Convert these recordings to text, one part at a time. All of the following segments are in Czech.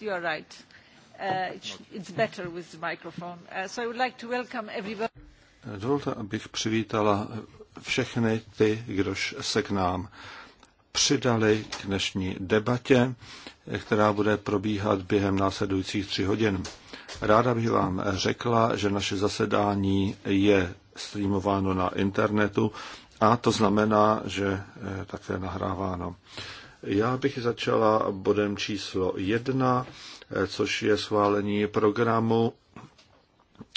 You are right. Uh, it's better with the microphone. Uh, so I would like to welcome everybody. Uh, dovolte, abych přivítala všechny ty, kdož se k nám přidali k dnešní debatě, která bude probíhat během následujících tři hodin. Ráda bych vám řekla, že naše zasedání je streamováno na internetu a to znamená, že eh, také nahráváno. Já bych začala bodem číslo jedna, eh, což je schválení programu,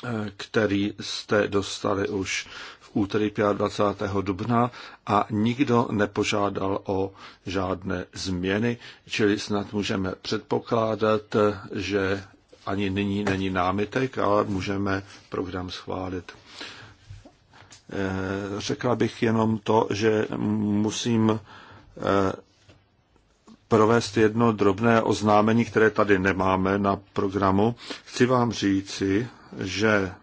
eh, který jste dostali už v úterý 25. dubna a nikdo nepožádal o žádné změny, čili snad můžeme předpokládat, že ani nyní není námitek, ale můžeme program schválit. Eh, řekla bych jenom to, že musím provést jedno drobné oznámení, které tady nemáme na programu. Chci vám říci, že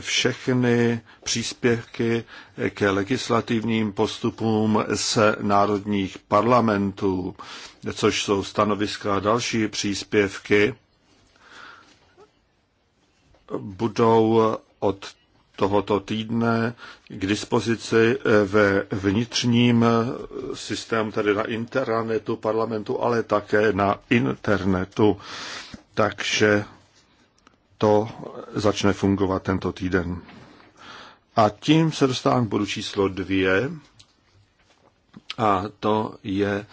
všechny příspěvky ke legislativním postupům z národních parlamentů, což jsou stanoviska a další příspěvky, budou od tohoto týdne k dispozici eh, ve vnitřním eh, systému, tedy na internetu parlamentu, ale také na internetu. Takže to začne fungovat tento týden. A tím se dostávám k bodu číslo dvě, a to je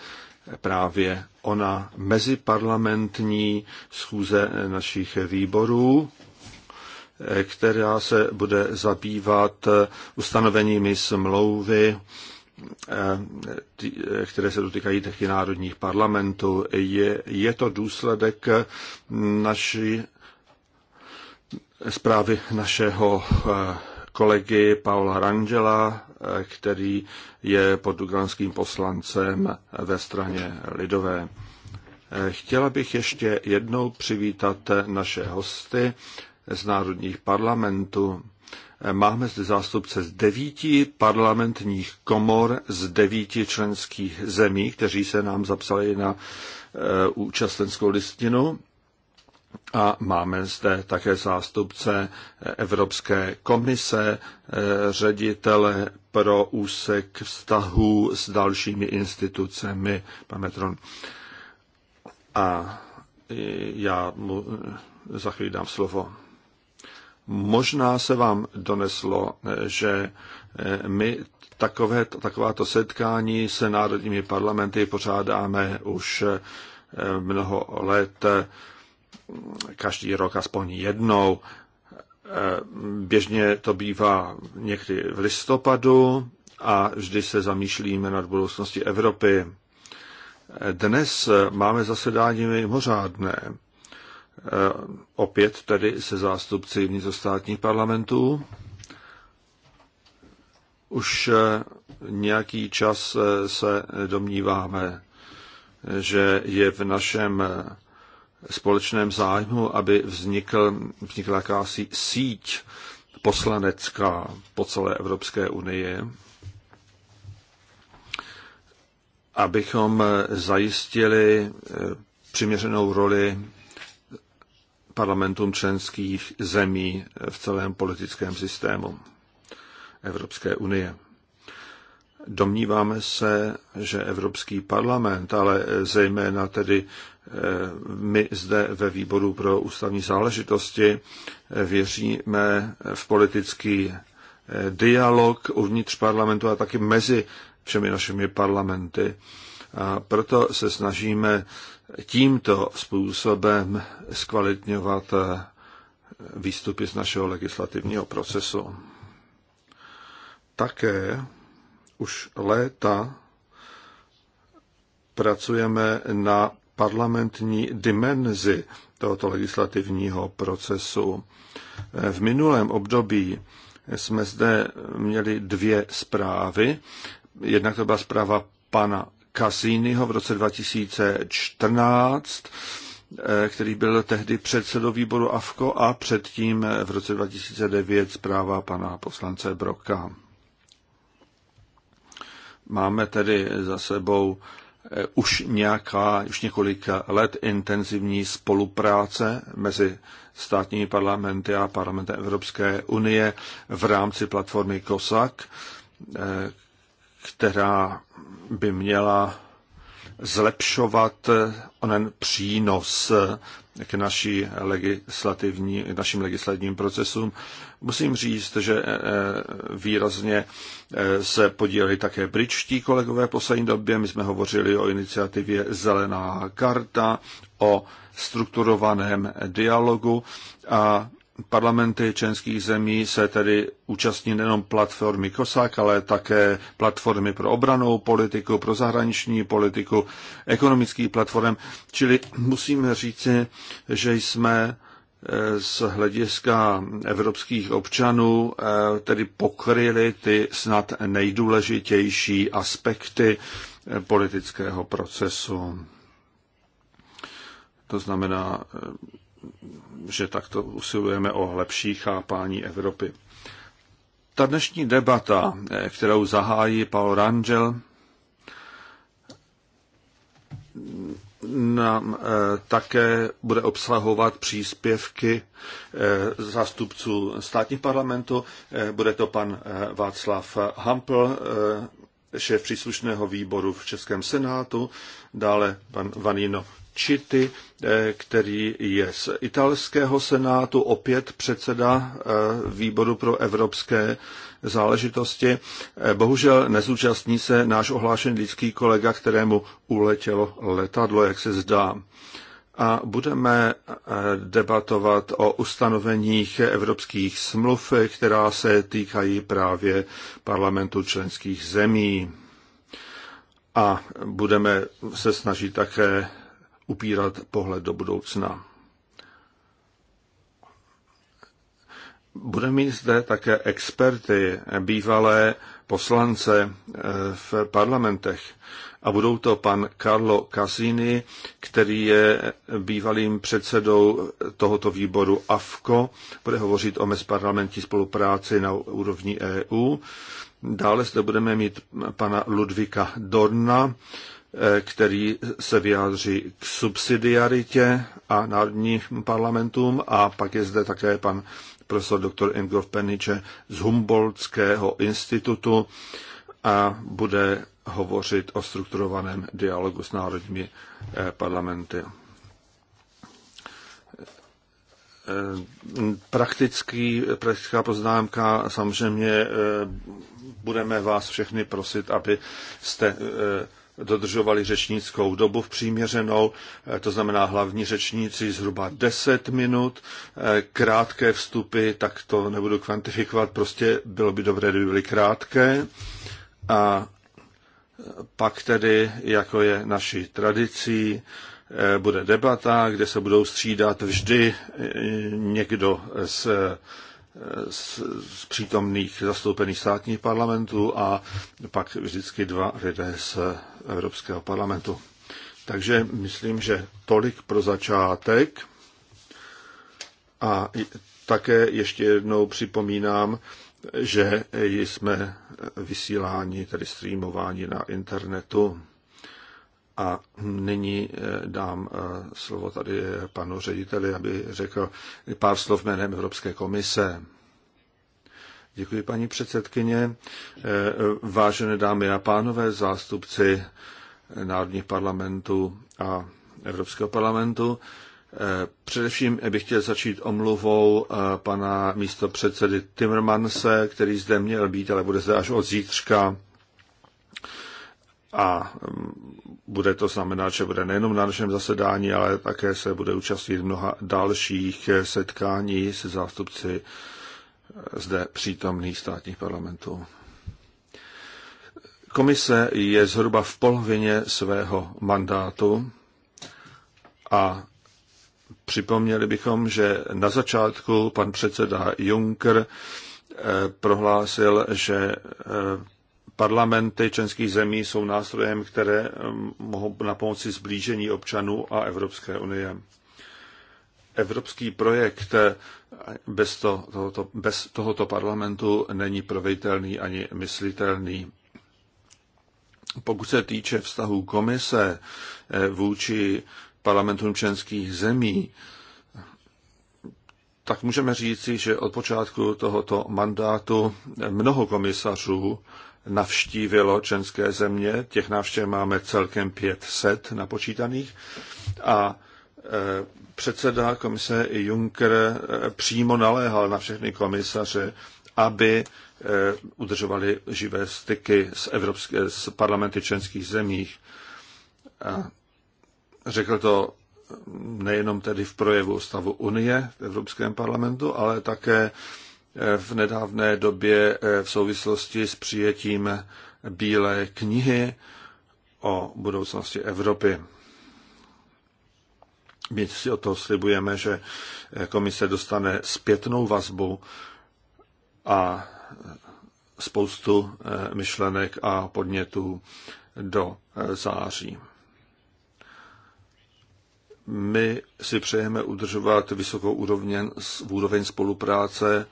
právě ona meziparlamentní schůze našich výborů, která se bude zabývat ustanoveními smlouvy, eh, eh, které se dotýkají taky národních parlamentů. Je, je to důsledek naší zprávy našeho eh, kolegy Paula Rangela, který je portugalským poslancem ve straně Lidové. Chtěla bych ještě jednou přivítat naše hosty z národních parlamentů. Máme zde zástupce z devíti parlamentních komor z devíti členských zemí, kteří se nám zapsali na eh, účastenskou listinu. A máme zde také zástupce Evropské komise, eh, ředitele pro úsek vztahů s dalšími institucemi, pan Metron. A já mu eh, za chvíli dám slovo. Možná se vám doneslo, že eh, my takové, takováto setkání se národními parlamenty pořádáme už eh, mnoho let, každý rok aspoň jednou. Eh, běžně to bývá někdy v listopadu a vždy se zamýšlíme nad budoucností Evropy. Dnes máme zasedání mimořádné Eh, opět tedy se zástupci vnitrostátních parlamentů. Už eh, nějaký čas eh, se domníváme, že je v našem společném zájmu, aby vznikl, vznikla jakási síť poslanecká po celé Evropské unii, abychom zajistili přiměřenou roli parlamentům členských zemí v celém politickém systému Evropské unie. Domníváme se, že Evropský parlament, ale zejména tedy eh, my zde ve výboru pro ústavní záležitosti eh, věříme v politický eh, dialog uvnitř parlamentu a taky mezi všemi našimi parlamenty. A proto se snažíme tímto způsobem zkvalitňovat eh, výstupy z našeho legislativního procesu. Také už léta pracujeme na parlamentní dimenzi tohoto legislativního procesu. V minulém období jsme zde měli dvě zprávy. Jednak to byla zpráva pana Cassiniho v roce 2014, eh, který byl tehdy předsedou výboru AFKO a předtím eh, v roce 2009 zpráva pana poslance Broka. Máme tedy za sebou eh, už nějaká, už několik let intenzivní spolupráce mezi státními parlamenty a parlamentem Evropské unie v rámci platformy COSAC, která by měla zlepšovat onen přínos k, naší legislativní, k našim legislativním procesům. Musím říct, že eh, výrazně eh, se podíleli také britští kolegové v poslední době. My jsme hovořili o iniciativě Zelená karta, o strukturovaném dialogu a Parlamenty členských zemí se tedy účastní nejenom platformy COSAC, ale také platformy pro obranou politiku, pro zahraniční politiku, ekonomických platform. Čili musíme říci, že jsme e, z hlediska evropských občanů e, tedy pokryli ty snad nejdůležitější aspekty e, politického procesu. To znamená, že takto usilujeme o lepší chápání Evropy. Ta dnešní debata, eh, kterou zahájí Paul Rangel, nám eh, také bude obsahovat příspěvky eh, zástupců státních parlamentů. Bude to pan Václav Hampel, šéf příslušného výboru v Českém senátu, dále pan Vanino Čity, eh, který je z italského senátu, opět předseda eh, výboru pro evropské záležitosti. Eh, bohužel nezúčastní se náš ohlášený lidský kolega, kterému uletělo letadlo, jak se zdá. A budeme debatovat o ustanoveních evropských smluv, která se týkají právě parlamentu členských zemí. A budeme se snažit také upírat pohled do budoucna. Budeme mít zde také experty, bývalé poslance eh, v parlamentech. A budou to pan Carlo Casini, který je bývalým předsedou tohoto výboru AFCO, bude hovořit o mezparlamentní spolupráci na úrovni EU. Dále zde budeme mít pana Ludvika Dorna, Eh, který se vyjádří k subsidiaritě a národním parlamentům a pak je zde také pan profesor dr. Ingolf Peniče z Humboldtského institutu a bude hovořit o strukturovaném dialogu s národními eh, parlamenty. Eh, praktický, praktická poznámka, samozřejmě budeme vás všechny prosit, aby jste dodržovali řečnickou dobu v příměřenou, eh, to znamená hlavní řečníci zhruba 10 minut, eh, krátké vstupy, tak to nebudu kvantifikovat, prostě bylo by dobré, kdyby byly krátké. A eh, pak tedy, jako je naší tradicí, bude debata, kde se budou střídat vždy někdo z z, z přítomných zastoupených státních parlamentů a pak vždycky dva lidé z Evropského parlamentu. Takže myslím, že tolik pro začátek. A také ještě jednou připomínám, že jsme vysíláni, tedy streamováni na internetu. A nyní eh, dám eh, slovo tady panu řediteli, aby řekl pár slov jménem Evropské komise. Děkuji, paní předsedkyně. Eh, vážené dámy a pánové, zástupci národních parlamentů a Evropského parlamentu, Především bych chtěl začít omluvou pana místo předsedy Timmermanse, který zde měl být, ale bude zde až od zítřka a mm, bude to znamenat, že bude nejenom na našem zasedání, ale také se bude účastnit mnoha dalších setkání se zástupci e, zde přítomných státních parlamentů. Komise je zhruba v polovině svého mandátu a připomněli bychom, že na začátku pan předseda Juncker e, prohlásil, že e, Parlamenty členských zemí jsou nástrojem, které um, mohou na pomoci zblížení občanů a Evropské unie. Evropský projekt eh, bez tohoto, bez tohoto parlamentu není proveditelný ani myslitelný. Pokud se týče vztahu komise eh, vůči parlamentům členských zemí, tak můžeme říci, že od počátku tohoto mandátu mnoho komisařů navštívilo členské země. Těch návštěv máme celkem 500 napočítaných. A e, předseda komise Juncker e, přímo naléhal na všechny komisaře, aby e, udržovali živé styky s, evropské, s parlamenty členských zemích. A řekl to nejenom tedy v projevu stavu Unie v Evropském parlamentu, ale také v nedávné době eh, v souvislosti s přijetím Bílé knihy o budoucnosti Evropy. My si o to slibujeme, že eh, komise dostane zpětnou vazbu a eh, spoustu myšlenek a podnětů do září. My si přejeme udržovat vysokou úroveň, úroveň spolupráce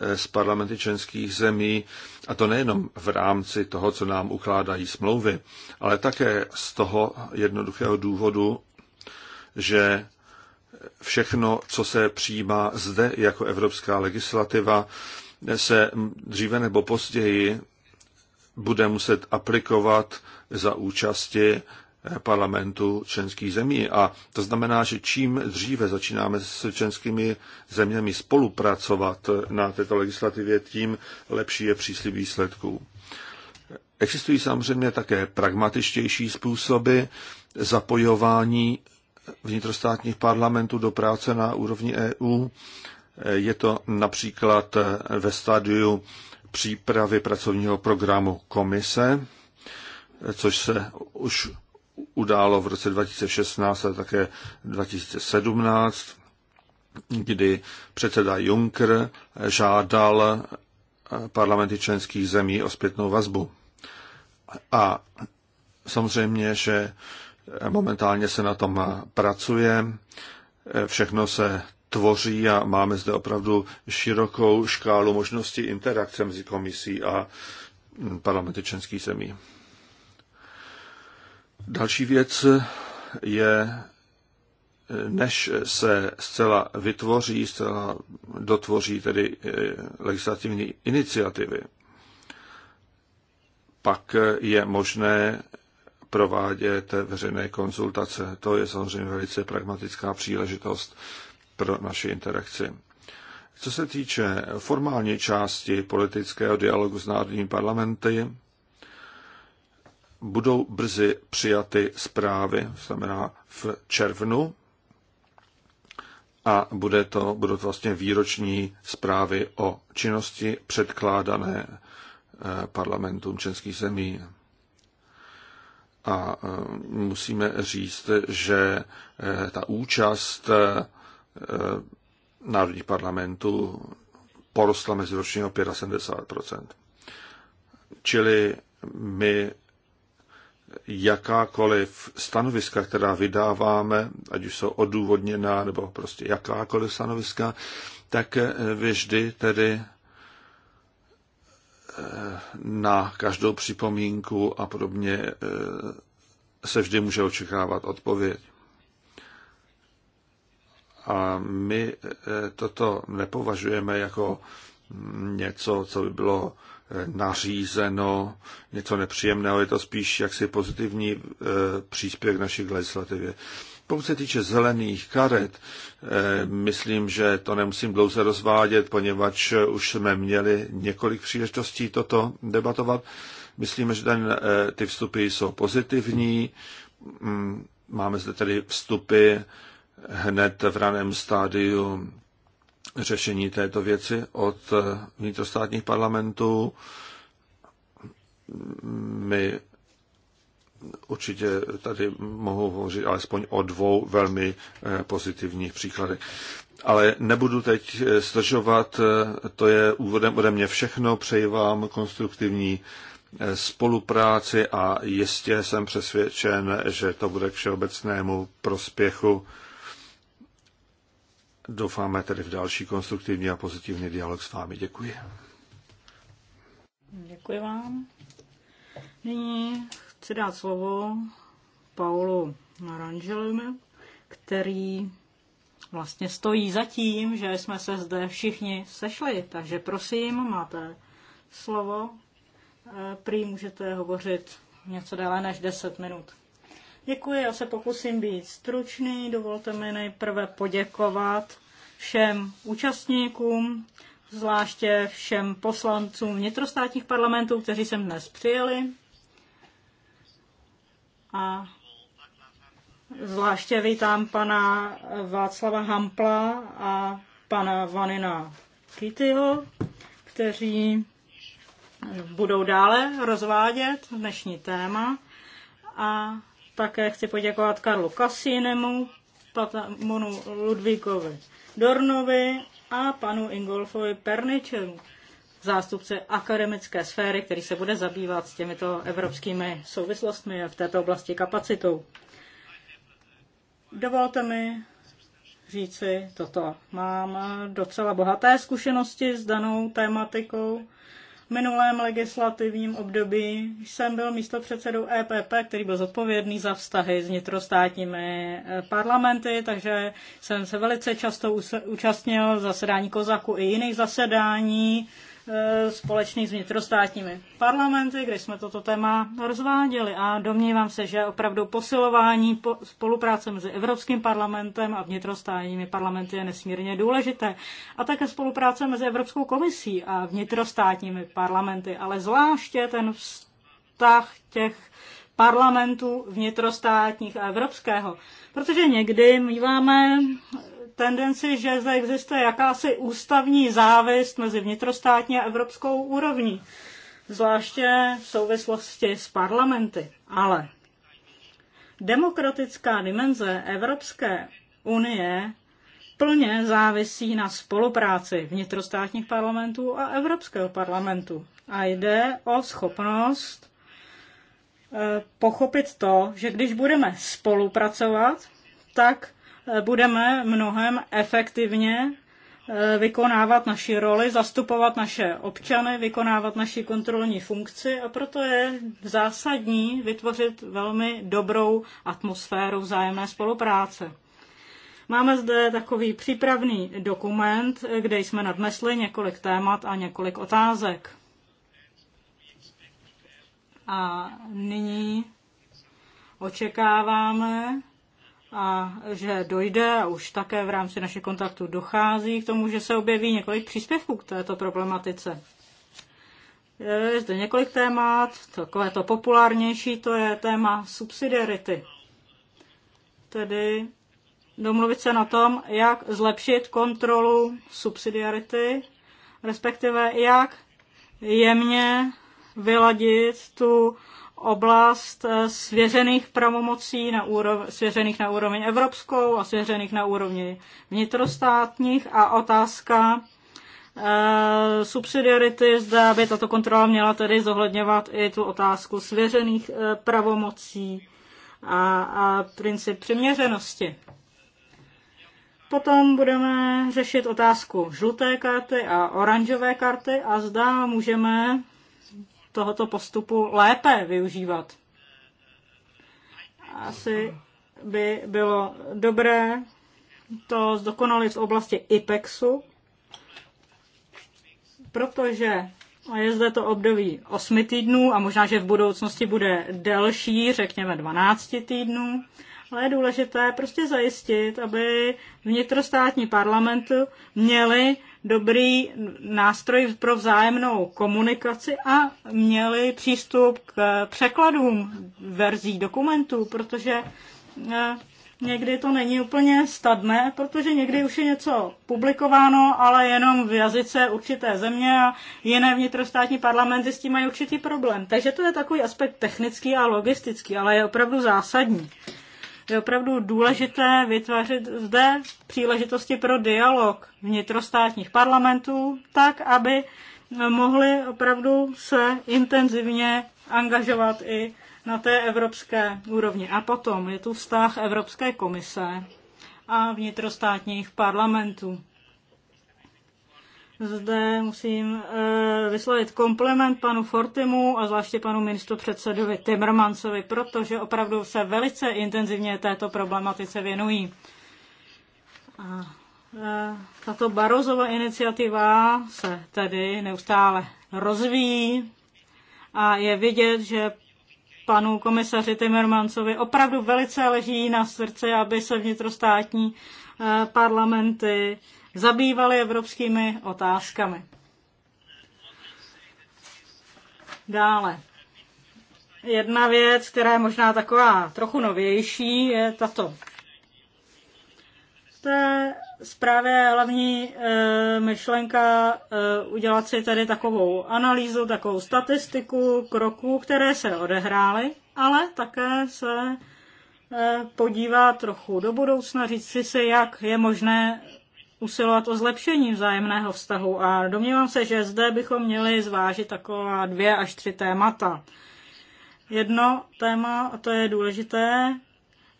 s parlamenty členských zemí, a to nejenom v rámci toho, co nám ukládají smlouvy, ale také z toho jednoduchého důvodu, že všechno, co se přijímá zde jako evropská legislativa, se dříve nebo později bude muset aplikovat za účasti parlamentu členských zemí. A to znamená, že čím dříve začínáme s členskými zeměmi spolupracovat na této legislativě, tím lepší je příslip výsledků. Existují samozřejmě také pragmatičtější způsoby zapojování vnitrostátních parlamentů do práce na úrovni EU. Je to například ve stadiu přípravy pracovního programu komise, což se už událo v roce 2016 a také 2017, kdy předseda Juncker žádal parlamenty členských zemí o zpětnou vazbu. A samozřejmě, že momentálně se na tom pracuje, všechno se tvoří a máme zde opravdu širokou škálu možností interakce mezi komisí a parlamenty členských zemí. Další věc je, než se zcela vytvoří, zcela dotvoří tedy eh, legislativní iniciativy, pak je možné provádět veřejné konzultace. To je samozřejmě velice pragmatická příležitost pro naši interakci. Co se týče formální části politického dialogu s národními parlamenty, budou brzy přijaty zprávy, znamená v červnu, a bude to, budou to vlastně výroční zprávy o činnosti předkládané eh, parlamentům českých zemí. A eh, musíme říct, že eh, ta účast národních parlamentů porostla meziročně o 75 Čili my jakákoliv stanoviska, která vydáváme, ať už jsou odůvodněná nebo prostě jakákoliv stanoviska, tak eh, vždy tedy eh, na každou připomínku a podobně eh, se vždy může očekávat odpověď. A my toto nepovažujeme jako něco, co by bylo nařízeno něco nepříjemného, je to spíš jaksi pozitivní eh, příspěvek naší legislativě. Pokud se týče zelených karet, eh, myslím, že to nemusím dlouze rozvádět, poněvadž už jsme měli několik příležitostí toto debatovat. Myslíme, že ten, eh, ty vstupy jsou pozitivní. Mm, máme zde tedy vstupy hned v raném stádiu řešení této věci od vnitrostátních parlamentů. My určitě tady mohu hovořit alespoň o dvou velmi eh, pozitivních příkladech. Ale nebudu teď stržovat, eh, eh, to je úvodem ode mě všechno. Přeji vám konstruktivní spolupráci a jistě jsem přesvědčen, že to bude k všeobecnému prospěchu Doufáme tedy v další konstruktivní a pozitivní dialog s vámi. Děkuji. Děkuji vám. Nyní chci dát slovo Paulu Naranželemu, který vlastně stojí za tím, že jsme se zde všichni sešli. Takže prosím, máte slovo. Eh, prý můžete hovořit něco déle než 10 minut. Děkuji, já se pokusím být stručný. Dovolte mi nejprve poděkovat všem účastníkům, zvláště všem poslancům vnitrostátních parlamentů, kteří sem dnes přijeli. A zvláště vítám pana Václava Hampla a pana Vanina Kittyho, kteří budou dále rozvádět dnešní téma. A také chci poděkovat Karlu Kasínemu, Patamonu Ludvíkovi Dornovi a panu Ingolfovi Perničeru, zástupce akademické sféry, který se bude zabývat s těmito evropskými souvislostmi a v této oblasti kapacitou. Dovolte mi říci toto. Mám docela bohaté zkušenosti s danou tématikou minulém legislativním období jsem byl místopředsedou EPP, který byl zodpovědný za vztahy s vnitrostátními eh, parlamenty, takže jsem se velice často účastnil zasedání Kozaku i jiných zasedání E, společných s vnitrostátními parlamenty, kde jsme toto téma rozváděli a domnívám se, že opravdu posilování spolupráce mezi Evropským parlamentem a vnitrostátními parlamenty je nesmírně důležité a také spolupráce mezi Evropskou komisí a vnitrostátními parlamenty, ale zvláště ten vztah těch parlamentů vnitrostátních a evropského. Protože někdy míváme tendenci, že zde existuje jakási ústavní závist mezi vnitrostátní a evropskou úrovní, zvláště v souvislosti s parlamenty. Ale demokratická dimenze Evropské unie plně závisí na spolupráci vnitrostátních parlamentů a Evropského parlamentu. A jde o schopnost eh, pochopit to, že když budeme spolupracovat, tak budeme mnohem efektivně eh, vykonávat naši roli, zastupovat naše občany, vykonávat naši kontrolní funkci a proto je zásadní vytvořit velmi dobrou atmosféru vzájemné spolupráce. Máme zde takový přípravný dokument, kde jsme nadnesli několik témat a několik otázek. A nyní očekáváme, a že dojde, a už také v rámci našich kontaktů dochází k tomu, že se objeví několik příspěvků k této problematice. Je zde několik témat, takové to populárnější, to je téma subsidiarity. Tedy domluvit se na tom, jak zlepšit kontrolu subsidiarity, respektive jak jemně vyladit tu oblast eh, svěřených pravomocí na úrov, svěřených na úroveň evropskou a svěřených na úrovni vnitrostátních a otázka e, subsidiarity, zda by tato kontrola měla tedy zohledňovat i tu otázku svěřených e, pravomocí a, a princip přiměřenosti. Potom budeme řešit otázku žluté karty a oranžové karty a zda můžeme tohoto postupu lépe využívat. Asi by bylo dobré to zdokonalit v oblasti IPEXu, protože je zde to období 8 týdnů a možná, že v budoucnosti bude delší, řekněme 12 týdnů, ale je důležité prostě zajistit, aby vnitrostátní parlamentu měli dobrý nástroj pro vzájemnou komunikaci a měli přístup k překladům verzí dokumentů, protože eh, někdy to není úplně stadné, protože někdy už je něco publikováno, ale jenom v jazyce určité země a jiné vnitrostátní parlamenty s tím mají určitý problém. Takže to je takový aspekt technický a logistický, ale je opravdu zásadní je opravdu důležité vytvářet zde příležitosti pro dialog vnitrostátních parlamentů, tak aby mohli opravdu se intenzivně angažovat i na té evropské úrovni. A potom je tu vztah Evropské komise a vnitrostátních parlamentů. Zde musím eh, vyslovit komplement panu Fortimu a zvláště panu ministru předsedovi Timmermansovi, protože opravdu se velice intenzivně této problematice věnují. A eh, tato Barozova iniciativa se tedy neustále rozvíjí a je vidět, že panu komisaři Timmermansovi opravdu velice leží na srdce, aby se vnitrostátní eh, parlamenty zabývali evropskými otázkami. Dále. Jedna věc, která je možná taková trochu novější, je tato. V té zprávě hlavní e, myšlenka e, udělat si tedy takovou analýzu, takovou statistiku kroků, které se odehrály, ale také se e, eh, podívat trochu do budoucna, říct si, jak je možné usilovat o zlepšení vzájemného vztahu a domnívám se, že zde bychom měli zvážit taková dvě až tři témata. Jedno téma, a to je důležité,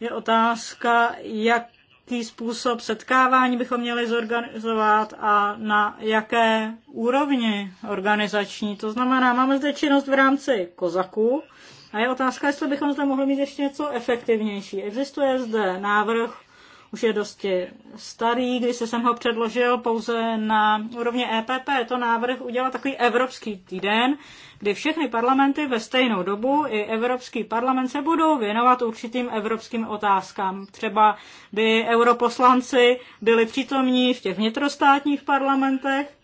je otázka, jaký způsob setkávání bychom měli zorganizovat a na jaké úrovni organizační. To znamená, máme zde činnost v rámci kozaku a je otázka, jestli bychom zde mohli mít ještě něco efektivnější. Existuje zde návrh už je dosti starý, když se jsem ho předložil pouze na úrovně EPP. Je to návrh udělat takový Evropský týden, kdy všechny parlamenty ve stejnou dobu i Evropský parlament se budou věnovat určitým evropským otázkám. Třeba by europoslanci byli přítomní v těch vnitrostátních parlamentech,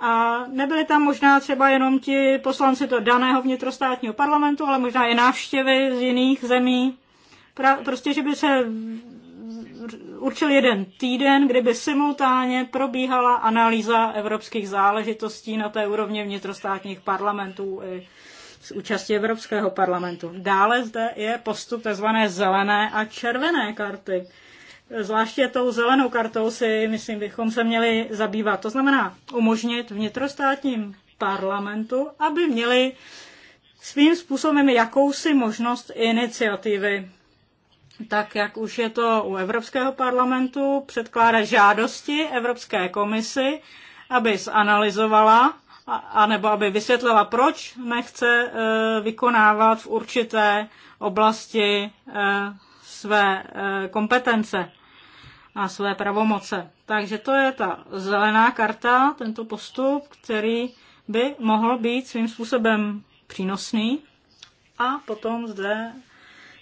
a nebyly tam možná třeba jenom ti poslanci to daného vnitrostátního parlamentu, ale možná i návštěvy z jiných zemí. Pra, prostě, že by se určil jeden týden, kdyby simultánně probíhala analýza evropských záležitostí na té úrovni vnitrostátních parlamentů i s účastí Evropského parlamentu. Dále zde je postup tzv. zelené a červené karty. Zvláště tou zelenou kartou si, myslím, bychom se měli zabývat. To znamená umožnit vnitrostátním parlamentu, aby měli svým způsobem jakousi možnost iniciativy tak jak už je to u Evropského parlamentu, předkládá žádosti Evropské komisi, aby zanalizovala anebo aby vysvětlila, proč nechce eh, vykonávat v určité oblasti eh, své eh, kompetence a své pravomoce. Takže to je ta zelená karta, tento postup, který by mohl být svým způsobem přínosný. A potom zde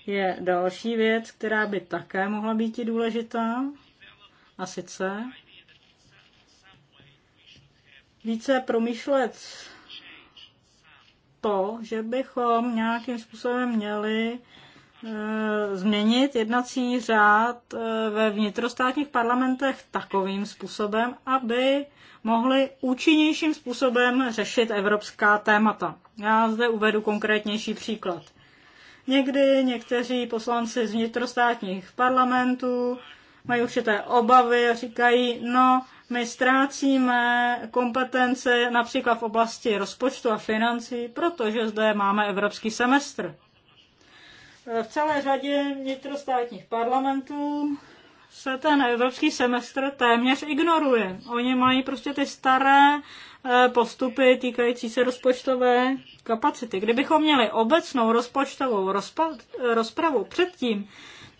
je další věc, která by také mohla být důležitá, a sice více promýšlet to, že bychom nějakým způsobem měli e, změnit jednací řád e, ve vnitrostátních parlamentech takovým způsobem, aby mohli účinnějším způsobem řešit evropská témata. Já zde uvedu konkrétnější příklad. Někdy někteří poslanci z vnitrostátních parlamentů mají určité obavy a říkají, no, my ztrácíme kompetence například v oblasti rozpočtu a financí, protože zde máme evropský semestr. V celé řadě vnitrostátních parlamentů se ten evropský semestr téměř ignoruje. Oni mají prostě ty staré eh, postupy týkající se rozpočtové kapacity. Kdybychom měli obecnou rozpočtovou rozpo- rozpravu předtím,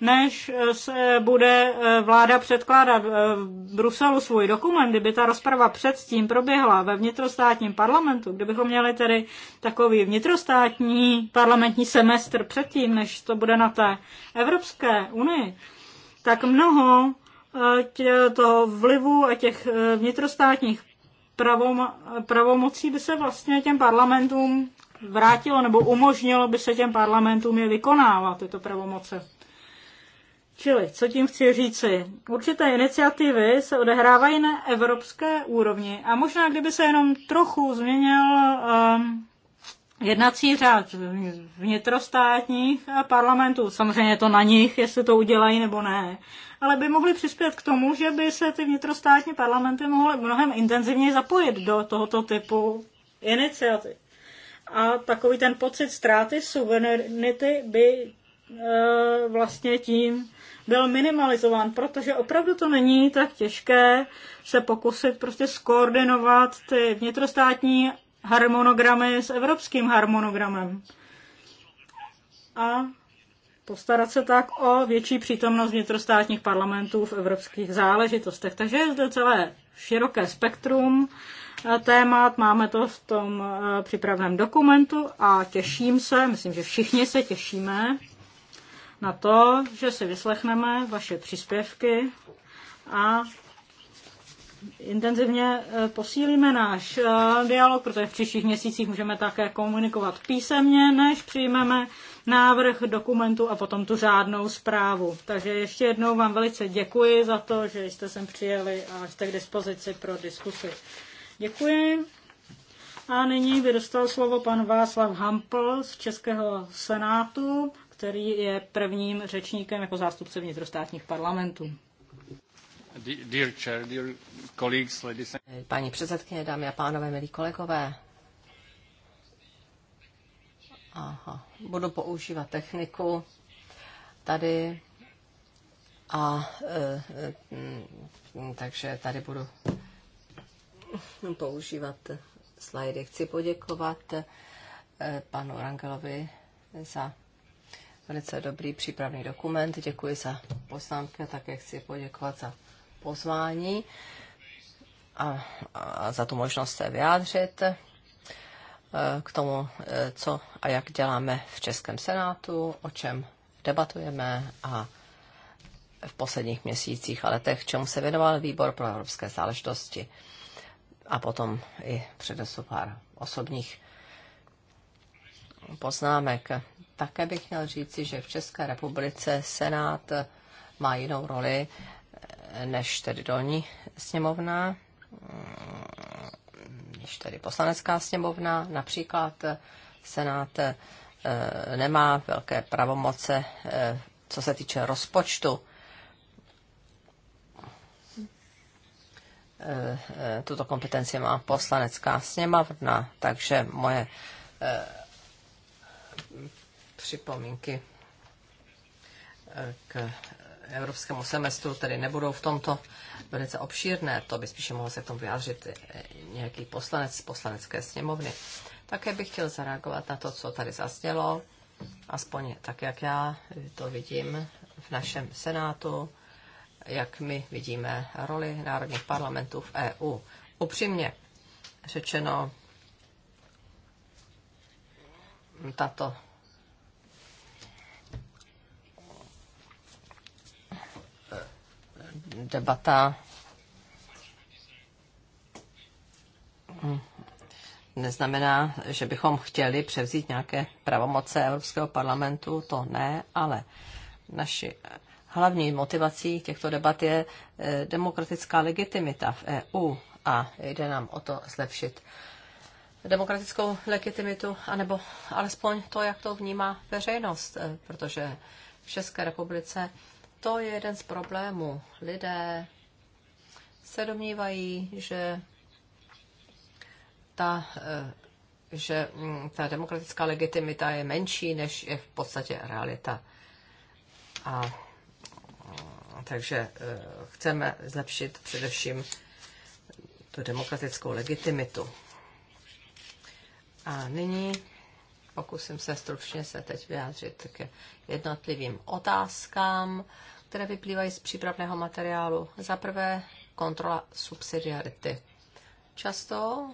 než eh, se bude eh, vláda předkládat v Bruselu svůj dokument, kdyby ta rozprava předtím proběhla ve vnitrostátním parlamentu, kdybychom měli tedy takový vnitrostátní parlamentní semestr předtím, než to bude na té Evropské unii, tak mnoho eh, toho vlivu a těch eh, vnitrostátních pravom, pravomocí by se vlastně těm parlamentům vrátilo nebo umožnilo by se těm parlamentům je vykonávat, tyto pravomoce. Čili, co tím chci říci? Určité iniciativy se odehrávají na evropské úrovni a možná, kdyby se jenom trochu změnil um, jednací řád vnitrostátních parlamentů. Samozřejmě je to na nich, jestli to udělají nebo ne. Ale by mohli přispět k tomu, že by se ty vnitrostátní parlamenty mohly mnohem intenzivněji zapojit do tohoto typu iniciativ. A takový ten pocit ztráty suverenity by e, vlastně tím byl minimalizován, protože opravdu to není tak těžké se pokusit prostě skoordinovat ty vnitrostátní harmonogramy s evropským harmonogramem. A postarat se tak o větší přítomnost vnitrostátních parlamentů v evropských záležitostech. Takže je zde celé široké spektrum eh, témat, máme to v tom eh, připraveném dokumentu a těším se, myslím, že všichni se těšíme na to, že si vyslechneme vaše příspěvky a intenzivně eh, posílíme náš eh, dialog, protože v příštích měsících můžeme také komunikovat písemně, než přijmeme návrh dokumentu a potom tu řádnou zprávu. Takže ještě jednou vám velice děkuji za to, že jste sem přijeli a jste k dispozici pro diskusi. Děkuji. A nyní by dostal slovo pan Václav Hampl z Českého senátu, který je prvním řečníkem jako zástupce vnitrostátních parlamentů. Dear chair, dear colleagues, ladies and... Paní předsedkyně, dámy a pánové, milí kolegové. Aha, budu používat techniku tady a e, e takže tady budu používat slajdy. Chci poděkovat e, panu Rangelovi za velice dobrý přípravný dokument. Děkuji za poznámky a také chci poděkovat za pozvání a, a za tu možnost se vyjádřit eh, k tomu, eh, co a jak děláme v Českém senátu, o čem debatujeme a v posledních měsících a letech, čemu se věnoval výbor pro evropské záležitosti. A potom i přednesu pár osobních poznámek. Také bych měl říci, že v České republice Senát má jinou roli než tedy dolní sněmovna, než tedy poslanecká sněmovna, například Senát eh, nemá velké pravomoce, eh, co se týče rozpočtu. Eh, tuto kompetenci má poslanecká sněmovna, takže moje připomínky k evropskému semestru, tedy nebudou v tomto velice obšírné, to by spíše mohl se k tomu vyjádřit eh, nějaký poslanec z poslanecké sněmovny. Také bych chtěl zareagovat na to, co tady zaznělo, aspoň tak, jak já to vidím v našem Senátu, jak my vidíme roli národních parlamentů v EU. Upřímně řečeno, tato debata neznamená, že bychom chtěli převzít nějaké pravomoce Evropského parlamentu, to ne, ale naši hlavní motivací těchto debat je eh, demokratická legitimita v EU a jde nám o to zlepšit demokratickou legitimitu, anebo alespoň to, jak to vnímá veřejnost, eh, protože v České republice to je jeden z problémů. Lidé se domnívají, že ta, eh, že mm, ta demokratická legitimita je menší, než je v podstatě realita. A mm, takže eh, chceme zlepšit především tu demokratickou legitimitu. A nyní Pokusím se stručně se teď vyjádřit k jednotlivým otázkám, které vyplývají z přípravného materiálu. Za prvé, kontrola subsidiarity. Často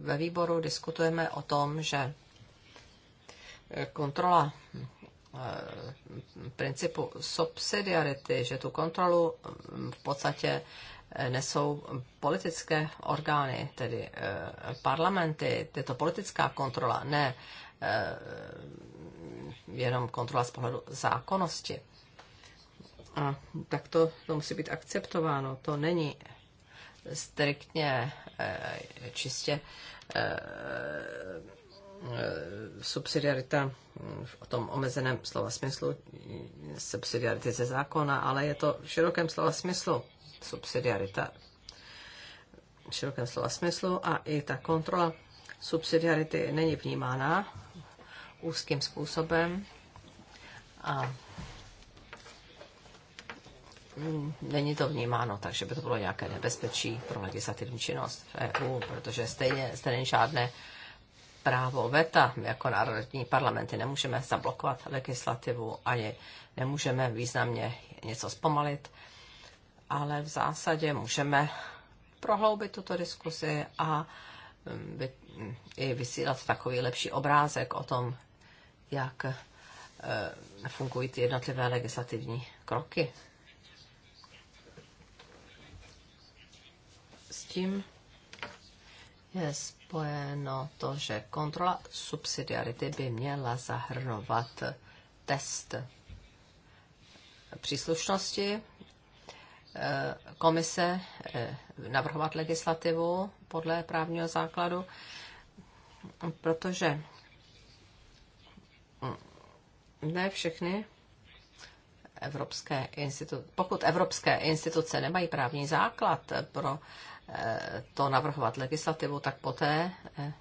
ve výboru diskutujeme o tom, že kontrola eh, principu subsidiarity, že tu kontrolu v podstatě nesou politické orgány, tedy eh, parlamenty, tyto politická kontrola, ne eh, jenom kontrola z pohledu zákonnosti. A tak to, to musí být akceptováno. To není striktně eh, čistě subsidiarita v tom omezeném slova smyslu, subsidiarity ze zákona, ale je to v širokém slova smyslu subsidiarita v širokém slova smyslu a i ta kontrola subsidiarity není vnímána úzkým způsobem a není to vnímáno, takže by to bylo nějaké nebezpečí pro legislativní činnost v EU, protože stejně stejně žádné právo veta, jako národní parlamenty nemůžeme zablokovat legislativu ani nemůžeme významně něco zpomalit ale v zásadě můžeme prohloubit tuto diskusi a mm, mm, i vysílat takový lepší obrázek o tom, jak e, fungují ty jednotlivé legislativní kroky. S tím je spojeno to, že kontrola subsidiarity by měla zahrnovat test příslušnosti komise eh, navrhovat legislativu podle právního základu, protože ne všechny evropské instituce, pokud evropské instituce nemají právní základ pro eh, to navrhovat legislativu, tak poté eh,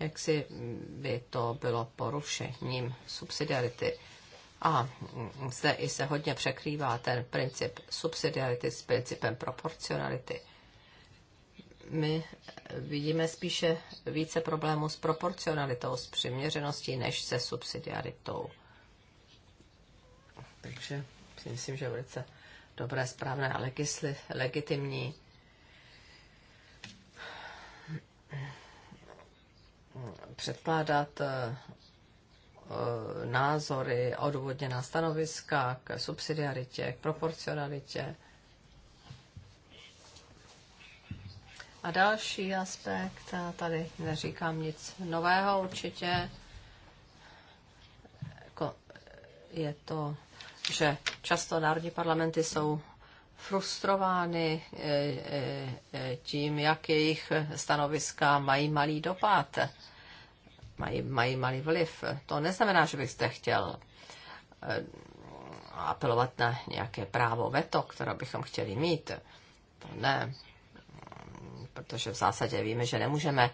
jak si by to bylo porušením subsidiarity. A zde i se hodně překrývá ten princip subsidiarity s principem proporcionality. My vidíme spíše více problémů s proporcionalitou, s přiměřeností, než se subsidiaritou. Takže si myslím, že velice dobré, správné a legisli, legitimní. předkládat eh, Eh, názory, odvodněná stanoviska k subsidiaritě, k proporcionalitě. A další aspekt, tady neříkám nic nového určitě, jako je to, že často národní parlamenty jsou frustrovány eh, eh, tím, jak jejich stanoviska mají malý dopad mají, mají malý vliv. To neznamená, že byste chtěl eh, apelovat na nějaké právo veto, které bychom chtěli mít. To ne, protože v zásadě víme, že nemůžeme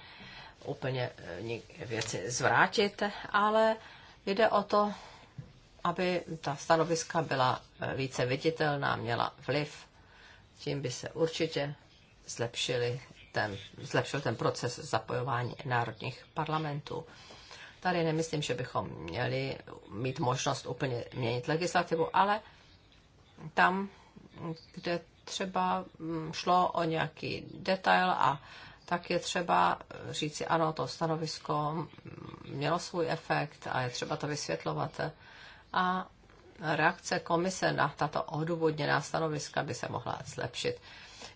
úplně eh, věci zvrátit, ale jde o to, aby ta stanoviska byla eh, více viditelná, měla vliv. Tím by se určitě zlepšily ten, zlepšil ten proces zapojování národních parlamentů. Tady nemyslím, že bychom měli mít možnost úplně měnit legislativu, ale tam, kde třeba mm, šlo o nějaký detail a tak je třeba říci, ano, to stanovisko mm, mělo svůj efekt a je třeba to vysvětlovat. A reakce komise na tato odůvodněná stanoviska by se mohla zlepšit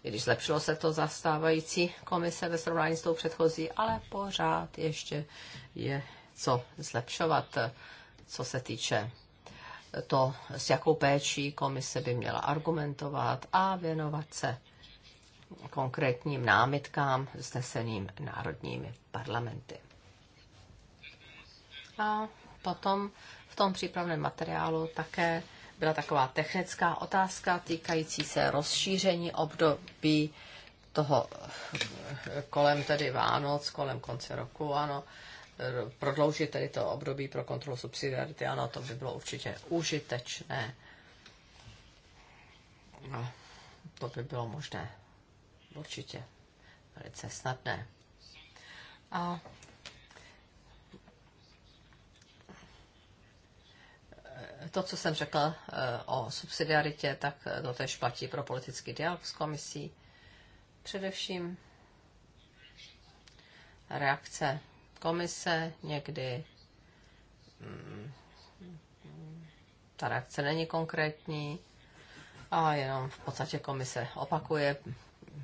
i když zlepšilo se to zastávající komise ve srovnání s tou předchozí, ale pořád ještě je co zlepšovat, co se týče to, s jakou péčí komise by měla argumentovat a věnovat se konkrétním námitkám zneseným národními parlamenty. A potom v tom přípravném materiálu také byla taková technická otázka týkající se rozšíření období toho eh, kolem tedy Vánoc, kolem konce roku, ano, prodloužit tedy to období pro kontrolu subsidiarity, ano, to by bylo určitě užitečné. No, to by bylo možné. Určitě. Velice snadné. A to, co jsem řekl eh, o subsidiaritě, tak eh, to tež platí pro politický dialog s komisí. Především reakce komise někdy mm, ta reakce není konkrétní a jenom v podstatě komise opakuje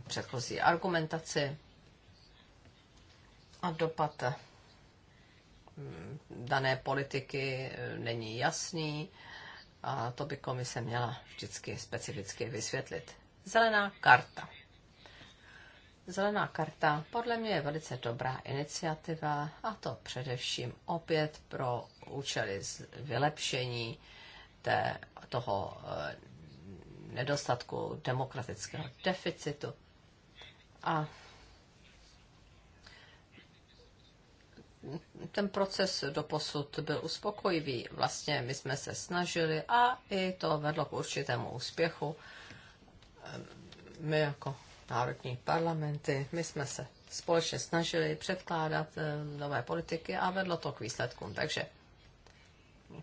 předchozí argumentaci a dopad dané politiky e, není jasný a to by komise měla vždycky specificky vysvětlit. Zelená karta. Zelená karta podle mě je velice dobrá iniciativa a to především opět pro účely vylepšení té, toho e, nedostatku demokratického deficitu. A ten proces doposud byl uspokojivý. Vlastně my jsme se snažili a i to vedlo k určitému úspěchu. Ehm, my jako národní parlamenty, my jsme se společně snažili předkládat eh, nové politiky a vedlo to k výsledkům. Takže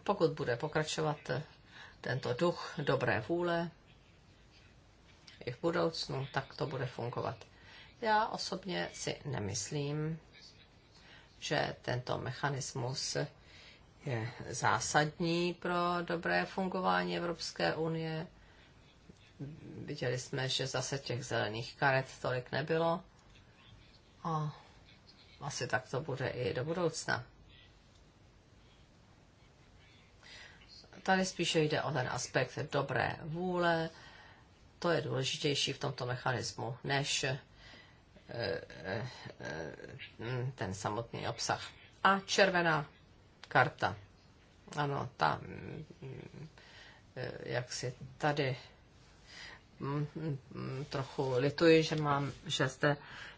pokud bude pokračovat eh, tento duch dobré vůle i v budoucnu, tak to bude fungovat. Já osobně si nemyslím, že tento mechanismus je zásadní pro dobré fungování Evropské unie. Viděli jsme, že zase těch zelených karet tolik nebylo a asi tak to bude i do budoucna. Tady spíše jde o ten aspekt dobré vůle, to je důležitější v tomto mechanismu, než ten samotný obsah. A červená karta. Ano, ta, jak si tady mm, trochu lituji, že mám, že zde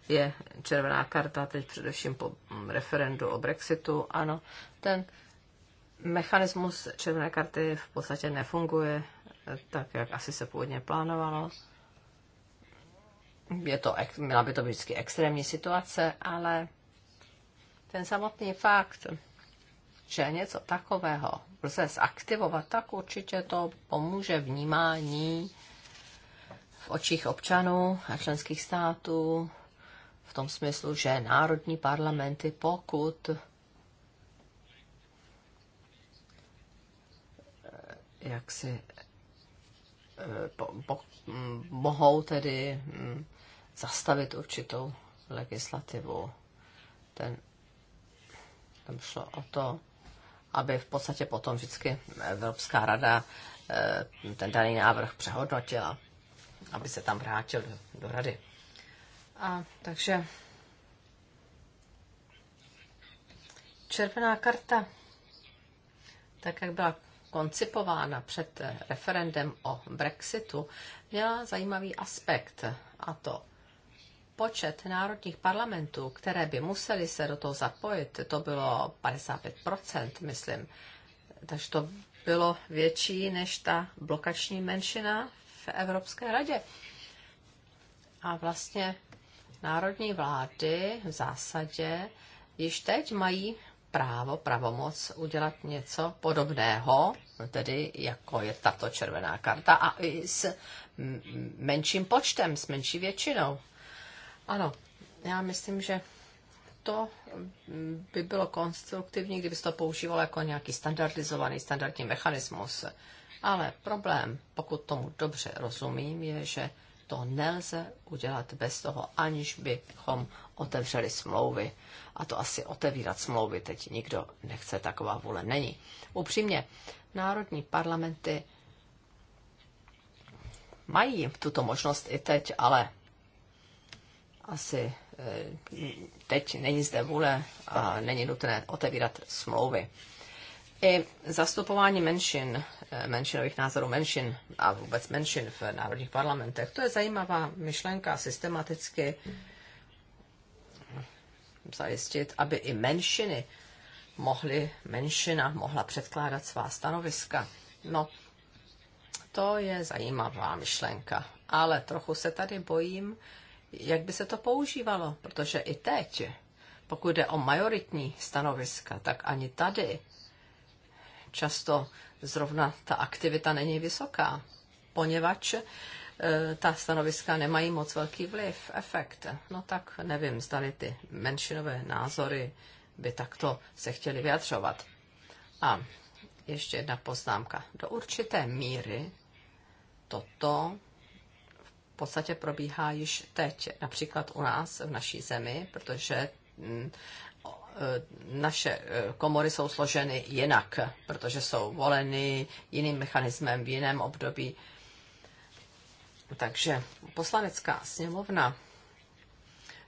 je červená karta teď především po referendu o Brexitu. Ano, ten mechanismus červené karty v podstatě nefunguje tak, jak asi se původně plánovalo je to, měla by to být vždycky extrémní situace, ale ten samotný fakt, že něco takového lze zaktivovat, tak určitě to pomůže vnímání v očích občanů a členských států v tom smyslu, že národní parlamenty, pokud eh, jak si eh, po, po, mohou tedy zastavit určitou legislativu. Ten, tam šlo o to, aby v podstatě potom vždycky Evropská rada eh, ten daný návrh přehodnotila, aby se tam vrátil do, do rady. A takže červená karta, tak jak byla koncipována před referendem o Brexitu, měla zajímavý aspekt, a to počet národních parlamentů, které by museli se do toho zapojit, to bylo 55%, myslím. Takže to bylo větší než ta blokační menšina v Evropské radě. A vlastně národní vlády v zásadě již teď mají právo, pravomoc udělat něco podobného, tedy jako je tato červená karta, a i s menším počtem, s menší většinou. Ano, já myslím, že to by bylo konstruktivní, kdyby se to používal jako nějaký standardizovaný, standardní mechanismus. Ale problém, pokud tomu dobře rozumím, je, že to nelze udělat bez toho, aniž bychom otevřeli smlouvy. A to asi otevírat smlouvy teď nikdo nechce, taková vůle není. Upřímně, národní parlamenty mají tuto možnost i teď, ale asi eh, teď není zde vůle a není nutné otevírat smlouvy. I zastupování menšin, eh, menšinových názorů menšin a vůbec menšin v národních parlamentech, to je zajímavá myšlenka systematicky zajistit, aby i menšiny mohly, menšina mohla předkládat svá stanoviska. No, to je zajímavá myšlenka, ale trochu se tady bojím, jak by se to používalo, protože i teď, pokud jde o majoritní stanoviska, tak ani tady často zrovna ta aktivita není vysoká, poněvadž e, ta stanoviska nemají moc velký vliv, efekt. No tak nevím, zdali ty menšinové názory by takto se chtěli vyjadřovat. A ještě jedna poznámka. Do určité míry toto podstatě probíhá již teď, například u nás v naší zemi, protože mm, e, naše e, komory jsou složeny jinak, protože jsou voleny jiným mechanismem v jiném období. Takže poslanecká sněmovna,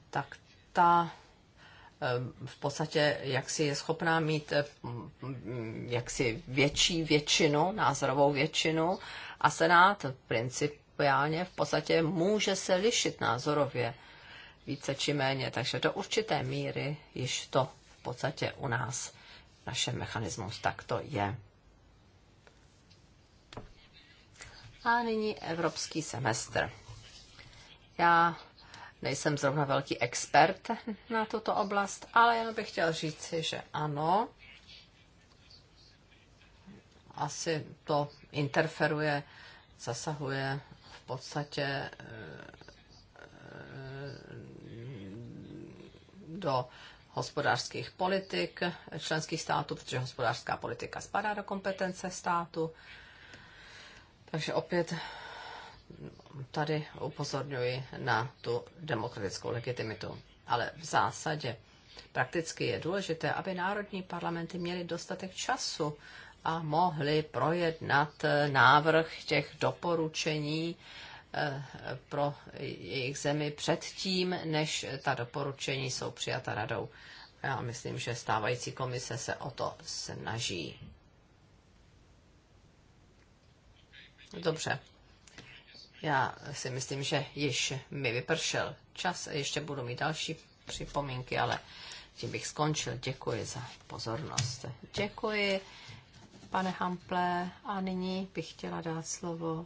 tak ta e, v podstatě jaksi je schopná mít jaksi větší většinu, názorovou většinu a Senát v princip reálně v podstatě může se lišit názorově více či méně, takže do určité míry již to v podstatě u nás, v našem mechanismus, tak to je. A nyní evropský semestr. Já nejsem zrovna velký expert na tuto oblast, ale jenom bych chtěl říci, že ano, asi to interferuje, zasahuje podstatě eh, do hospodářských politik členských států, protože hospodářská politika spadá do kompetence státu. Takže opět tady upozorňuji na tu demokratickou legitimitu. Ale v zásadě prakticky je důležité, aby národní parlamenty měly dostatek času a mohli projednat eh, návrh těch doporučení eh, pro jejich zemi předtím, než ta doporučení jsou přijata radou. Já myslím, že stávající komise se o to snaží. Dobře. Já si myslím, že již mi vypršel čas. Ještě budu mít další připomínky, ale tím bych skončil. Děkuji za pozornost. Děkuji pane Hample. A nyní bych chtěla dát slovo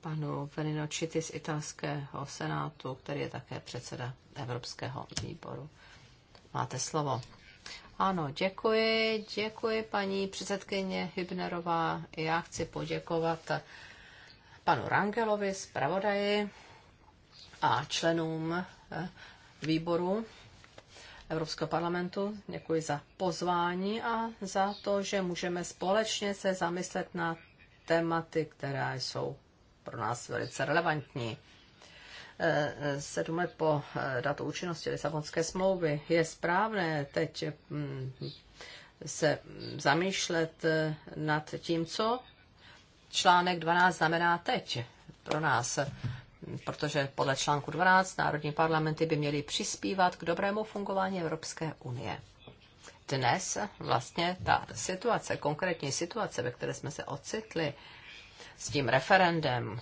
panu Veninočity z italského senátu, který je také předseda Evropského výboru. Máte slovo. Ano, děkuji, děkuji paní předsedkyně Hybnerová. Já chci poděkovat panu Rangelovi, zpravodaji a členům eh, výboru Evropského parlamentu. Děkuji za pozvání a za to, že můžeme společně se zamyslet na tématy, které jsou pro nás velice relevantní. Eh, eh, sedm let po eh, datu účinnosti Lisabonské smlouvy je správné teď mm, se zamýšlet nad tím, co článek 12 znamená teď pro nás protože podle článku 12 národní parlamenty by měly přispívat k dobrému fungování Evropské unie. Dnes vlastně ta situace, konkrétní situace, ve které jsme se ocitli s tím referendem,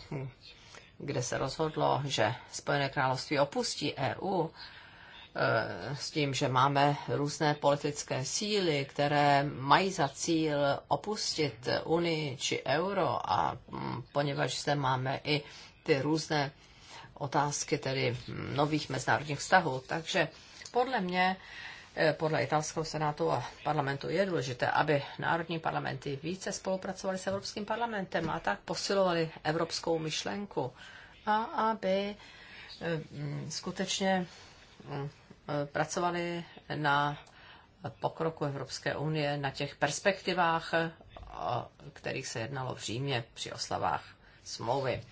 kde se rozhodlo, že Spojené království opustí EU, eh, s tím, že máme různé politické síly, které mají za cíl opustit Unii či euro a mm, poněvadž zde máme i ty různé otázky tedy nových mezinárodních vztahů. Takže podle mě, eh, podle italského senátu a parlamentu je důležité, aby národní parlamenty více spolupracovaly s Evropským parlamentem a tak posilovali evropskou myšlenku a aby eh, mm, skutečně mm, eh, pracovali na pokroku Evropské unie, na těch perspektivách, o kterých se jednalo v Římě při oslavách smlouvy.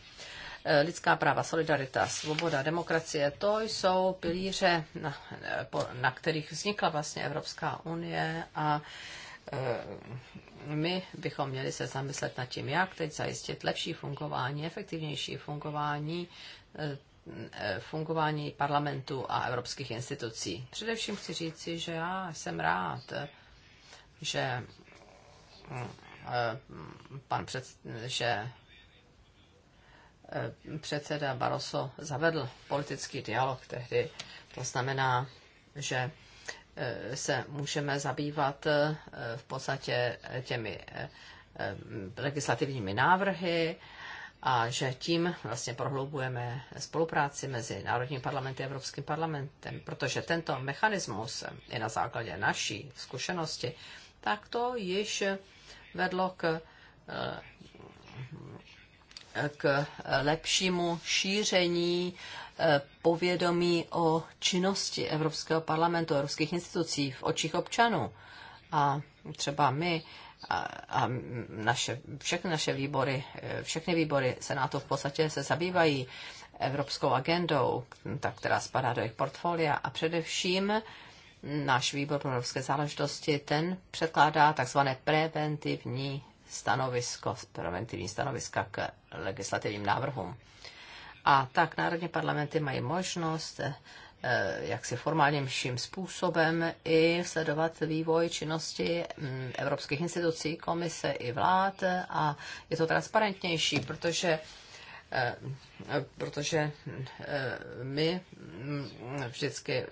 Eh, lidská práva, solidarita, svoboda, demokracie, to jsou pilíře, na, eh, na kterých vznikla vlastně Evropská unie a eh, my bychom měli se zamyslet nad tím, jak teď zajistit lepší fungování, efektivnější fungování fungování parlamentu a evropských institucí. Především chci říci, že já jsem rád, že pan před, že Eh, předseda Barroso zavedl politický dialog tehdy. To znamená, že eh, se můžeme zabývat eh, v podstatě těmi legislativními návrhy a že tím vlastně prohloubujeme spolupráci mezi Národním parlamentem a Evropským parlamentem, protože tento mechanismus je na základě naší zkušenosti, tak to již vedlo k k eh, lepšímu šíření eh, povědomí o činnosti Evropského parlamentu, evropských institucí v očích občanů. A třeba my a, a naše, všechny naše výbory, eh, všechny výbory Senátu v podstatě se zabývají evropskou agendou, ta, která spadá do jejich portfolia a především náš výbor pro evropské záležitosti, ten předkládá takzvané preventivní stanovisko, preventivní stanoviska k legislativním návrhům. A tak národní parlamenty mají možnost eh, jaksi formálnějším způsobem i sledovat vývoj činnosti mm, evropských institucí, komise i vlád a je to transparentnější, protože Eh, protože eh, my mm, vždycky, eh,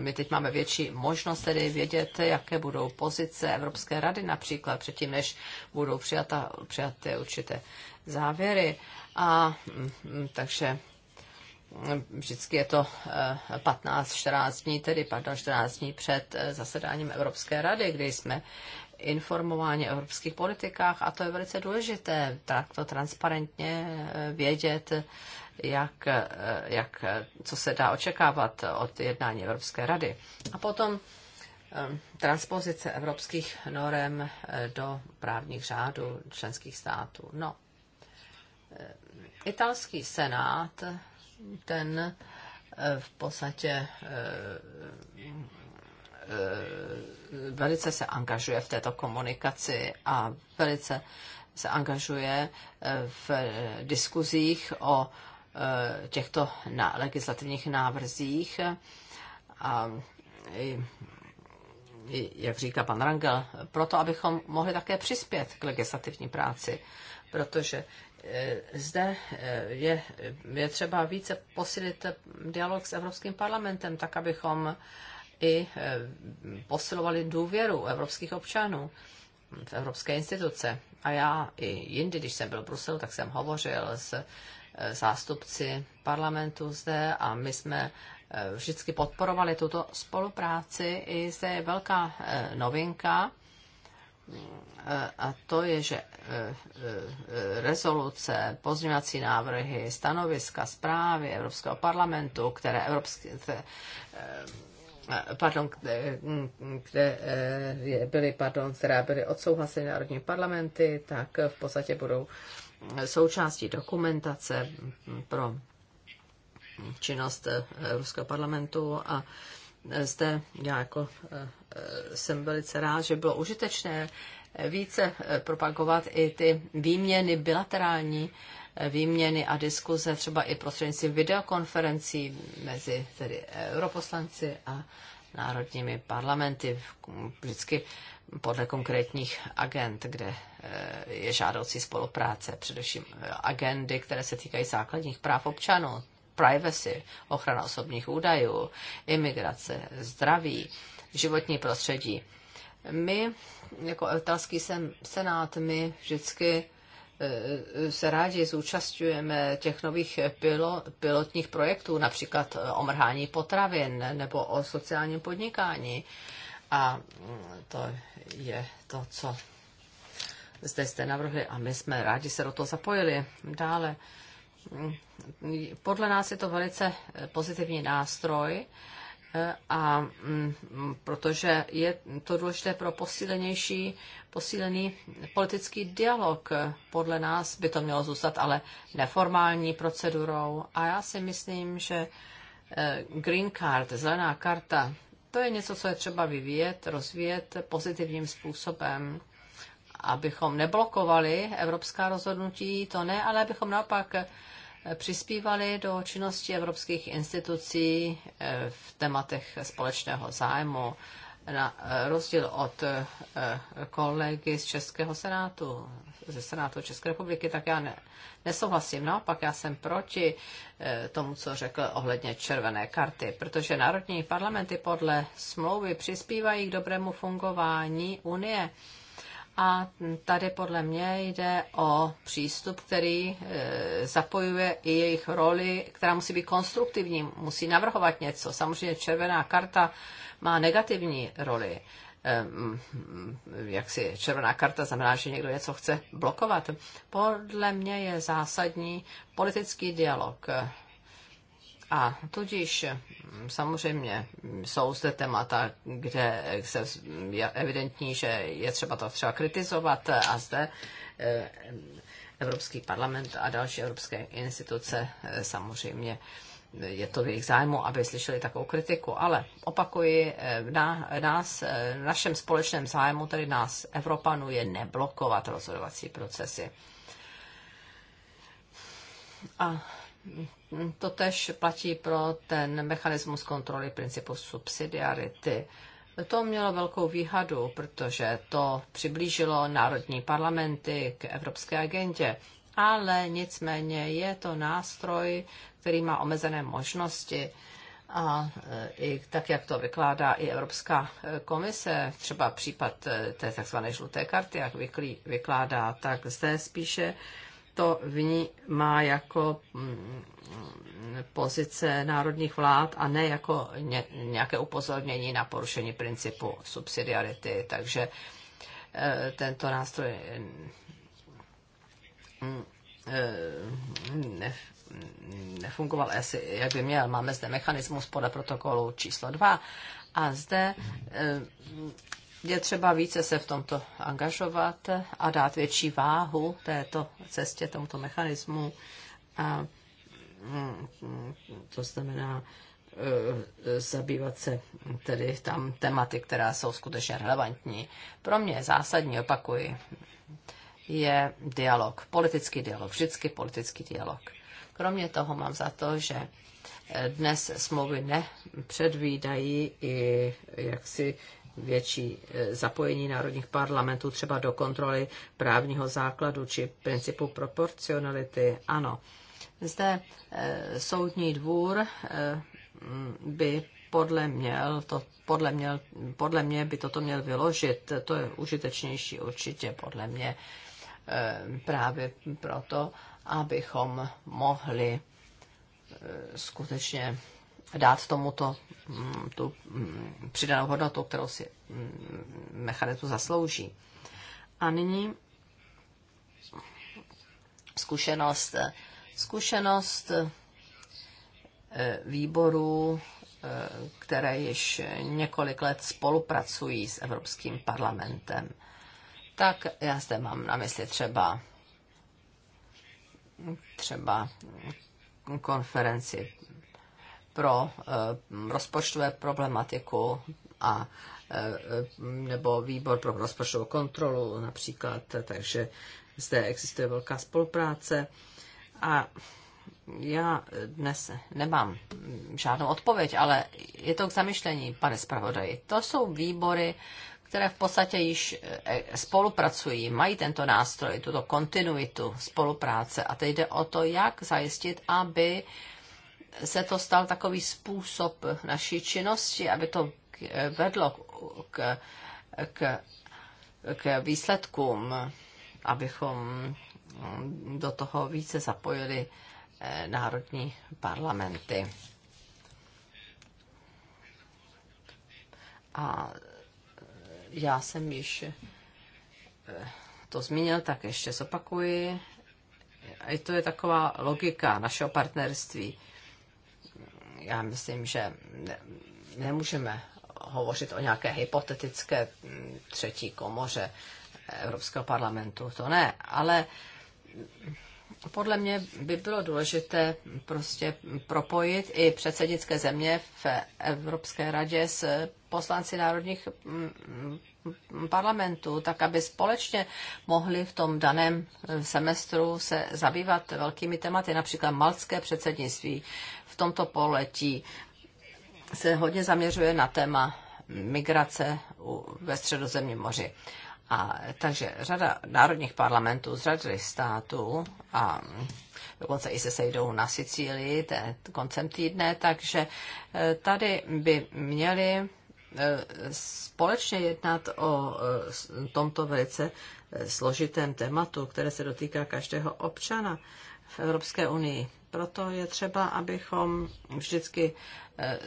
my teď máme větší možnost tedy vědět, jaké budou pozice Evropské rady například předtím, než budou přijata, přijaté určité závěry. A mm, takže mm, vždycky je to 15-14 dní, tedy pardon, 14 dní před zasedáním Evropské rady, kdy jsme informování o evropských politikách a to je velice důležité, tak to transparentně eh, vědět, jak, eh, jak, co se dá očekávat od jednání Evropské rady. A potom eh, transpozice evropských norem do právních řádů členských států. No, italský senát, ten v podstatě Eh, velice se angažuje v této komunikaci a velice se angažuje eh, v diskuzích o eh, těchto legislativních návrzích. A jak říká pan Rangel, proto, abychom mohli také přispět k legislativní práci, protože zde je, je třeba více posilit dialog s Evropským parlamentem, tak abychom i eh, posilovali důvěru evropských občanů v evropské instituce. A já i jindy, když jsem byl v Bruselu, tak jsem hovořil s eh, zástupci parlamentu zde a my jsme eh, vždycky podporovali tuto spolupráci. I zde je velká novinka, a to je, že rezoluce, pozměňovací návrhy, stanoviska, zprávy Evropského parlamentu, které, Evropské, pardon, kde eh, byly, pardon, které byly odsouhlaseny národní parlamenty, tak v podstatě budou součástí dokumentace pro činnost eh, Ruského parlamentu a eh, zde já jako jsem velice rád, že bylo užitečné více propagovat i ty výměny bilaterální výměny a diskuze třeba i prostřednictvím videokonferencí mezi tedy europoslanci a národními parlamenty, vždycky podle konkrétních agent, kde eh, je žádoucí spolupráce, především eh, agendy, které se týkají základních práv občanů, privacy, ochrana osobních údajů, imigrace, zdraví, životní prostředí. My, jako Evtalský senát, my vždycky Eh, se rádi zúčastňujeme těch nových pilo, pilotních projektů, například eh, o mrhání potravin nebo o sociálním podnikání. A mm, to je to, co zde jste navrhli a my jsme rádi se do toho zapojili. Dále, mm, podle nás je to velice eh, pozitivní nástroj, a mm, protože je to důležité pro posílenější, posílený politický dialog. Podle nás by to mělo zůstat ale neformální procedurou a já si myslím, že e, green card, zelená karta, to je něco, co je třeba vyvíjet, rozvíjet pozitivním způsobem abychom neblokovali evropská rozhodnutí, to ne, ale abychom naopak přispívali do činnosti evropských institucí eh, v tématech společného zájmu, na rozdíl od eh, kolegy z Českého senátu, ze Senátu České republiky, tak já ne, nesouhlasím. Naopak já jsem proti eh, tomu, co řekl ohledně červené karty, protože národní parlamenty podle smlouvy přispívají k dobrému fungování Unie. A tady podle mě jde o přístup, který e, zapojuje i jejich roli, která musí být konstruktivní, musí navrhovat něco. Samozřejmě červená karta má negativní roli. Jak si červená karta znamená, že někdo něco chce blokovat. Podle mě je zásadní politický dialog a tudíž mm, samozřejmě jsou zde témata, kde se je evidentní, že je třeba to třeba kritizovat a zde eh, Evropský parlament a další evropské instituce eh, samozřejmě je to v jejich zájmu, aby slyšeli takovou kritiku, ale opakuji, eh, na, nás, v našem společném zájmu, tedy nás Evropanů, je neblokovat rozhodovací procesy. A to tež platí pro ten mechanismus kontroly principu subsidiarity. To mělo velkou výhadu, protože to přiblížilo národní parlamenty k evropské agendě, ale nicméně je to nástroj, který má omezené možnosti. A e, i tak, jak to vykládá i Evropská e, komise, třeba případ e, té tzv. žluté karty, jak vykládá, tak zde spíše uh, to vnímá jako mm, pozice národních vlád a ne jako nějaké upozornění na porušení principu subsidiarity. Takže e, tento nástroj mm, e, nefungoval asi, jak by měl. Máme zde mechanismus podle protokolu číslo 2 a zde e, je třeba více se v tomto angažovat a dát větší váhu této cestě, tomuto mechanismu. A mm, to znamená e, zabývat se tedy tam tematy, která jsou skutečně relevantní. Pro mě zásadní, opakuji, je dialog, politický dialog, vždycky politický dialog. Kromě toho mám za to, že dnes smlouvy nepředvídají i jaksi větší eh, zapojení národních parlamentů třeba do kontroly právního základu či principu proporcionality. Ano, zde eh, soudní dvůr eh, by podle mě, to, podle, mě, podle mě by toto měl vyložit. To je užitečnější určitě podle mě právě proto, abychom mohli skutečně dát tomuto mm, tu mm, přidanou hodnotu, kterou si mm, mechanismus zaslouží. A nyní zkušenost. Zkušenost eh, výborů, eh, které již několik let spolupracují s Evropským parlamentem. Tak já zde mám na mysli třeba třeba konferenci pro eh, rozpočtové problematiku a eh, nebo výbor pro rozpočtovou kontrolu například, takže zde existuje velká spolupráce. A já dnes nemám žádnou odpověď, ale je to k zamišlení, pane zpravodaji. To jsou výbory, které v podstatě již eh, spolupracují, mají tento nástroj, tuto kontinuitu spolupráce. A teď jde o to, jak zajistit, aby uh, se to stal takový způsob naší činnosti, aby to vedlo k, k, k výsledkům, abychom do toho více zapojili eh, národní parlamenty. A já jsem již eh, to zmínil, tak ještě zopakuji. I to je taková logika našeho partnerství já myslím, že nemůžeme hovořit o nějaké hypotetické mm, třetí komoře Evropského parlamentu, to ne, ale podle mě by bylo důležité prostě propojit i předsednické země v Evropské radě s poslanci národních mm, parlamentu, tak aby společně mohli v tom daném semestru se zabývat velkými tématy, například maltské předsednictví v tomto poletí se hodně zaměřuje na téma migrace ve středozemním moři. A, takže řada národních parlamentů z řady států a dokonce i se sejdou na Sicílii koncem týdne, takže eh, tady by měli E, společně jednat o e, tomto velice e, složitém tématu, které se dotýká každého občana v Evropské unii. Proto je třeba, abychom vždycky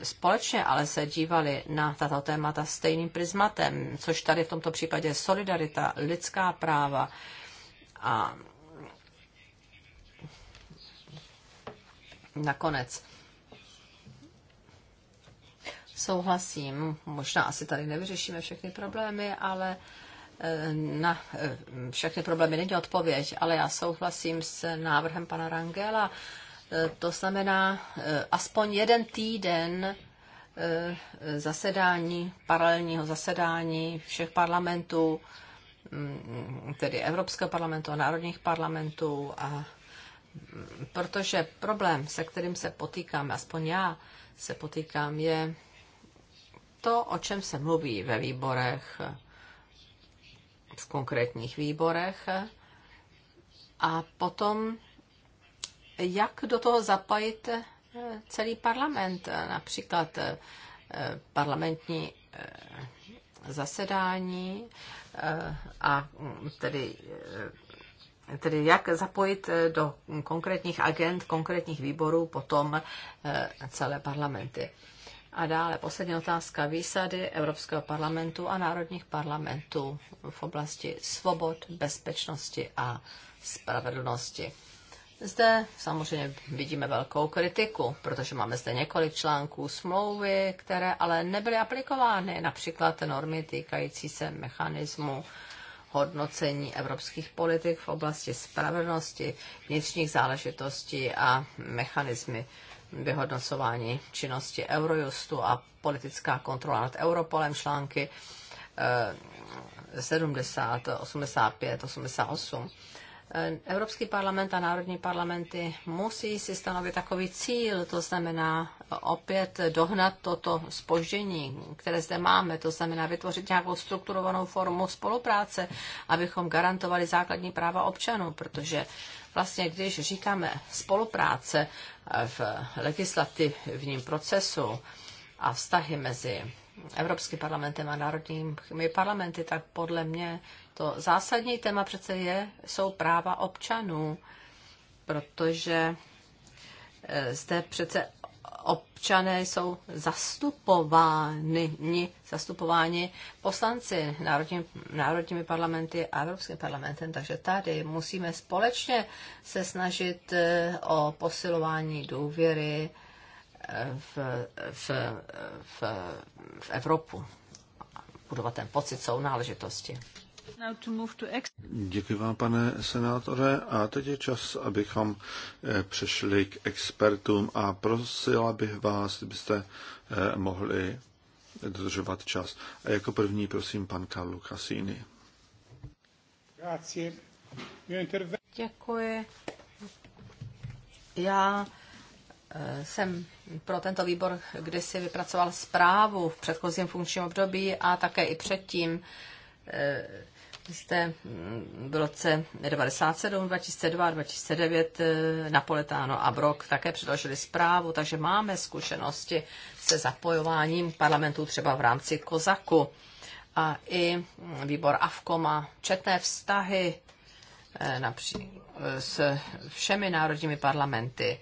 společně ale se dívali na tato témata stejným prismatem, což tady v tomto případě je solidarita, lidská práva a nakonec souhlasím. Možná asi tady nevyřešíme všechny problémy, ale eh, na eh, všechny problémy není odpověď, ale já souhlasím s návrhem pana Rangela. Eh, to znamená aspoň jeden týden zasedání, paralelního zasedání všech parlamentů, mm, tedy Evropského parlamentu a národních parlamentů. A mm, protože problém, se kterým se potýkám, aspoň já se potýkám, je to, o čem se mluví ve výborech, v konkrétních výborech, a potom, jak do toho zapojit eh, celý parlament, eh, například eh, parlamentní zasedání a mm, tedy, tedy jak zapojit do konkrétních agent, konkrétních výborů potom celé parlamenty. A dále poslední otázka výsady Evropského parlamentu a národních parlamentů v oblasti svobod, bezpečnosti a spravedlnosti. Zde samozřejmě vidíme velkou kritiku, protože máme zde několik článků smlouvy, které ale nebyly aplikovány, například normy týkající se mechanismu hodnocení evropských politik v oblasti spravedlnosti, vnitřních záležitostí a mechanismy vyhodnocování činnosti Eurojustu a politická kontrola nad Europolem články 70, 85, 88. Evropský parlament a národní parlamenty musí si stanovit takový cíl, to znamená opět dohnat toto spoždění, které zde máme, to znamená vytvořit nějakou strukturovanou formu spolupráce, abychom garantovali základní práva občanů, protože vlastně když říkáme spolupráce v legislativním procesu a vztahy mezi Evropským parlamentem a národními parlamenty, tak podle mě to zásadní téma přece je, jsou práva občanů, protože eh, zde přece občané jsou zastupováni, zastupováni poslanci národní, národními parlamenty a Evropským parlamentem, takže tady musíme společně se snažit eh, o posilování důvěry eh, v, v, v, v Evropu budovat ten pocit sounáležitosti. Děkuji vám, pane senátore. A teď je čas, abychom eh, přešli k expertům a prosila bych vás, kdybyste eh, mohli dodržovat čas. A jako první prosím pan Karlu Cassini. Děkuji. Já eh, jsem pro tento výbor kdysi vypracoval zprávu v předchozím funkčním období a také i předtím jste mm, v roce 1997, 2002, 2009 Napoletáno a Brok také předložili zprávu, takže máme zkušenosti se zapojováním parlamentů třeba v rámci Kozaku. A i mm, výbor AFKO má četné vztahy eh, napří- eh, s všemi národními parlamenty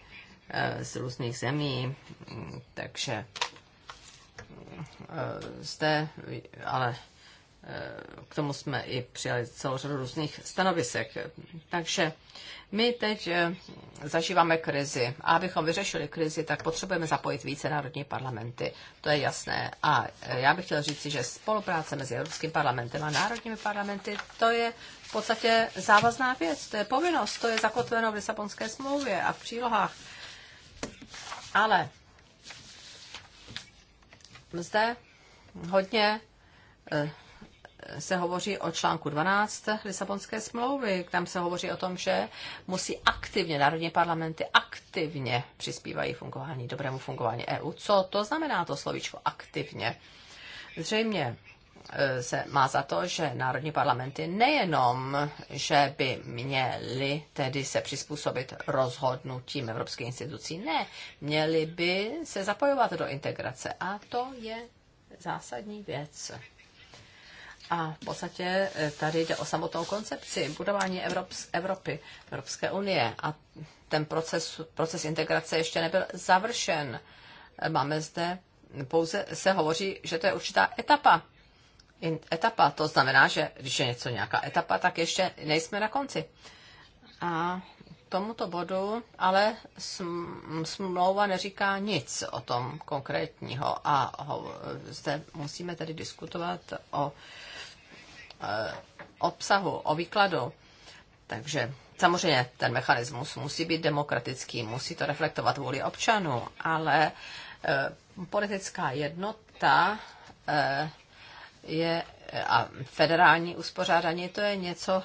eh, z různých zemí, mm, takže zde ale Eh, k tomu jsme i přijali celou řadu různých stanovisek. Takže my teď eh, zažíváme krizi a abychom vyřešili krizi, tak potřebujeme zapojit více národní parlamenty. To je jasné. A eh, já bych chtěl říci, že spolupráce mezi Evropským parlamentem a národními parlamenty, to je v podstatě závazná věc, to je povinnost, to je zakotveno v Lisabonské smlouvě a v přílohách. Ale zde hodně se hovoří o článku 12 Lisabonské smlouvy. Tam se hovoří o tom, že musí aktivně, národní parlamenty aktivně přispívají fungování, dobrému fungování EU. Co to znamená to slovíčko aktivně? Zřejmě e, se má za to, že národní parlamenty nejenom, že by měly tedy se přizpůsobit rozhodnutím evropských institucí, ne, měly by se zapojovat do integrace. A to je zásadní věc. A v podstatě e, tady jde o samotnou koncepci budování Evrops, Evropy, Evropské unie. A ten proces, proces integrace ještě nebyl završen. E, máme zde, pouze se hovoří, že to je určitá etapa. Etapa, to znamená, že když je něco nějaká etapa, tak ještě nejsme na konci. A tomuto bodu, ale smlouva neříká nic o tom konkrétního a zde musíme tedy diskutovat o Eh, obsahu, o výkladu. Takže samozřejmě ten mechanismus musí být demokratický, musí to reflektovat vůli občanů, ale eh, politická jednota eh, je a federální uspořádání, to je něco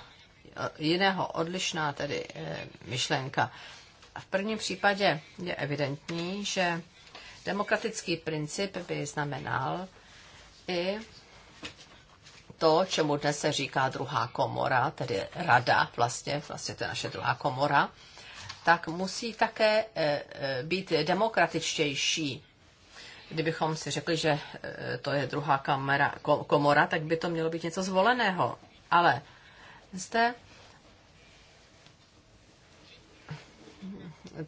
jiného, odlišná tedy myšlenka. A v prvním případě je evidentní, že demokratický princip by znamenal i to, čemu dnes se říká druhá komora, tedy rada, vlastně, vlastně to je naše druhá komora, tak musí také eh, eh, být demokratičtější. Kdybychom si řekli, že eh, to je druhá kamera, komora, tak by to mělo být něco zvoleného. Ale zde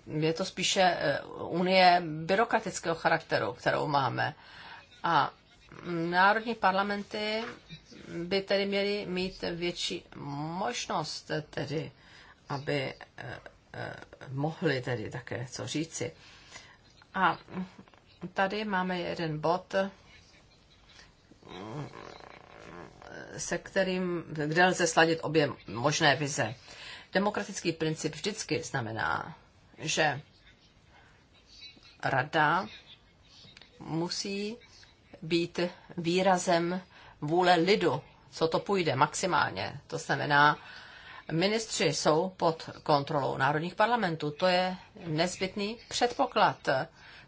je to spíše unie byrokratického charakteru, kterou máme. A národní parlamenty by tedy měli mít větší možnost tedy, aby eh, eh, mohli tedy také co říci. A tady máme jeden bod, se kterým, kde lze sladit obě možné vize. Demokratický princip vždycky znamená, že rada musí být výrazem vůle lidu, co to půjde maximálně. To znamená, ministři jsou pod kontrolou národních parlamentů. To je nezbytný předpoklad.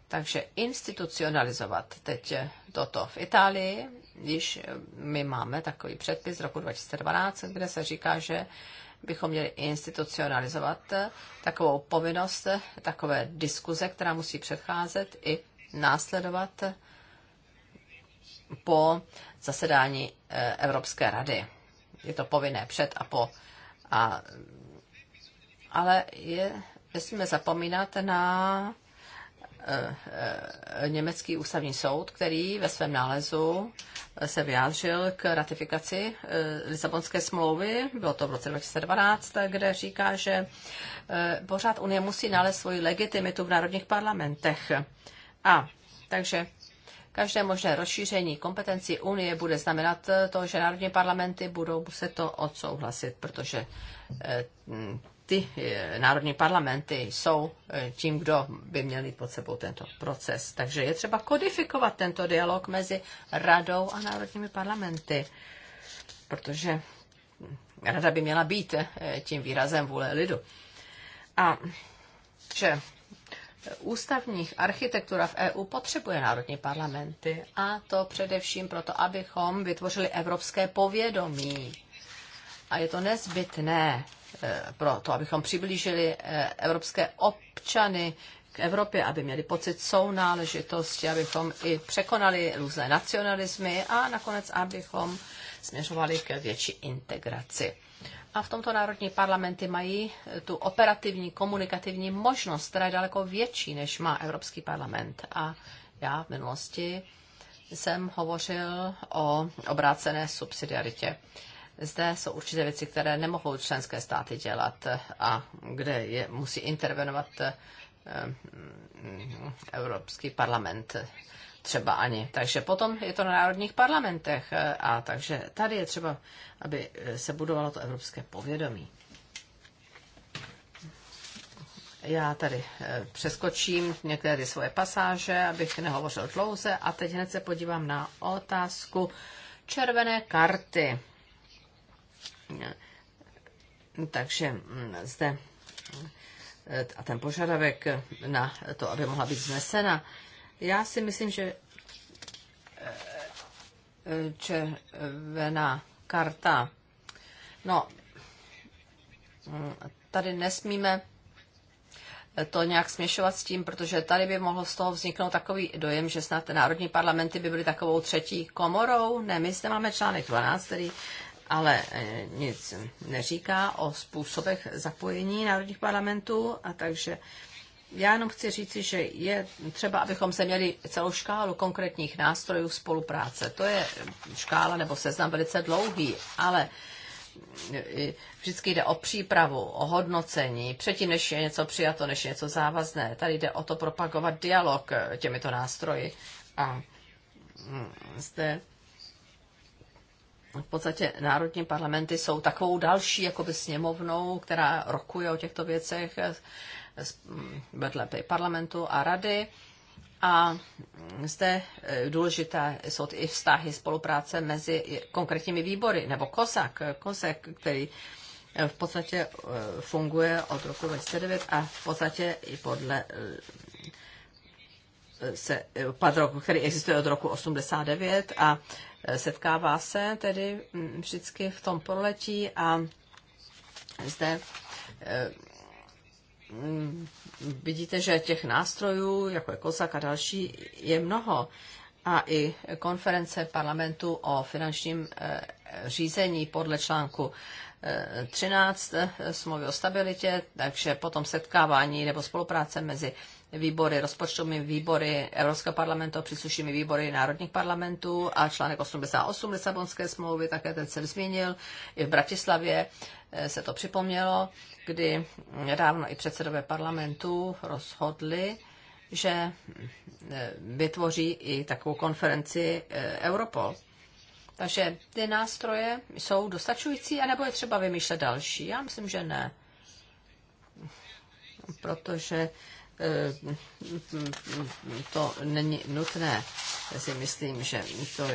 Takže institucionalizovat teď toto v Itálii, když my máme takový předpis z roku 2012, kde se říká, že bychom měli institucionalizovat takovou povinnost, takové diskuze, která musí předcházet i následovat po zasedání eh, Evropské rady. Je to povinné před a po. A, ale je, nesmíme zapomínat na eh, eh, německý ústavní soud, který ve svém nálezu se vyjádřil k ratifikaci Lisabonské smlouvy, bylo to v roce 2012, kde říká, že pořád Unie musí nalézt svoji legitimitu v národních parlamentech. A takže Každé možné rozšíření kompetencí Unie bude znamenat eh, to, že národní parlamenty budou muset to odsouhlasit, protože eh, mm, ty eh, národní parlamenty jsou tím, kdo by měl mít pod sebou tento proces. Takže je třeba kodifikovat tento dialog mezi radou a národními parlamenty, protože rada by měla být tím výrazem vůle lidu. A že ústavních architektura v EU potřebuje národní parlamenty a to především proto, abychom vytvořili evropské povědomí. A je to nezbytné e, pro to, abychom přiblížili e, evropské občany k Evropě, aby měli pocit sounáležitosti, abychom i překonali různé nacionalismy a nakonec, abychom směřovaly k větší integraci. A v tomto národní parlamenty mají tu operativní komunikativní možnost, která je daleko větší, než má Evropský parlament. A já v minulosti jsem hovořil o obrácené subsidiaritě. Zde jsou určité věci, které nemohou členské státy dělat a kde je, musí intervenovat eh, mm, Evropský parlament třeba ani. Takže potom je to na národních parlamentech eh, a takže tady je třeba, aby eh, se budovalo to evropské povědomí. Já tady eh, přeskočím některé ty svoje pasáže, abych nehovořil dlouze a teď hned se podívám na otázku červené karty. Takže mm, zde a ten požadavek na to, aby mohla být znesena, já si myslím, že eh, eh, červená karta. No, mm, tady nesmíme eh, to nějak směšovat s tím, protože tady by mohlo z toho vzniknout takový dojem, že snad národní parlamenty by byly takovou třetí komorou. Ne, my zde máme článek 12, který ale nic neříká o způsobech zapojení národních parlamentů, a takže já jenom chci říci, že je třeba, abychom se měli celou škálu konkrétních nástrojů spolupráce. To je škála nebo seznam velice dlouhý, ale e, vždycky jde o přípravu, o hodnocení, předtím, než je něco přijato, než je něco závazné. Tady jde o to propagovat dialog e, těmito nástroji. A mm, zde v podstatě národní parlamenty jsou takovou další jakoby sněmovnou, která rokuje o těchto věcech vedle parlamentu a rady. A zde e, důležité jsou i vztahy spolupráce mezi konkrétními výbory, nebo COSAC, COSAC který e, v podstatě e, funguje od roku 2009 a v podstatě i podle se, padrok, který existuje od roku 89 a setkává se tedy vždycky v tom poletí a zde Mm, vidíte, že těch nástrojů, jako je Kozak a další, je mnoho. A i konference parlamentu o finančním eh, řízení podle článku 13 eh, eh, smlouvy o stabilitě, takže potom setkávání nebo spolupráce mezi výbory, rozpočtovými výbory Evropského parlamentu příslušnými výbory národních parlamentů a článek 88 Lisabonské smlouvy, také ten jsem zmínil, i v Bratislavě eh, se to připomnělo, kdy dávno i předsedové parlamentů rozhodli, že mm, eh, vytvoří i takovou konferenci eh, Europol. Takže ty nástroje jsou dostačující, anebo je třeba vymýšlet další? Já myslím, že ne. Protože Eh, to není nutné. Já si myslím, že to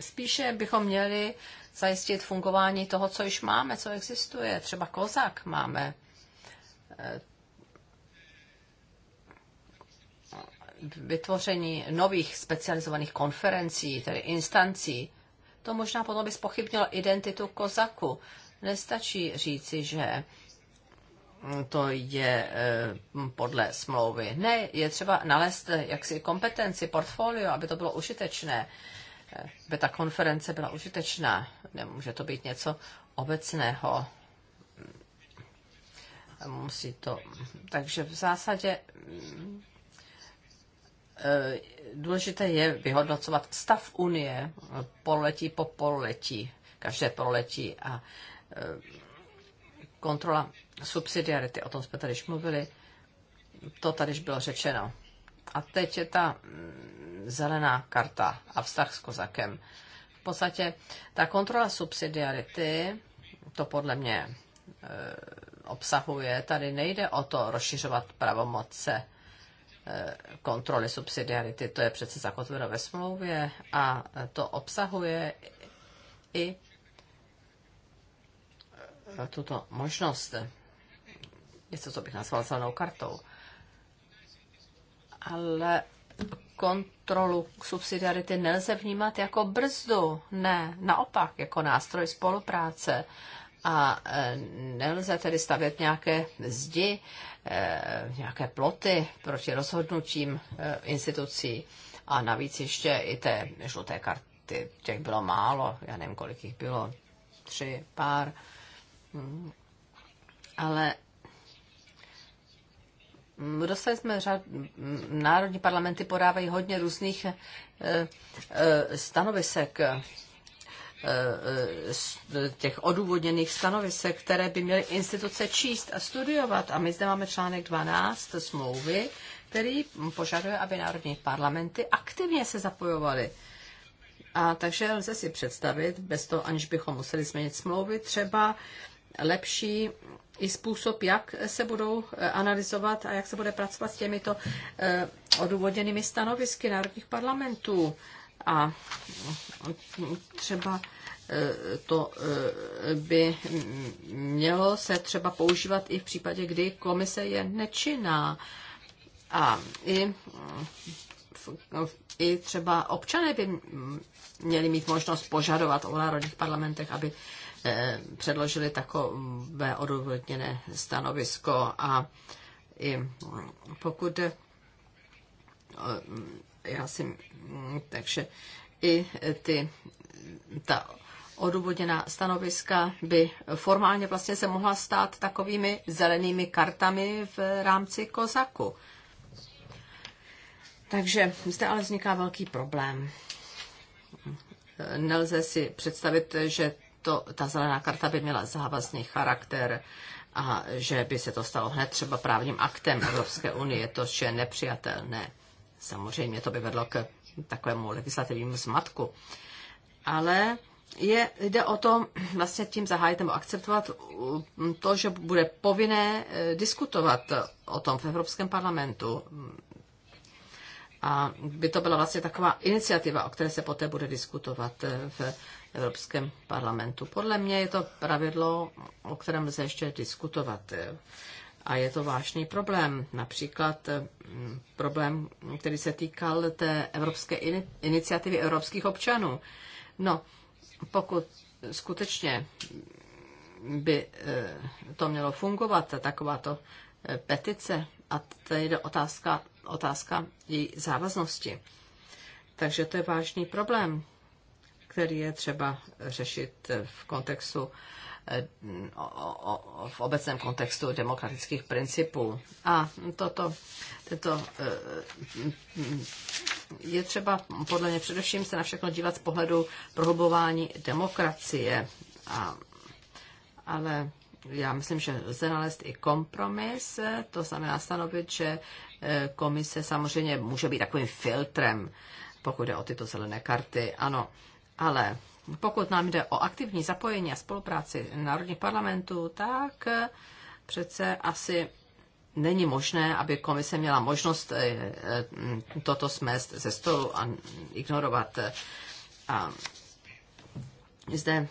spíše bychom měli zajistit fungování toho, co již máme, co existuje. Třeba kozak máme. Eh, vytvoření nových specializovaných konferencí, tedy instancí. To možná potom by spochybnilo identitu kozaku. Nestačí říci, že to je eh, podle smlouvy. Ne, je třeba nalézt eh, jaksi kompetenci, portfolio, aby to bylo užitečné, eh, aby ta konference byla užitečná. Nemůže to být něco obecného. Musí to... Takže v zásadě důležité je vyhodnocovat stav Unie poletí po poletí, každé poletí a kontrola subsidiarity, o tom jsme tady mluvili, to tady bylo řečeno. A teď je ta mm, zelená karta a vztah s kozakem. V podstatě ta kontrola subsidiarity, to podle mě e, obsahuje, tady nejde o to rozšiřovat pravomoce e, kontroly subsidiarity, to je přece zakotveno ve smlouvě a to obsahuje i e, tuto možnost něco, co bych nazval zelenou kartou. Ale kontrolu subsidiarity nelze vnímat jako brzdu, ne, naopak, jako nástroj spolupráce. A e, nelze tedy stavět nějaké zdi, e, nějaké ploty proti rozhodnutím e, institucí. A navíc ještě i té žluté karty, těch bylo málo, já nevím, kolik jich bylo, tři, pár. Hmm. Ale Dostali jsme řad, národní parlamenty podávají hodně různých eh, eh, stanovisek, eh, těch odůvodněných stanovisek, které by měly instituce číst a studovat. A my zde máme článek 12 smlouvy, který požaduje, aby národní parlamenty aktivně se zapojovaly. A takže lze si představit, bez toho, aniž bychom museli změnit smlouvy, třeba lepší i způsob, jak se budou eh, analyzovat a jak se bude pracovat s těmito eh, odůvodněnými stanovisky národních parlamentů. A mm, třeba eh, to by mělo se třeba používat i v případě, kdy komise je nečinná. A i, mm, i třeba občané by mm, měli mít možnost požadovat o národních parlamentech, aby eh, předložili takové odůvodněné stanovisko a i pokud eh, já si, mm, takže i ty, ta odůvodněná stanoviska by formálně vlastně se mohla stát takovými zelenými kartami v rámci Kozaku. Takže zde ale vzniká velký problém nelze si představit, že to, ta zelená karta by měla závazný charakter a že by se to stalo hned třeba právním aktem Evropské unie, to je nepřijatelné. Samozřejmě to by vedlo k takovému legislativnímu zmatku. Ale je, jde o to vlastně tím zahájit nebo akceptovat to, že bude povinné eh, diskutovat o tom v Evropském parlamentu. A by to byla vlastně taková iniciativa, o které se poté bude diskutovat eh, v Evropském parlamentu. Podle mě je to pravidlo, o kterém lze ještě diskutovat. Eh, a je to vážný problém. Například eh, problém, který se týkal té evropské iniciativy evropských občanů. No, pokud skutečně by to mělo fungovat, takováto petice a to je otázka, otázka její závaznosti. Takže to je vážný problém, který je třeba řešit v kontextu eh, v obecném kontextu demokratických principů. A toto, toto eh, je třeba podle mě především se na všechno dívat z pohledu prohlubování demokracie. A, ale já myslím, že lze nalézt i kompromis, to znamená stanovit, že eh, komise samozřejmě může být takovým filtrem, pokud jde o tyto zelené karty, ano, ale pokud nám jde o aktivní zapojení a spolupráci národních parlamentů, tak eh, přece asi není možné, aby komise měla možnost eh, toto smést ze stolu a ignorovat. A zde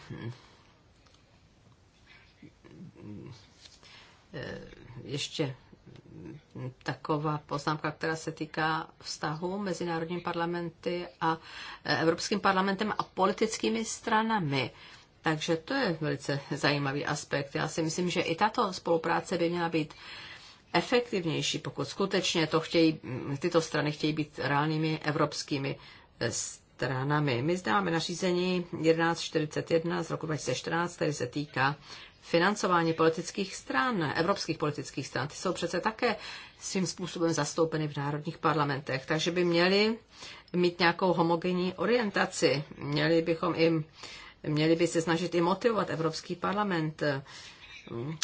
Eh, ještě taková poznámka, která se týká vztahu mezi národním parlamenty a eh, Evropským parlamentem a politickými stranami. Takže to je velice zajímavý aspekt. Já si myslím, že i tato spolupráce by měla být efektivnější, pokud skutečně to chtějí, tyto strany chtějí být reálnými evropskými eh, stranami. My zde máme nařízení 1141 z roku 2014, které se týká financování politických stran, evropských politických stran, ty jsou přece také svým způsobem zastoupeny v národních parlamentech, takže by měli mít nějakou homogenní orientaci. Měli bychom jim, měli by se snažit i motivovat Evropský parlament mm,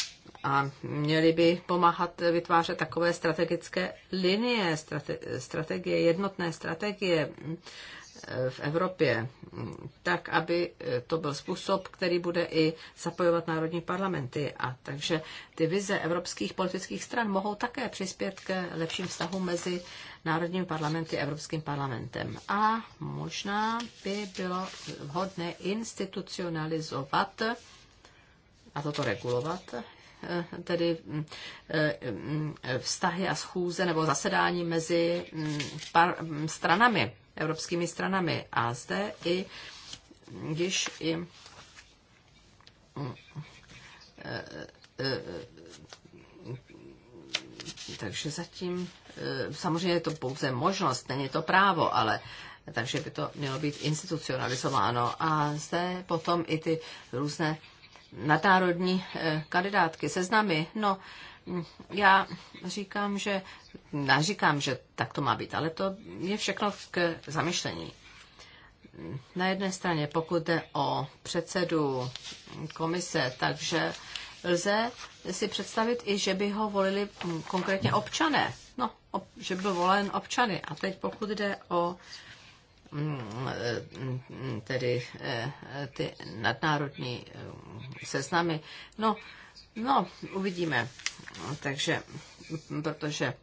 a měli by pomáhat vytvářet takové strategické linie, strate, strategie, jednotné strategie Eh, v Evropě, tak aby eh, to byl způsob, který bude i zapojovat národní parlamenty. A takže ty vize evropských politických stran mohou také přispět k lepším vztahům mezi národními parlamenty a Evropským parlamentem. A možná by bylo vhodné institucionalizovat a toto regulovat eh, tedy mm, mm, vztahy a schůze nebo zasedání mezi mm, stranami evropskými stranami. A zde i když i mm, e, e, e, takže zatím, samozřejmě je to pouze možnost, není to právo, ale takže by to mělo být institucionalizováno. A zde potom i ty různé nadnárodní kandidátky, seznamy, no, já říkám, že neříkám, že tak to má být, ale to je všechno k zamyšlení. Na jedné straně, pokud jde o předsedu komise, takže lze si představit i, že by ho volili konkrétně občané. No, ob, že byl volen občany. A teď pokud jde o mm, mm, tedy eh, ty nadnárodní eh, seznamy. No, No, uvidíme. Takže, protože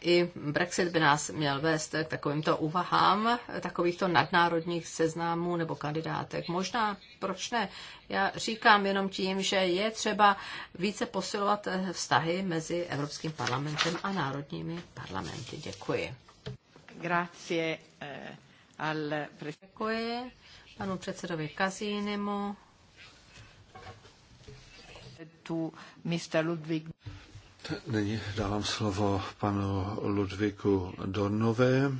i Brexit by nás měl vést k takovýmto uvahám, takovýchto nadnárodních seznámů nebo kandidátek. Možná, proč ne? Já říkám jenom tím, že je třeba více posilovat vztahy mezi Evropským parlamentem a národními parlamenty. Děkuji. Grazie, eh, al... Děkuji panu předsedovi Kazínimu to Mr. Ludwig. Nyní dávám slovo panu Ludviku Donové, eh,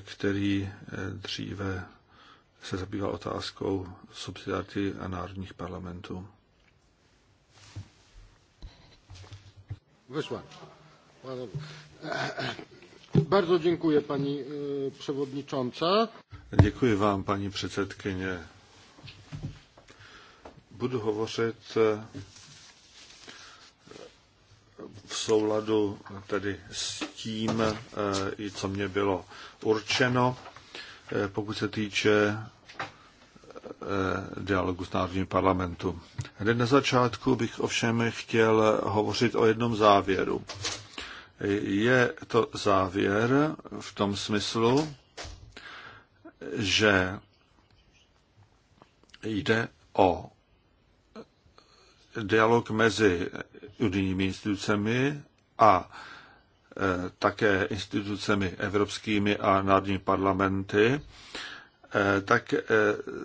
který eh, dříve se zabýval otázkou subsidiarity a národních parlamentů. Wyszła. Eh, bardzo dziękuję pani przewodnicząca. Dziękuję wam pani předsedkyně budu hovořit eh, v souladu tedy s tím, eh, co mě bylo určeno, eh, pokud se týče dialogu s Národním parlamentu. Hned na začátku bych ovšem chtěl hovořit o jednom závěru. Je to závěr v tom smyslu, že jde o dialog mezi unijními institucemi a e, také institucemi evropskými a národní parlamenty, e, tak e,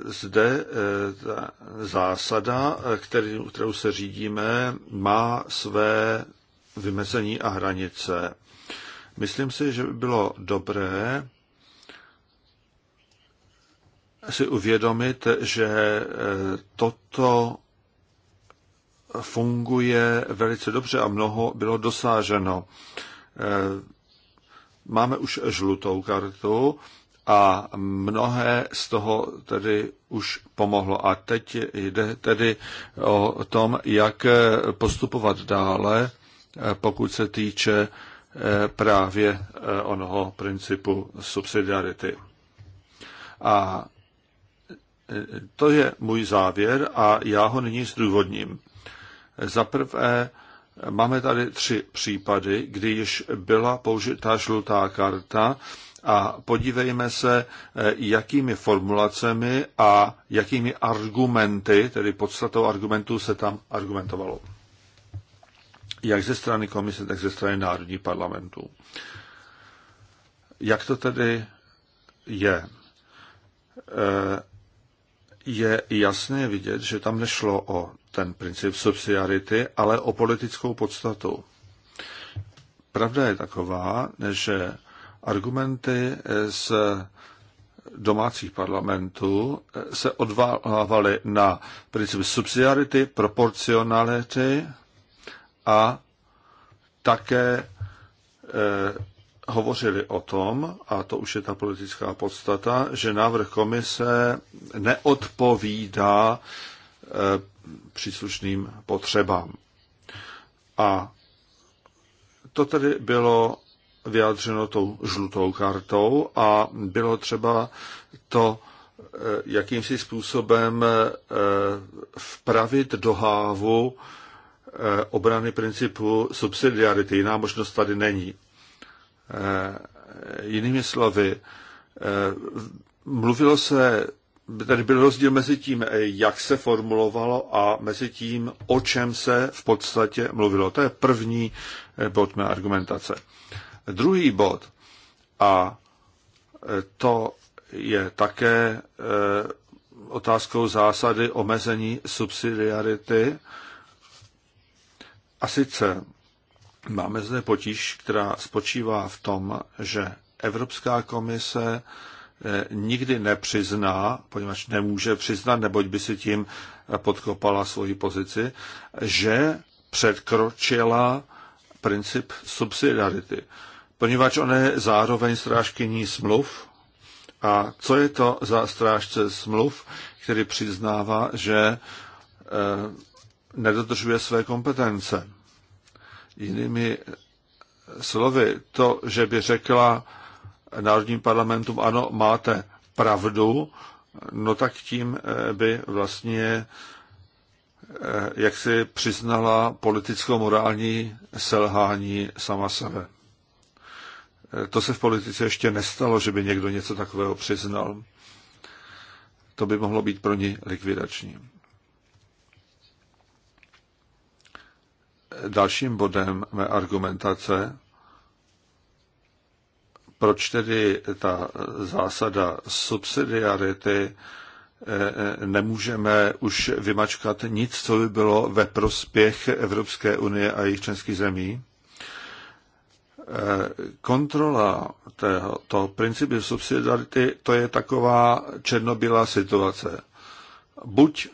zde ta zásada, kterou se řídíme, má své vymezení a hranice. Myslím si, že by bylo dobré si uvědomit, že toto funguje velice dobře a mnoho bylo dosáženo. Eh, máme už žlutou kartu a mnohé z toho tedy už pomohlo. A teď jde tedy o tom, jak postupovat dále, eh, pokud se týče eh, právě onoho principu subsidiarity. A to je můj závěr a já ho nyní zdůvodním. Za prvé, máme tady tři případy, kdy již byla použita žlutá karta a podívejme se, eh, jakými formulacemi a jakými argumenty, tedy podstatou argumentů se tam argumentovalo. Jak ze strany komise, tak ze strany národní parlamentů. Jak to tedy je? Eh, je jasné vidět, že tam nešlo o ten princip subsidiarity, ale o politickou podstatu. Pravda je taková, že argumenty z domácích parlamentů se odvávaly na princip subsidiarity, proporcionality a také eh, hovořili o tom, a to už je ta politická podstata, že návrh komise neodpovídá e, příslušným potřebám. A to tedy bylo vyjádřeno tou žlutou kartou a bylo třeba to e, jakýmsi způsobem e, vpravit do hávu obrany principu subsidiarity. Jiná možnost tady není. Eh, jinými slovy, eh, mluvilo se, tady byl rozdíl mezi tím, eh, jak se formulovalo a mezi tím, o čem se v podstatě mluvilo. To je první bod mé argumentace. Druhý bod, a to je také otázkou zásady omezení subsidiarity, a sice Máme zde potíž, která spočívá v tom, že Evropská komise eh, nikdy nepřizná, poněvadž nemůže přiznat, neboť by si tím eh, podkopala svoji pozici, že předkročila princip subsidiarity. Poněvadž ona je zároveň strážkyní smluv. A co je to za strážce smluv, který přiznává, že eh, nedodržuje své kompetence? Jinými slovy, to, že by řekla národním parlamentům, ano, máte pravdu, no tak tím eh, by vlastně eh, jak si přiznala politicko-morální selhání sama sebe. Eh, to se v politice ještě nestalo, že by někdo něco takového přiznal. To by mohlo být pro ní likvidační. dalším bodem mé argumentace, proč tedy ta zásada subsidiarity eh, nemůžeme už vymačkat nic, co by bylo ve prospěch Evropské unie a jejich členských zemí. Eh, kontrola toho principu subsidiarity, to je taková černobílá situace. Buď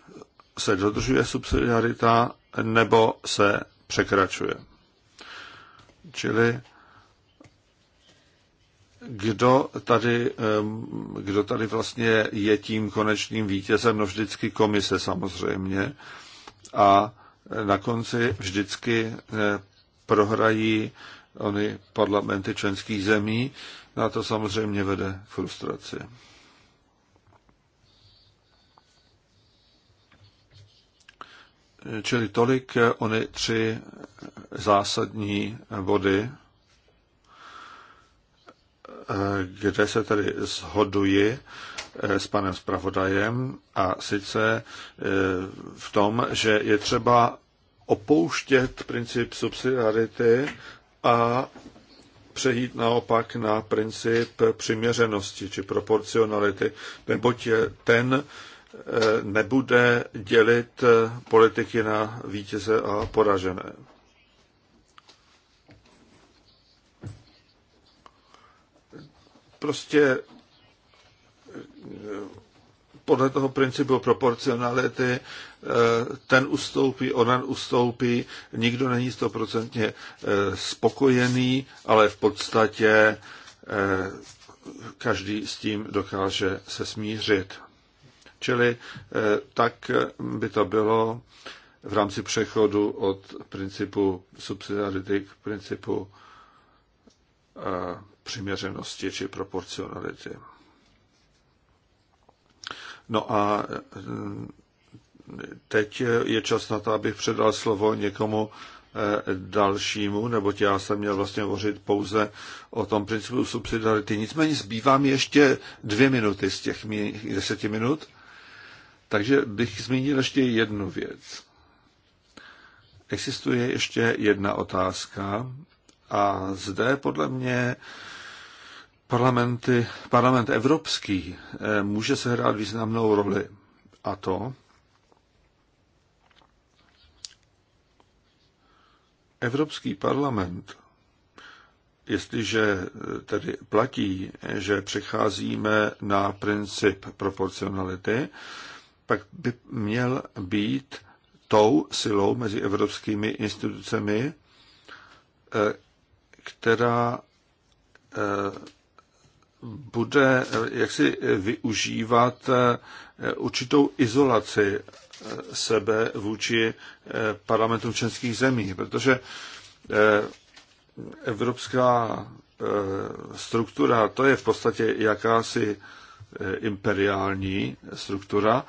se dodržuje subsidiarita, nebo se překračuje. Čili kdo tady, kdo tady vlastně je tím konečným vítězem, no vždycky komise samozřejmě. A na konci vždycky eh, prohrají ony parlamenty členských zemí. Na to samozřejmě vede frustraci. Čili tolik eh, ony tři zásadní body, eh, kde se tedy shoduji eh, s panem zpravodajem a sice v tom, že je třeba opouštět princip subsidiarity a přejít naopak na princip přiměřenosti či proporcionality, neboť ten nebude dělit politiky na vítěze a poražené. Prostě eh, podle toho principu proporcionality eh, ten ustoupí, onen ustoupí, nikdo není stoprocentně eh, spokojený, ale v podstatě každý s tím dokáže se smířit. Čili eh, tak by to bylo v rámci přechodu od principu subsidiarity k principu eh, přiměřenosti či proporcionality. No a eh, teď je čas na to, abych předal slovo někomu dalšímu, neboť já jsem měl vlastně hovořit pouze o tom principu subsidiarity. Nicméně zbývá mi ještě dvě minuty z těch mých deseti minut takže bych zmínil ještě jednu věc. Existuje ještě jedna otázka a zde podle mě parlamenty, parlament evropský eh, může sehrát významnou roli. A to Evropský parlament, jestliže tedy platí, že přecházíme na princip proporcionality, pak by měl být tou silou mezi evropskými institucemi, eh, která eh, bude eh, jaksi využívat určitou izolaci sebe vůči parlamentům českých zemí, protože evropská struktura, to je v podstatě jakási imperiální struktura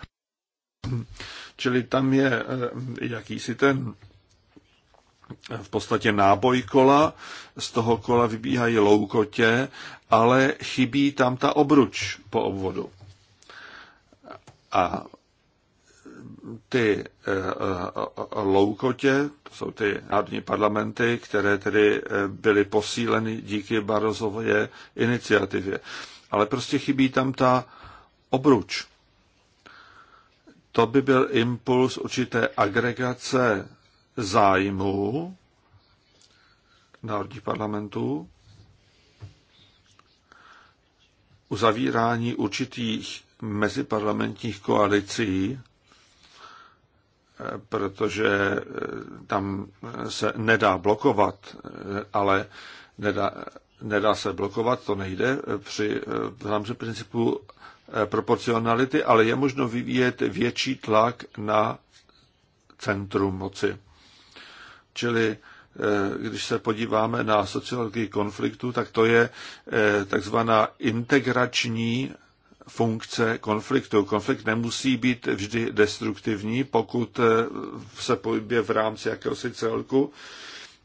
Čili tam je eh, jakýsi ten eh, v podstatě náboj kola, z toho kola vybíhají loukotě, ale chybí tam ta obruč po obvodu. A ty eh, loukotě, to jsou ty národní parlamenty, které tedy byly posíleny díky Barozově iniciativě. Ale prostě chybí tam ta obruč to by byl impuls určité agregace zájmů národních parlamentů, uzavírání určitých meziparlamentních koalicí, eh, protože eh, tam se nedá blokovat, eh, ale nedá, nedá se blokovat, to nejde při v rámci principu Eh, proporcionality, ale je možno vyvíjet větší tlak na centrum moci. Čili eh, když se podíváme na sociologii konfliktu, tak to je eh, takzvaná integrační funkce konfliktu. Konflikt nemusí být vždy destruktivní, pokud se pohybuje v rámci jakéhosi celku,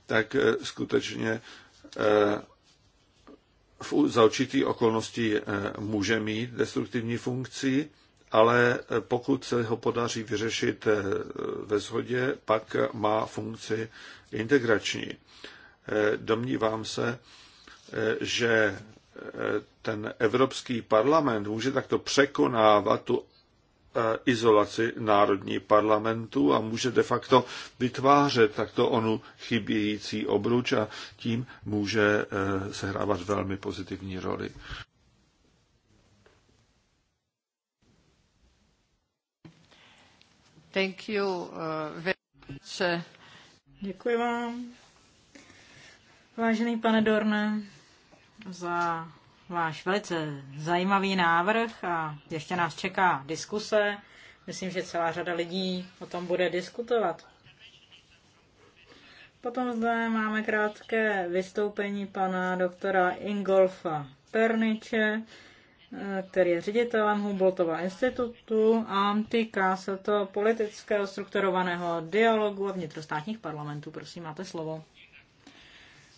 tak skutečně v, za určitých okolností eh, může mít destruktivní funkci, ale eh, pokud se ho podaří vyřešit eh, ve shodě, pak má funkci integrační. Domnívám se, že ten Evropský parlament může takto překonávat tu izolaci národní parlamentu a může de facto vytvářet takto onu chybějící obruč a tím může eh, sehrávat velmi pozitivní roli. Thank you uh, Děkuji vám, vážený pane Dorne, za váš velice zajímavý návrh a ještě nás čeká diskuse. Myslím, že celá řada lidí o tom bude diskutovat. Potom zde máme krátké vystoupení pana doktora Ingolfa Perniče, eh, který je ředitelem Humboldtova institutu a týká se to politického strukturovaného dialogu a vnitrostátních parlamentů. Prosím, máte slovo.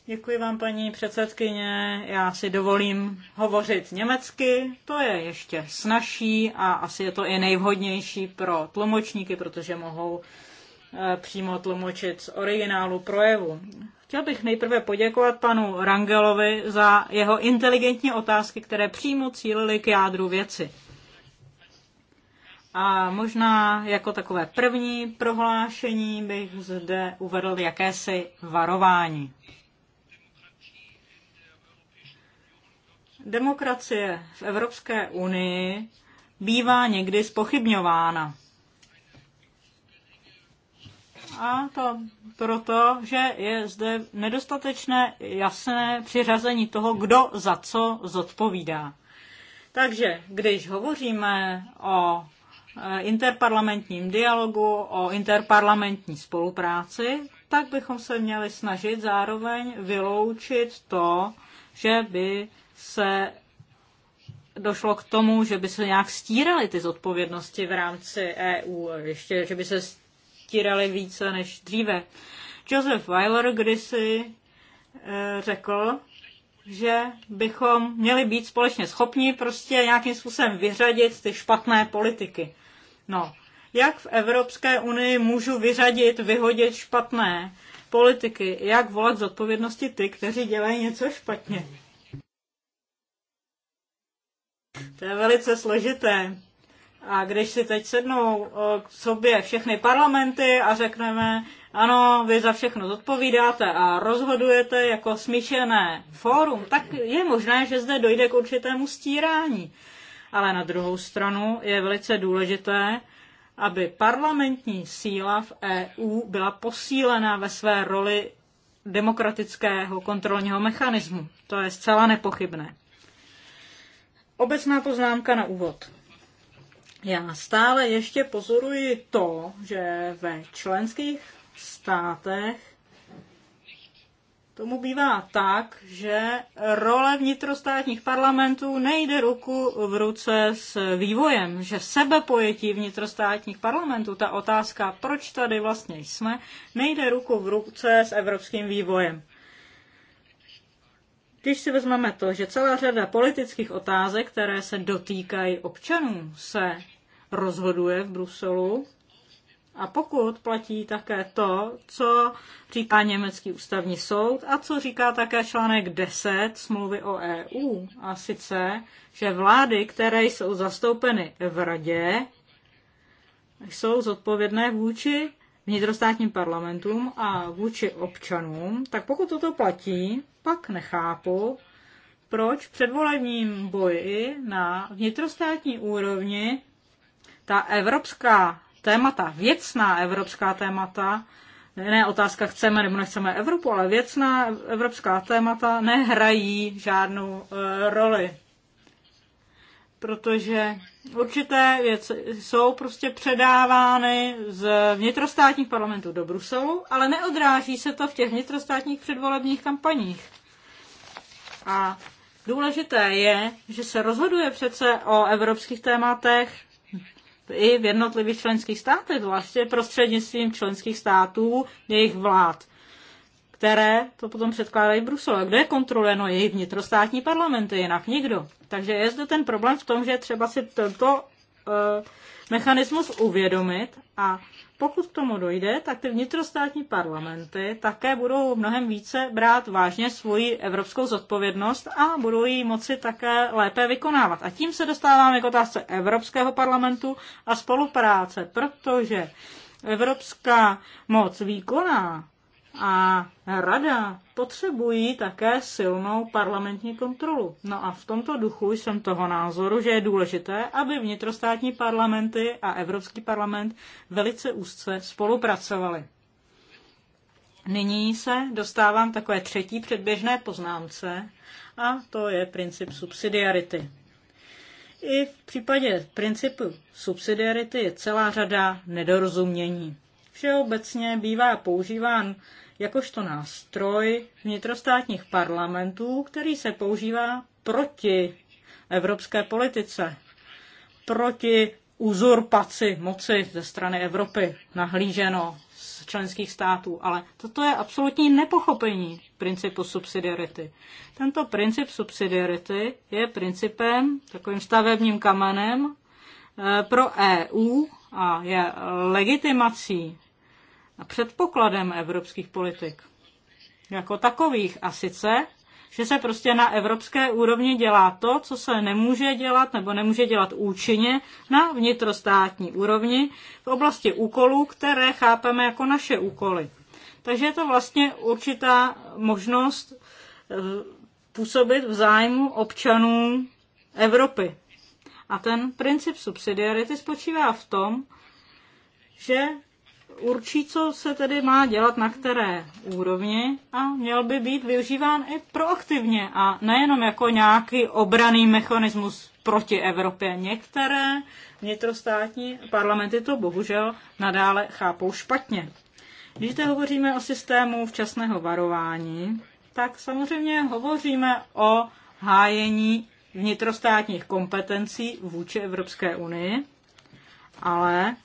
Děkuji vám, paní předsedkyně. Já si dovolím hovořit německy. To je ještě snažší a asi je to i nejvhodnější pro tlumočníky, protože mohou eh, přímo tlumočit z originálu projevu. Chtěl bych nejprve poděkovat panu Rangelovi za jeho inteligentní otázky, které přímo cílily k jádru věci. A možná jako takové první prohlášení bych zde uvedl jakési varování. Demokracie v Evropské unii bývá někdy spochybňována. A to proto, že je zde nedostatečné jasné přiřazení toho, kdo za co zodpovídá. Takže když hovoříme o eh, interparlamentním dialogu, o interparlamentní spolupráci, tak bychom se měli snažit zároveň vyloučit to, že by se došlo k tomu, že by se nějak stíraly ty zodpovědnosti v rámci EU, ještě, že by se stíraly více než dříve. Joseph Weiler kdysi e, řekl, že bychom měli být společně schopni prostě nějakým způsobem vyřadit ty špatné politiky. No, jak v Evropské unii můžu vyřadit, vyhodit špatné politiky? Jak volat z odpovědnosti ty, kteří dělají něco špatně? To je velice složité. A když si teď sednou k sobě všechny parlamenty a řekneme, ano, vy za všechno zodpovídáte a rozhodujete jako smíšené fórum, tak je možné, že zde dojde k určitému stírání. Ale na druhou stranu je velice důležité, aby parlamentní síla v EU byla posílena ve své roli demokratického kontrolního mechanismu. To je zcela nepochybné. Obecná poznámka na úvod. Já stále ještě pozoruji to, že ve členských státech tomu bývá tak, že role vnitrostátních parlamentů nejde ruku v ruce s vývojem, že sebepojetí vnitrostátních parlamentů, ta otázka, proč tady vlastně jsme, nejde ruku v ruce s evropským vývojem. Když si vezmeme to, že celá řada politických otázek, které se dotýkají občanů, se rozhoduje v Bruselu, a pokud platí také to, co říká Německý ústavní soud a co říká také článek 10 smlouvy o EU, a sice, že vlády, které jsou zastoupeny v radě, jsou zodpovědné vůči vnitrostátním parlamentům a vůči občanům, tak pokud toto platí, pak nechápu, proč v předvolebním boji na vnitrostátní úrovni ta evropská témata, věcná evropská témata, ne otázka chceme nebo nechceme Evropu, ale věcná evropská témata nehrají žádnou e, roli. Protože určité věci jsou prostě předávány z vnitrostátních parlamentů do Bruselu, ale neodráží se to v těch vnitrostátních předvolebních kampaních. A důležité je, že se rozhoduje přece o evropských tématech i v jednotlivých členských státech, vlastně prostřednictvím členských států, jejich vlád které to potom předkládají Brusel. A kdo je kontroluje? No jejich vnitrostátní parlamenty, jinak nikdo. Takže je zde ten problém v tom, že třeba si tento e, mechanismus uvědomit a pokud k tomu dojde, tak ty vnitrostátní parlamenty také budou mnohem více brát vážně svoji evropskou zodpovědnost a budou ji moci také lépe vykonávat. A tím se dostáváme k otázce Evropského parlamentu a spolupráce, protože evropská moc výkonná a rada potřebují také silnou parlamentní kontrolu. No a v tomto duchu jsem toho názoru, že je důležité, aby vnitrostátní parlamenty a Evropský parlament velice úzce spolupracovaly. Nyní se dostávám takové třetí předběžné poznámce a to je princip subsidiarity. I v případě principu subsidiarity je celá řada nedorozumění. Všeobecně bývá používán jakožto nástroj vnitrostátních parlamentů, který se používá proti evropské politice, proti uzurpaci moci ze strany Evropy nahlíženo z členských států. Ale toto je absolutní nepochopení principu subsidiarity. Tento princip subsidiarity je principem, takovým stavebním kamenem eh, pro EU a je legitimací a předpokladem evropských politik jako takových. A sice, že se prostě na evropské úrovni dělá to, co se nemůže dělat nebo nemůže dělat účinně na vnitrostátní úrovni v oblasti úkolů, které chápeme jako naše úkoly. Takže je to vlastně určitá možnost eh, působit v zájmu občanů Evropy. A ten princip subsidiarity spočívá v tom, že určí, co se tedy má dělat na které úrovni a měl by být využíván i proaktivně a nejenom jako nějaký obraný mechanismus proti Evropě. Některé vnitrostátní parlamenty to bohužel nadále chápou špatně. Když zde hovoříme o systému včasného varování, tak samozřejmě hovoříme o hájení vnitrostátních kompetencí vůči Evropské unii, ale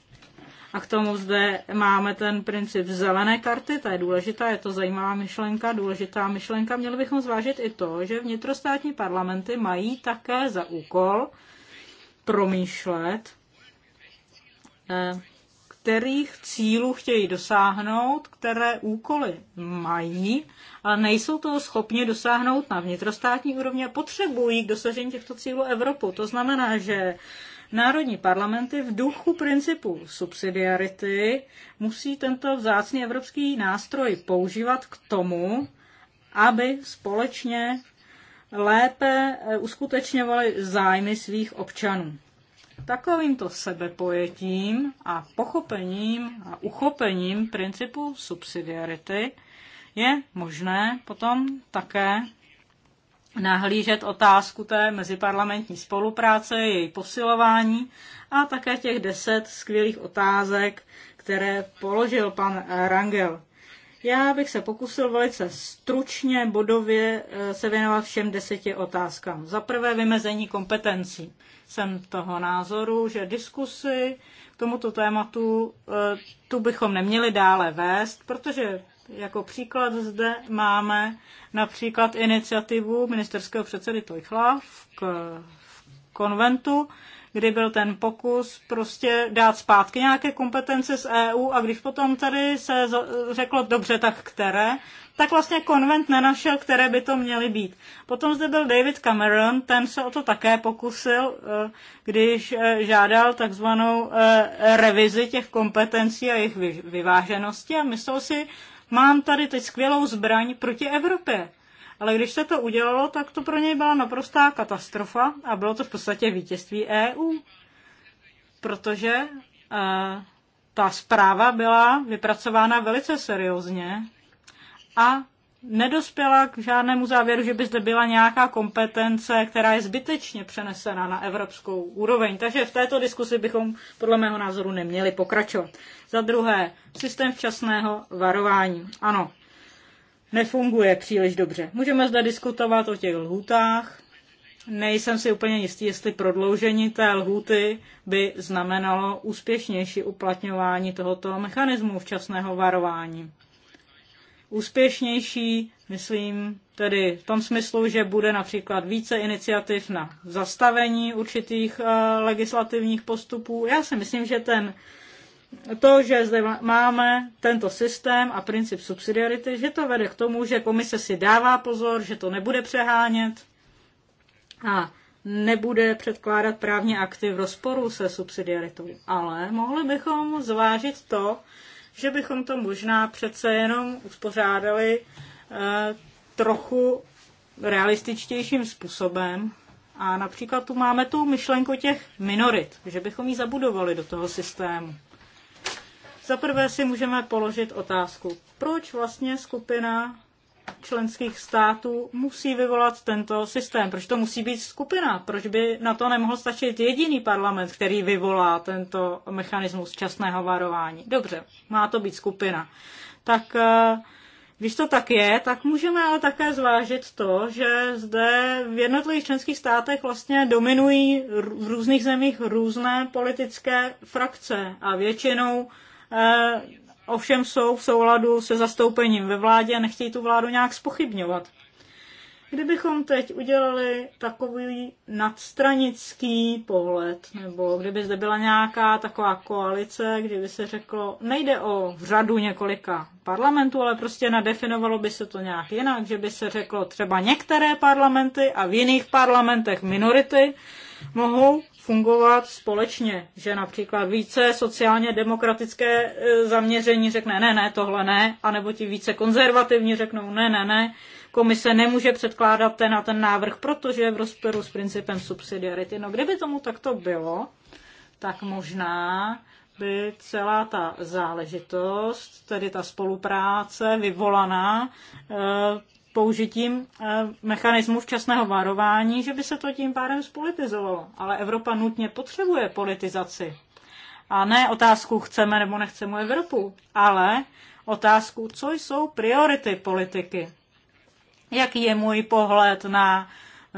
a k tomu zde máme ten princip zelené karty, ta je důležitá, je to zajímavá myšlenka, důležitá myšlenka. Měli bychom zvážit i to, že vnitrostátní parlamenty mají také za úkol promýšlet, eh, kterých cílů chtějí dosáhnout, které úkoly mají, ale nejsou toho schopni dosáhnout na vnitrostátní úrovni a potřebují k dosažení těchto cílů Evropu. To znamená, že Národní parlamenty v duchu principu subsidiarity musí tento vzácný evropský nástroj používat k tomu, aby společně lépe eh, uskutečňovali zájmy svých občanů. Takovýmto sebepojetím a pochopením a uchopením principu subsidiarity je možné potom také nahlížet otázku té meziparlamentní spolupráce, její posilování a také těch deset skvělých otázek, které položil pan Rangel. Já bych se pokusil velice stručně, bodově eh, se věnovat všem deseti otázkám. Za prvé vymezení kompetencí. Jsem toho názoru, že diskusy k tomuto tématu eh, tu bychom neměli dále vést, protože jako příklad zde máme například iniciativu ministerského předsedy Tojchla k konventu, kdy byl ten pokus prostě dát zpátky nějaké kompetence z EU a když potom tady se řeklo dobře, tak které, tak vlastně konvent nenašel, které by to měly být. Potom zde byl David Cameron, ten se o to také pokusil, e, když e, žádal takzvanou e, revizi těch kompetencí a jejich vyváženosti a myslel si, mám tady teď skvělou zbraň proti Evropě. Ale když se to udělalo, tak to pro něj byla naprostá katastrofa a bylo to v podstatě vítězství EU. Protože uh, ta zpráva byla vypracována velice seriózně a nedospěla k žádnému závěru, že by zde byla nějaká kompetence, která je zbytečně přenesena na evropskou úroveň. Takže v této diskusi bychom podle mého názoru neměli pokračovat. Za druhé, systém včasného varování. Ano, nefunguje příliš dobře. Můžeme zde diskutovat o těch lhůtách. Nejsem si úplně jistý, jestli prodloužení té lhůty by znamenalo úspěšnější uplatňování tohoto mechanismu včasného varování úspěšnější, myslím tedy v tom smyslu, že bude například více iniciativ na zastavení určitých eh, legislativních postupů. Já si myslím, že ten, to, že zde máme tento systém a princip subsidiarity, že to vede k tomu, že komise si dává pozor, že to nebude přehánět a nebude předkládat právně akty v rozporu se subsidiaritou. Ale mohli bychom zvážit to, že bychom to možná přece jenom uspořádali eh, trochu realističtějším způsobem. A například tu máme tu myšlenku těch minorit, že bychom ji zabudovali do toho systému. Za prvé si můžeme položit otázku, proč vlastně skupina členských států musí vyvolat tento systém. Proč to musí být skupina? Proč by na to nemohl stačit jediný parlament, který vyvolá tento mechanismus časného varování? Dobře, má to být skupina. Tak eh, když to tak je, tak můžeme ale také zvážit to, že zde v jednotlivých členských státech vlastně dominují v různých zemích různé politické frakce a většinou eh, ovšem jsou v souladu se zastoupením ve vládě a nechtějí tu vládu nějak spochybňovat. Kdybychom teď udělali takový nadstranický pohled, nebo kdyby zde byla nějaká taková koalice, kdyby se řeklo, nejde o řadu několika parlamentů, ale prostě nadefinovalo by se to nějak jinak, že by se řeklo třeba některé parlamenty a v jiných parlamentech minority mohou fungovat společně, že například více sociálně demokratické e, zaměření řekne ne, ne, tohle ne, anebo ti více konzervativní řeknou ne, ne, ne, komise nemůže předkládat ten a ten návrh, protože je v rozporu s principem subsidiarity. No kdyby tomu takto bylo, tak možná by celá ta záležitost, tedy ta spolupráce vyvolaná e, použitím eh, mechanismu včasného varování, že by se to tím pádem spolitizovalo. Ale Evropa nutně potřebuje politizaci. A ne otázku chceme nebo nechceme Evropu, ale otázku, co jsou priority politiky. Jaký je můj pohled na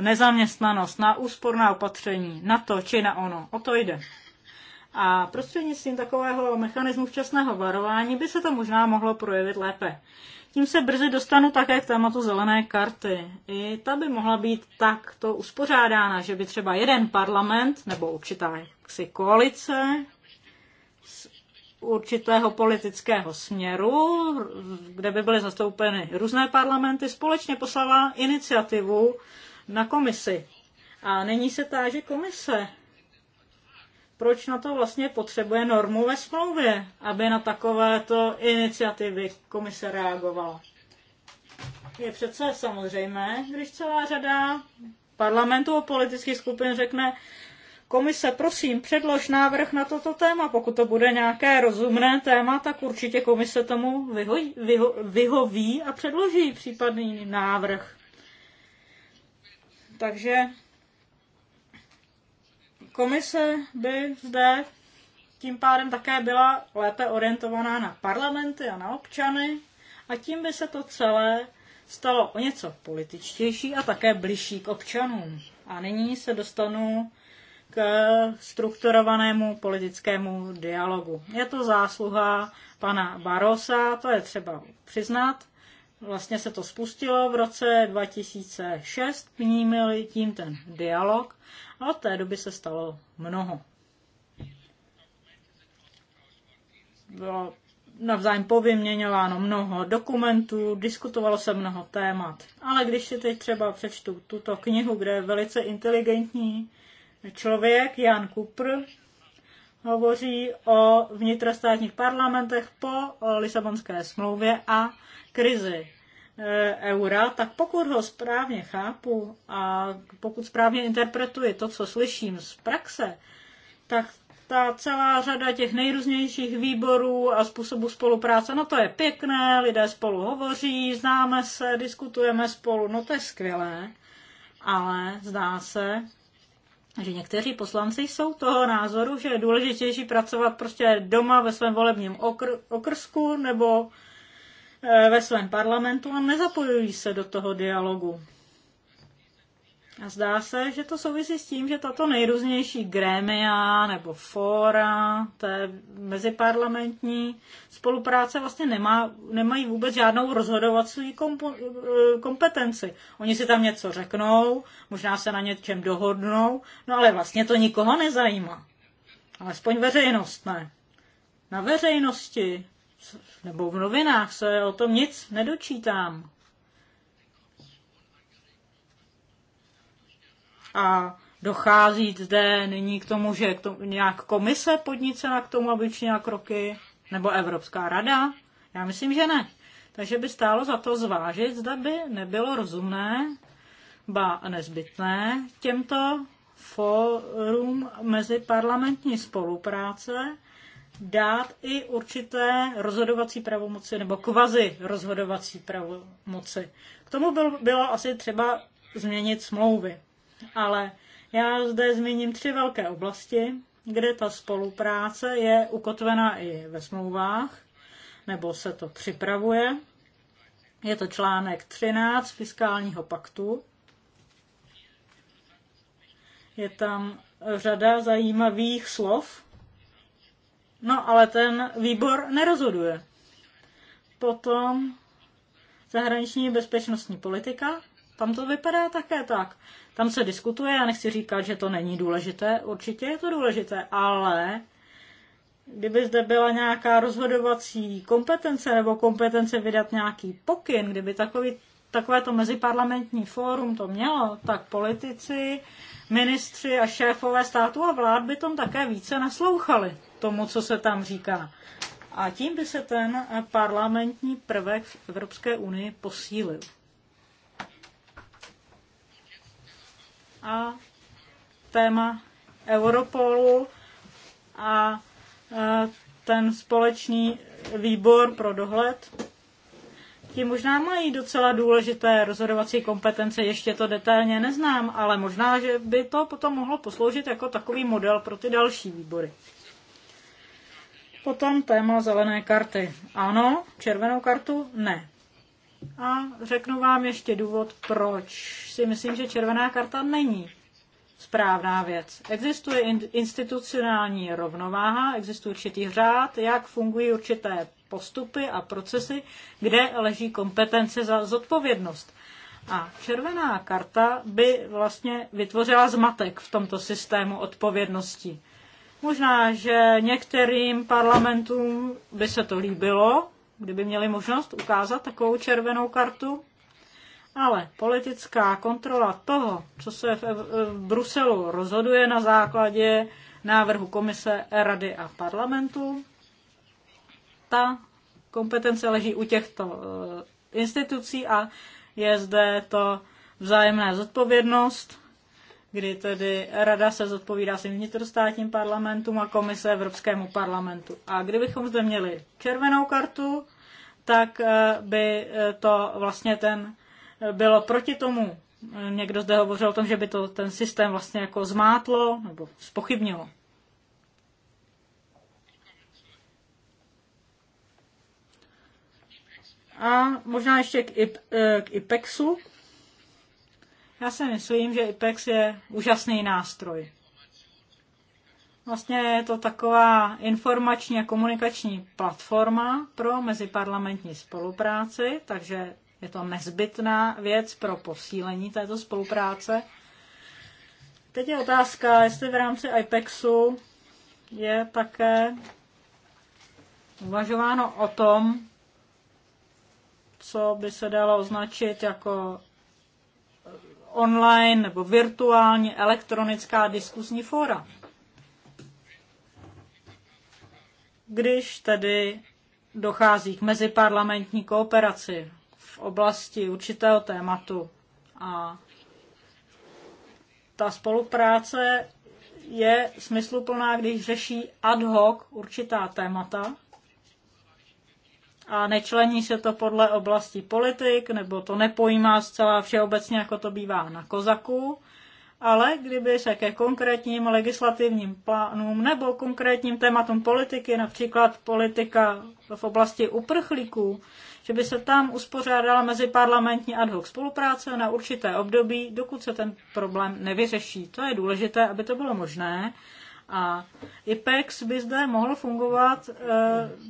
nezaměstnanost, na úsporná opatření, na to či na ono. O to jde. A prostřednictvím takového mechanismu včasného varování by se to možná mohlo projevit lépe. Tím se brzy dostanu také k tématu zelené karty. I ta by mohla být takto uspořádána, že by třeba jeden parlament nebo určitá si koalice z určitého politického směru, kde by byly zastoupeny různé parlamenty, společně poslala iniciativu na komisi. A nyní se táže komise, proč na to vlastně potřebuje normu ve smlouvě, aby na takovéto iniciativy komise reagovala. Je přece samozřejmé, když celá řada parlamentů a politických skupin řekne, komise, prosím, předlož návrh na toto téma. Pokud to bude nějaké rozumné téma, tak určitě komise tomu vyho- vyho, vyhoví a předloží případný návrh. Takže Komise by zde tím pádem také byla lépe orientovaná na parlamenty a na občany a tím by se to celé stalo o něco političtější a také bližší k občanům. A nyní se dostanu k strukturovanému politickému dialogu. Je to zásluha pana Barosa, to je třeba přiznat, Vlastně se to spustilo v roce 2006, vnímili tím ten dialog a od té doby se stalo mnoho. Bylo navzájem povyměňováno mnoho dokumentů, diskutovalo se mnoho témat. Ale když si teď třeba přečtu tuto knihu, kde je velice inteligentní člověk, Jan Kupr, hovoří o vnitrostátních parlamentech po Lisabonské smlouvě a krizi eh, eura, tak pokud ho správně chápu a pokud správně interpretuji to, co slyším z praxe, tak ta celá řada těch nejrůznějších výborů a způsobů spolupráce, no to je pěkné, lidé spolu hovoří, známe se, diskutujeme spolu, no to je skvělé, ale zdá se, že někteří poslanci jsou toho názoru, že je důležitější pracovat prostě doma ve svém volebním okr- okrsku nebo Eh, ve svém parlamentu a nezapojují se do toho dialogu. A zdá se, že to souvisí s tím, že tato nejrůznější grémia nebo fora, to je meziparlamentní spolupráce vlastně nemá, nemají vůbec žádnou rozhodovací kompo, eh, kompetenci. Oni si tam něco řeknou, možná se na něčem dohodnou, no ale vlastně to nikoho nezajímá. Alespoň veřejnost ne. Na veřejnosti nebo v novinách se o tom nic nedočítám. A dochází zde nyní k tomu, že k tomu, nějak komise podnicena k tomu, aby činila kroky, nebo Evropská rada? Já myslím, že ne. Takže by stálo za to zvážit, zda by nebylo rozumné, ba nezbytné, těmto fórum parlamentní spolupráce dát i určité rozhodovací pravomoci nebo kvazi rozhodovací pravomoci. K tomu byl, bylo asi třeba změnit smlouvy. Ale já zde zmíním tři velké oblasti, kde ta spolupráce je ukotvená i ve smlouvách, nebo se to připravuje. Je to článek 13 fiskálního paktu. Je tam řada zajímavých slov, No ale ten výbor nerozhoduje. Potom zahraniční bezpečnostní politika, tam to vypadá také tak. Tam se diskutuje, já nechci říkat, že to není důležité, určitě je to důležité, ale kdyby zde byla nějaká rozhodovací kompetence nebo kompetence vydat nějaký pokyn, kdyby takový, takové to meziparlamentní fórum to mělo, tak politici, ministři a šéfové státu a vlád by tom také více naslouchali tomu, co se tam říká. A tím by se ten parlamentní prvek v Evropské unii posílil. A téma Europolu a ten společný výbor pro dohled. Ti možná mají docela důležité rozhodovací kompetence, ještě to detailně neznám, ale možná, že by to potom mohlo posloužit jako takový model pro ty další výbory. Potom téma zelené karty. Ano, červenou kartu ne. A řeknu vám ještě důvod, proč si myslím, že červená karta není správná věc. Existuje institucionální rovnováha, existuje určitý řád, jak fungují určité postupy a procesy, kde leží kompetence za zodpovědnost. A červená karta by vlastně vytvořila zmatek v tomto systému odpovědnosti. Možná, že některým parlamentům by se to líbilo, kdyby měli možnost ukázat takovou červenou kartu, ale politická kontrola toho, co se v, v Bruselu rozhoduje na základě návrhu komise, rady a parlamentu, ta kompetence leží u těchto e, institucí a je zde to vzájemná zodpovědnost kdy tedy rada se zodpovídá svým vnitrostátním parlamentům a komise Evropskému parlamentu. A kdybychom zde měli červenou kartu, tak eh, by eh, to vlastně ten eh, bylo proti tomu. Někdo zde hovořil o tom, že by to ten systém vlastně jako zmátlo nebo spochybnilo. A možná ještě k, IP, k IPEXu. Já si myslím, že IPEX je úžasný nástroj. Vlastně je to taková informační a komunikační platforma pro meziparlamentní spolupráci, takže je to nezbytná věc pro posílení této spolupráce. Teď je otázka, jestli v rámci IPEXu je také uvažováno o tom, co by se dalo označit jako online nebo virtuální elektronická diskusní fóra. Když tedy dochází k meziparlamentní kooperaci v oblasti určitého tématu a ta spolupráce je smysluplná, když řeší ad hoc určitá témata, a nečlení se to podle oblasti politik, nebo to nepojímá zcela všeobecně, jako to bývá na Kozaku, ale kdyby se ke konkrétním legislativním plánům nebo konkrétním tématům politiky, například politika v oblasti uprchlíků, že by se tam uspořádala meziparlamentní ad hoc spolupráce na určité období, dokud se ten problém nevyřeší. To je důležité, aby to bylo možné a IPEX by zde mohl fungovat eh,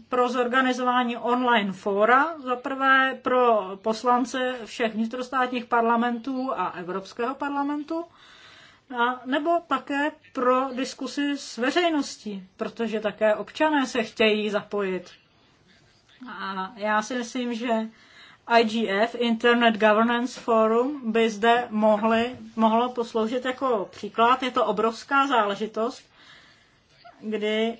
pro zorganizování online fóra, za prvé pro poslance všech vnitrostátních parlamentů a Evropského parlamentu, a nebo také pro diskusy s veřejností, protože také občané se chtějí zapojit. A já si myslím, že IGF, Internet Governance Forum, by zde mohly, mohlo posloužit jako příklad. Je to obrovská záležitost, kdy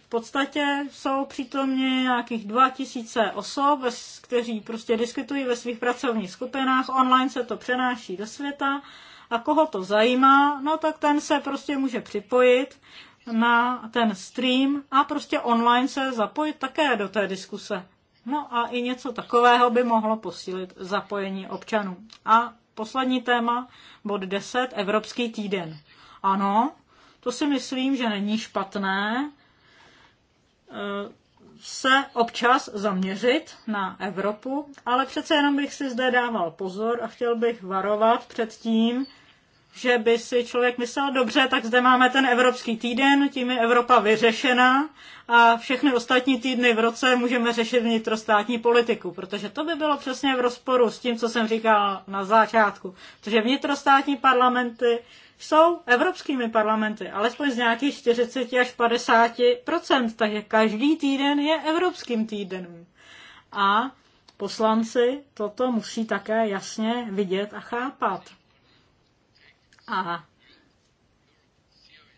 v podstatě jsou přítomně nějakých 2000 osob, kteří prostě diskutují ve svých pracovních skupinách, online se to přenáší do světa a koho to zajímá, no tak ten se prostě může připojit na ten stream a prostě online se zapojit také do té diskuse. No a i něco takového by mohlo posílit zapojení občanů. A poslední téma, bod 10, Evropský týden. Ano, to si myslím, že není špatné eh, se občas zaměřit na Evropu, ale přece jenom bych si zde dával pozor a chtěl bych varovat před tím, že by si člověk myslel, dobře, tak zde máme ten Evropský týden, tím je Evropa vyřešena a všechny ostatní týdny v roce můžeme řešit vnitrostátní politiku, protože to by bylo přesně v rozporu s tím, co jsem říkal na začátku, protože vnitrostátní parlamenty jsou evropskými parlamenty, alespoň z nějakých 40 až 50 takže každý týden je evropským týdenem. A poslanci toto musí také jasně vidět a chápat. A,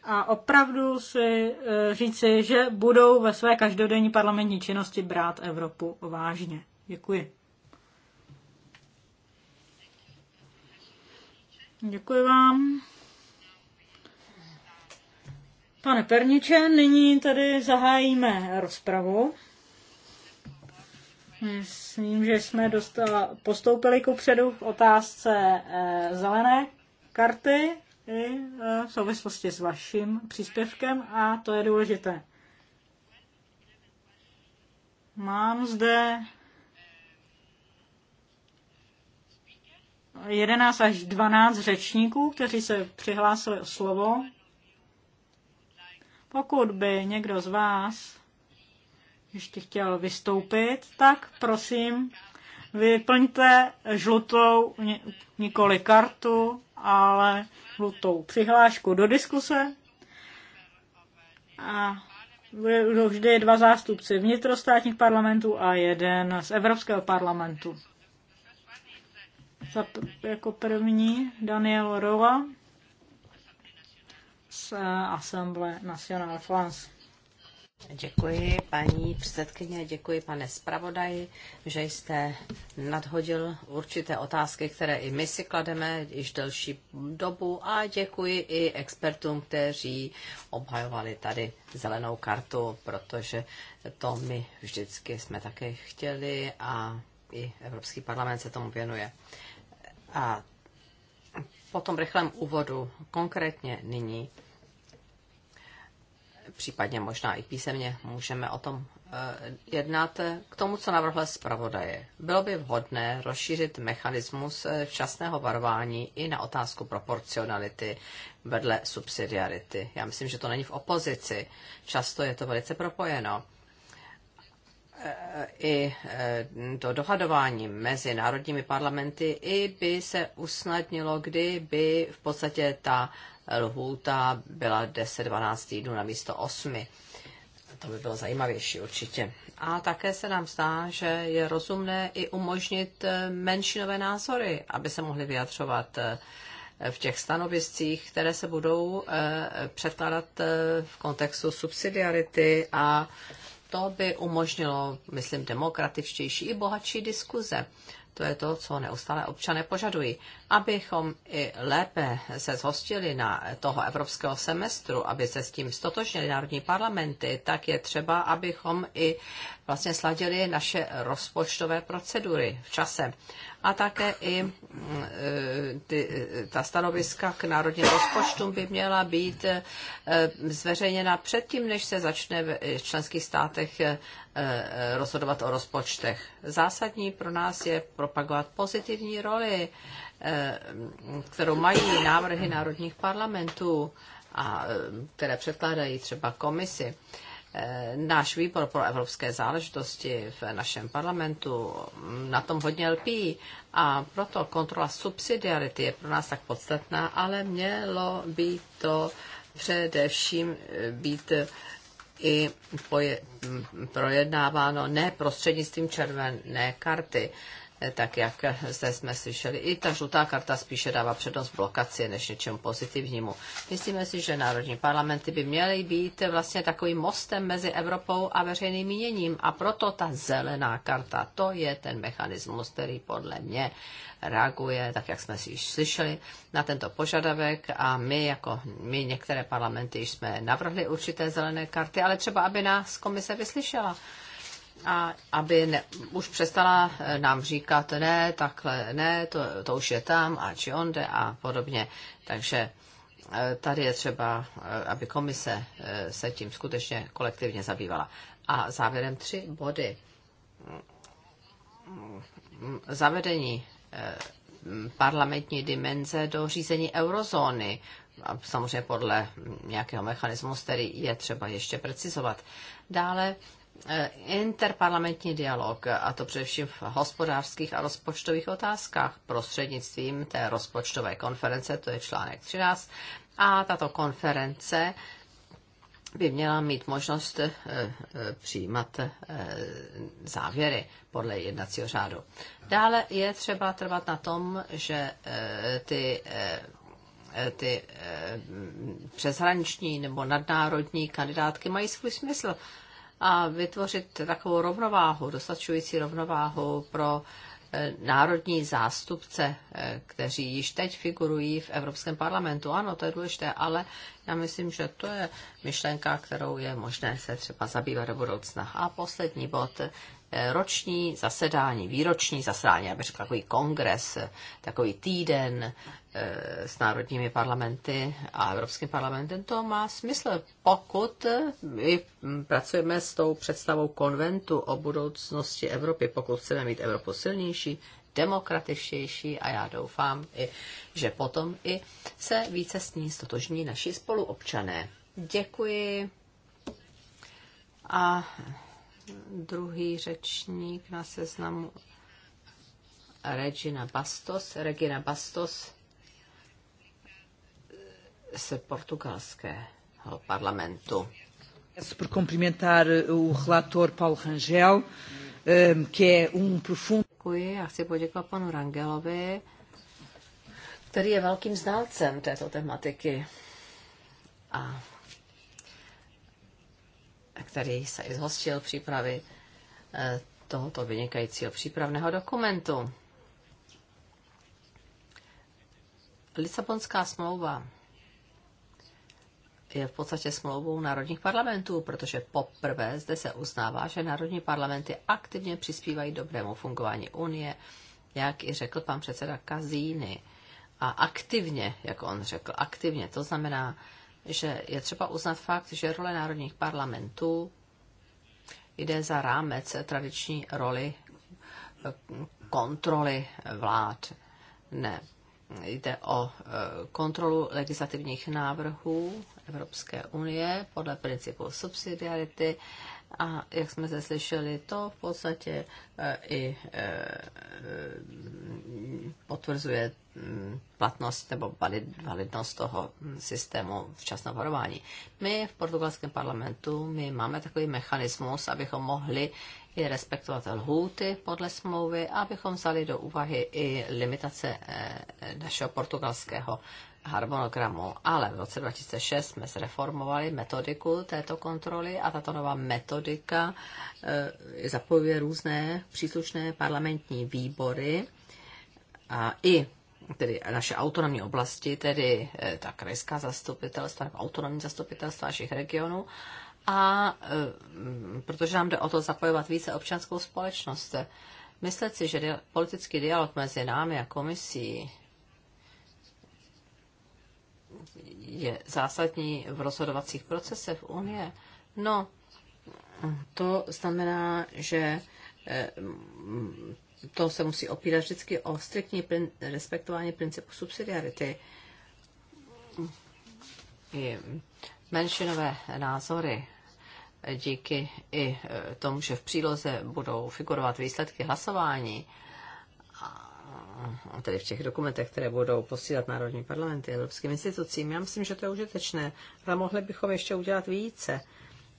a opravdu si e, říci, že budou ve své každodenní parlamentní činnosti brát Evropu vážně. Děkuji. Děkuji vám. Pane Perniče, nyní tady zahájíme rozpravu. Myslím, že jsme dostala, postoupili ku předu v otázce eh, zelené karty i eh, v souvislosti s vaším příspěvkem a to je důležité. Mám zde 11 až 12 řečníků, kteří se přihlásili o slovo. Pokud by někdo z vás ještě chtěl vystoupit, tak prosím, vyplňte žlutou, nikoli kartu, ale žlutou přihlášku do diskuse. A budou vždy dva zástupci vnitrostátních parlamentů a jeden z Evropského parlamentu. jako první Daniel Rova z eh, Assemble National France. Děkuji, paní předsedkyně, děkuji, pane zpravodaji, že jste nadhodil určité otázky, které i my si klademe již delší dobu a děkuji i expertům, kteří obhajovali tady zelenou kartu, protože to my vždycky jsme také chtěli a i Evropský parlament se tomu věnuje. A po tom rychlém úvodu, konkrétně nyní, případně možná i písemně můžeme o tom eh, jednat k tomu, co navrhl zpravodaje. Bylo by vhodné rozšířit mechanismus eh, včasného varování i na otázku proporcionality vedle subsidiarity. Já myslím, že to není v opozici. Často je to velice propojeno. E, e, i e, to dohadování mezi národními parlamenty i by se usnadnilo, kdyby v podstatě ta lhůta byla 10-12 týdnů na místo 8. To by bylo zajímavější určitě. A také se nám zdá, že je rozumné i umožnit menšinové názory, aby se mohly vyjadřovat v těch stanoviscích, které se budou předkládat v kontextu subsidiarity a to by umožnilo, myslím, demokratičtější i bohatší diskuze. To je to, co neustále občané požadují. Abychom i lépe se zhostili na toho evropského semestru, aby se s tím stotožnili národní parlamenty, tak je třeba, abychom i vlastně sladili naše rozpočtové procedury v čase. A také i mm, e, ty, ta stanoviska k národním rozpočtům by měla být e, zveřejněna předtím, než se začne v členských státech e, Eh, eh, rozhodovat o rozpočtech. Zásadní pro nás je propagovat pozitivní roli, eh, kterou mají návrhy národních parlamentů, a, které předkládají třeba komisi. Náš výbor pro evropské záležitosti v našem parlamentu na tom hodně lpí a proto kontrola subsidiarity je pro nás tak podstatná, ale mělo by to především být i poje, projednáváno ne prostřednictvím červené karty tak jak zde jsme slyšeli, i ta žlutá karta spíše dává přednost blokaci než něčemu pozitivnímu. Myslíme si, že národní parlamenty by měly být vlastně takovým mostem mezi Evropou a veřejným míněním a proto ta zelená karta, to je ten mechanismus, který podle mě reaguje, tak jak jsme si již slyšeli, na tento požadavek a my jako my některé parlamenty jsme navrhli určité zelené karty, ale třeba aby nás komise vyslyšela a aby ne, už přestala eh, nám říkat ne, takhle ne, to, to už je tam a či onde a podobně. Takže eh, tady je třeba, eh, aby komise se tím skutečně kolektivně zabývala. A závěrem tři body. Zavedení parlamentní dimenze do řízení eurozóny, samozřejmě podle nějakého mechanismu, který je třeba ještě precizovat. Dále Eh, interparlamentní dialog, a to především v hospodářských a rozpočtových otázkách prostřednictvím té rozpočtové konference, to je článek 13. A tato konference by měla mít možnost eh, eh, přijímat závěry podle jednacího řádu. Dále je třeba trvat na tom, že ty ty přeshraniční nebo nadnárodní kandidátky mají svůj smysl, a vytvořit takovou rovnováhu, dostačující rovnováhu pro eh, národní zástupce, eh, kteří již teď figurují v Evropském parlamentu. Ano, to je důležité, ale já myslím, že to je myšlenka, kterou je možné se třeba zabývat do budoucna. A poslední bod roční zasedání, výroční zasedání, já bych řekla takový kongres, takový týden eh, s národními parlamenty a Evropským parlamentem, to má smysl, pokud eh, my pracujeme s tou představou konventu o budoucnosti Evropy, pokud chceme mít Evropu silnější, demokratičtější a já doufám, i, že potom i se více s ní stotožní naši spoluobčané. Děkuji a druhý řečník na seznamu Regina Bastos. Regina Bastos se portugalského parlamentu. Por cumprimentar eh, o relator Paulo Rangel, eh, que é um profundo. Děkuji, a chci poděkovat panu Rangelovi, který je velkým znalcem této tematiky. A který se i zhostil přípravy eh, tohoto vynikajícího přípravného dokumentu. Lisabonská smlouva je v podstatě smlouvou národních parlamentů, protože poprvé zde se uznává, že národní parlamenty aktivně přispívají dobrému fungování Unie, jak i řekl pan předseda Kazíny. A aktivně, jak on řekl, aktivně, to znamená, že je třeba uznat fakt, že role národních parlamentů jde za rámec tradiční roli eh, kontroly vlád. Ne, jde o eh, kontrolu legislativních návrhů Evropské unie podle principu subsidiarity a jak jsme se slyšeli, to v podstatě eh, i potvrzuje Mm, platnost nebo validnost toho mm, systému včasného varování. My v portugalském parlamentu my máme takový mechanismus, abychom mohli i respektovat lhůty podle smlouvy, abychom vzali do úvahy i limitace eh, našeho portugalského harmonogramu. Ale v roce 2006 jsme zreformovali metodiku této kontroly a tato nová metodika eh, zapojuje různé příslušné parlamentní výbory a i tedy naše autonomní oblasti, tedy eh, ta krajská zastupitelstva nebo autonomní zastupitelstva našich regionů. A eh, protože nám jde o to zapojovat více občanskou společnost, myslet si, že politický dialog mezi námi a komisí je zásadní v rozhodovacích procesech Unie, no to znamená, že eh, to se musí opírat vždycky o striktní prin, respektování principu subsidiarity. I menšinové názory díky i e, tomu, že v příloze budou figurovat výsledky hlasování, tedy v těch dokumentech, které budou posílat národní parlamenty evropským institucím. Já myslím, že to je užitečné, ale mohli bychom ještě udělat více.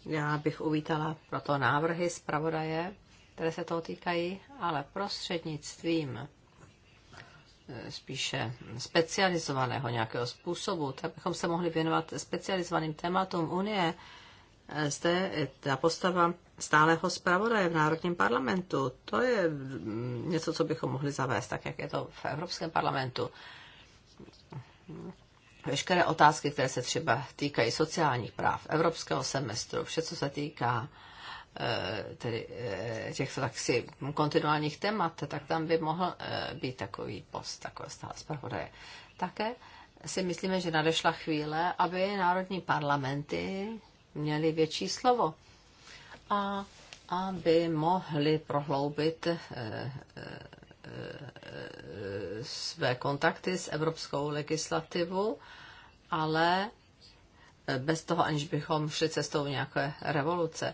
Já bych uvítala proto návrhy zpravodaje které se toho týkají, ale prostřednictvím e, spíše specializovaného nějakého způsobu, tak bychom se mohli věnovat specializovaným tématům Unie. E, zde ta postava stáleho zpravodaje v Národním parlamentu, to je mm, něco, co bychom mohli zavést, tak jak je to v Evropském parlamentu. Veškeré otázky, které se třeba týkají sociálních práv, evropského semestru, vše, co se týká uh, Eh, tedy eh, těch taksi kontinuálních témat, tak tam by mohl eh, být takový post, takové stále zpravodaje. Také si myslíme, že nadešla chvíle, aby národní parlamenty měly větší slovo a aby mohli prohloubit své kontakty s evropskou legislativou, ale bez toho, aniž bychom šli cestou nějaké revoluce.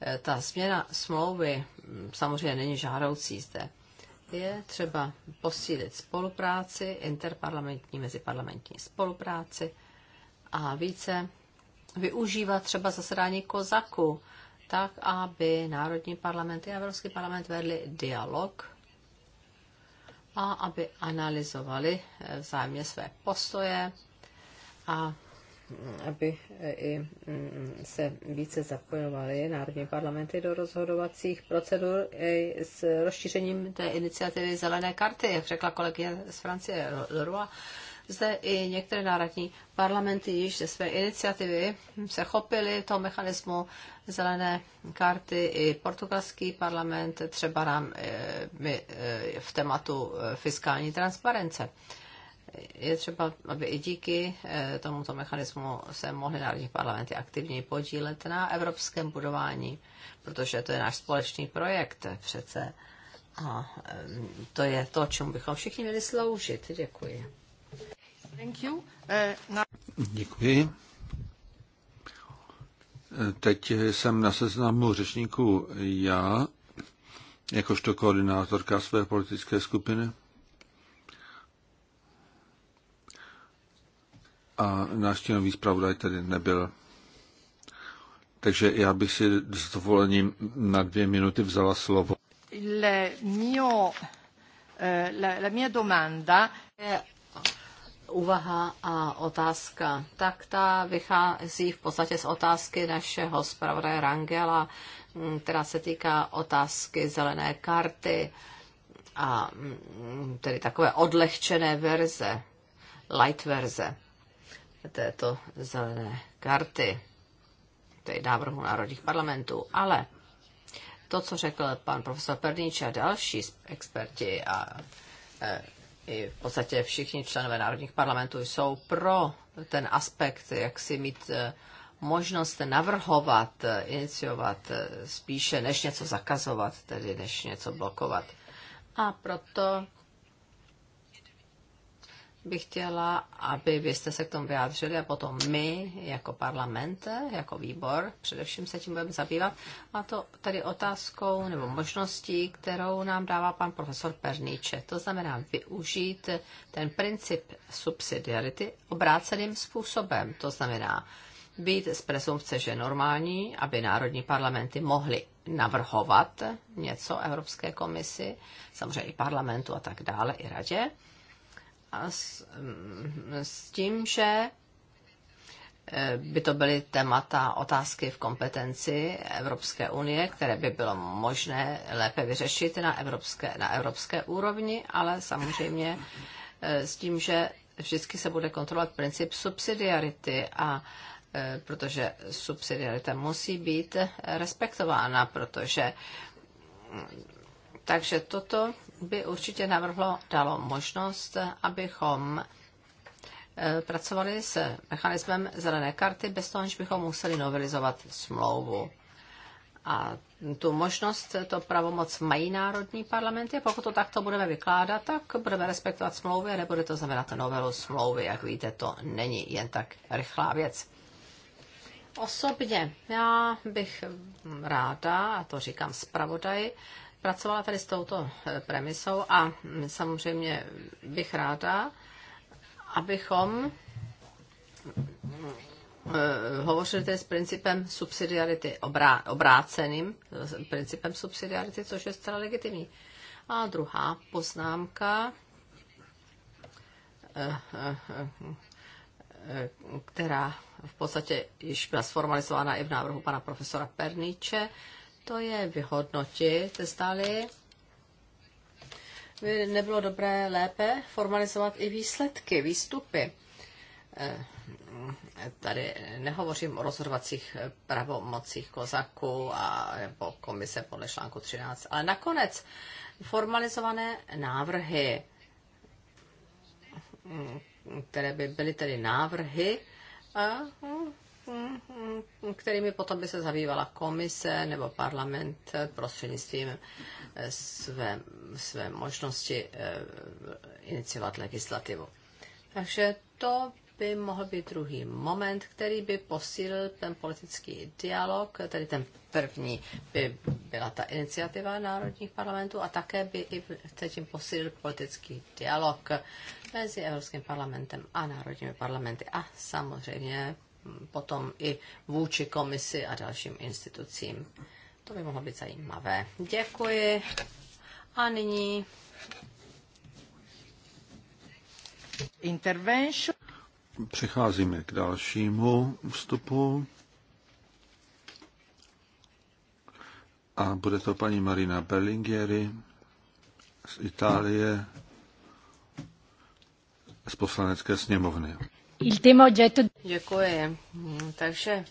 Eh, ta změna smlouvy hm, samozřejmě není žádoucí zde. Je třeba posílit spolupráci, interparlamentní, meziparlamentní spolupráci a více využívat třeba zasedání kozaku, tak, aby národní parlament a Evropský parlament vedli dialog a aby analyzovali eh, vzájemně své postoje a aby eh, i mm, se více zapojovaly národní parlamenty do rozhodovacích procedur i s rozšířením té iniciativy zelené karty, jak řekla kolegyně z Francie Lerua. Zde i některé národní parlamenty již ze své iniciativy se chopily toho mechanismu zelené karty. I portugalský parlament třeba nám eh, eh, v tématu fiskální transparence je třeba, aby i díky eh, tomuto mechanismu se mohly národní parlamenty aktivněji podílet na evropském budování, protože to je náš společný projekt přece. A eh, to je to, čemu bychom všichni měli sloužit. Děkuji. Thank you. Uh, Děkuji. Teď jsem na seznamu řečníků já, jakožto koordinátorka své politické skupiny. a náš stínový zpravodaj tady nebyl. Takže já bych si s dovolením na dvě minuty vzala slovo. Le mio, eh, la, la mia domanda je úvaha a otázka. Tak ta vychází v podstatě z otázky našeho zpravodaje Rangela, mm, která se týká otázky zelené karty a mm, tedy takové odlehčené verze, light verze této zelené karty, tedy návrhu národních parlamentů. Ale to, co řekl pan profesor Perníč a další experti a e, i v podstatě všichni členové národních parlamentů jsou pro ten aspekt, jak si mít e, možnost navrhovat, e, iniciovat e, spíše, než něco zakazovat, tedy než něco blokovat. A proto bych chtěla, aby vy jste se k tomu vyjádřili a potom my jako parlament, jako výbor, především se tím budeme zabývat. A to tady otázkou nebo možností, kterou nám dává pan profesor Perníče. To znamená využít ten princip subsidiarity obráceným způsobem. To znamená být z presumpce, že normální, aby národní parlamenty mohly navrhovat něco Evropské komisi, samozřejmě i parlamentu a tak dále, i radě a s, mm, s tím, že eh, by to byly témata otázky v kompetenci Evropské unie, které by bylo možné lépe vyřešit na evropské, na evropské úrovni, ale samozřejmě eh, s tím, že vždycky se bude kontrolovat princip subsidiarity a eh, protože subsidiarita musí být respektována, protože mm, takže toto by určitě navrhlo, dalo možnost, abychom eh, pracovali s mechanismem zelené karty bez toho, že bychom museli novelizovat smlouvu. A tu možnost, to pravomoc mají národní parlamenty a pokud to takto budeme vykládat, tak budeme respektovat smlouvy a nebude to znamenat novelu smlouvy. Jak víte, to není jen tak rychlá věc. Osobně já bych ráda, a to říkám zpravodaji, pracovala tady s touto eh, premisou a samozřejmě bych ráda, abychom eh, hovořili tedy s principem subsidiarity, obrá, obráceným eh, principem subsidiarity, což je zcela legitimní. A druhá poznámka, která v podstatě již byla sformalizována i v návrhu pana profesora Perníče, to je vyhodnotit, zdali by nebylo dobré lépe formalizovat i výsledky, výstupy. Eh, tady nehovořím o rozhodovacích pravomocích kozaků a nebo komise podle článku 13, ale nakonec formalizované návrhy, hm, které by byly tedy návrhy, a hm, kterými potom by se zabývala komise nebo parlament prostřednictvím eh, své, své možnosti eh, iniciovat legislativu. Takže to by mohl být druhý moment, který by posílil ten politický dialog, tedy ten první by byla ta iniciativa národních parlamentů a také by i se posílil politický dialog mezi Evropským parlamentem a národními parlamenty a samozřejmě potom i vůči komisi a dalším institucím. To by mohlo být zajímavé. Děkuji. A nyní intervention. Přecházíme k dalšímu vstupu. A bude to paní Marina Berlingieri z Itálie, z poslanecké sněmovny. Il tema oggetto... Děkuji. Takže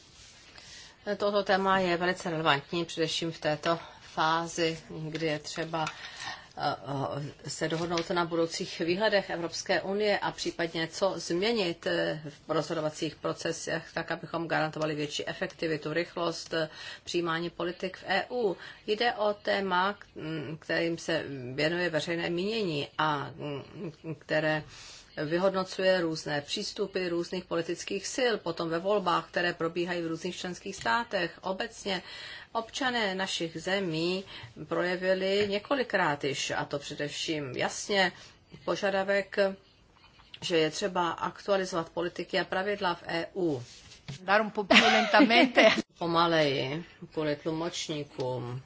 toto téma je velice relevantní, především v této fázi, kdy je třeba eh, se dohodnout na budoucích výhledech Evropské unie a případně co změnit eh, v rozhodovacích procesech, tak abychom garantovali větší efektivitu, rychlost eh, přijímání politik v EU. Jde o téma, kterým se věnuje veřejné mínění a mm, které vyhodnocuje různé přístupy různých politických sil, potom ve volbách, které probíhají v různých členských státech. Obecně občané našich zemí projevili několikrát již, a to především jasně, požadavek, že je třeba aktualizovat politiky a pravidla v EU. Pomaleji, kvůli tlumočníkům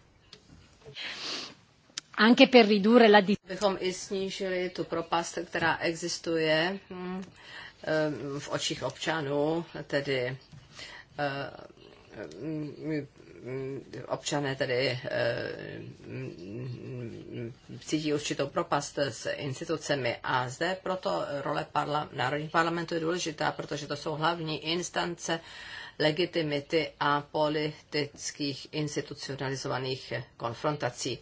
anche per ridurre la i snížili tu propast, která existuje hm, ehm, v očích občanů, tedy eh, hm, hm, občané tedy eh, cítí určitou propast s institucemi a zde proto role parla- národních parlamentů je důležitá, protože to jsou hlavní instance legitimity a politických institucionalizovaných konfrontací.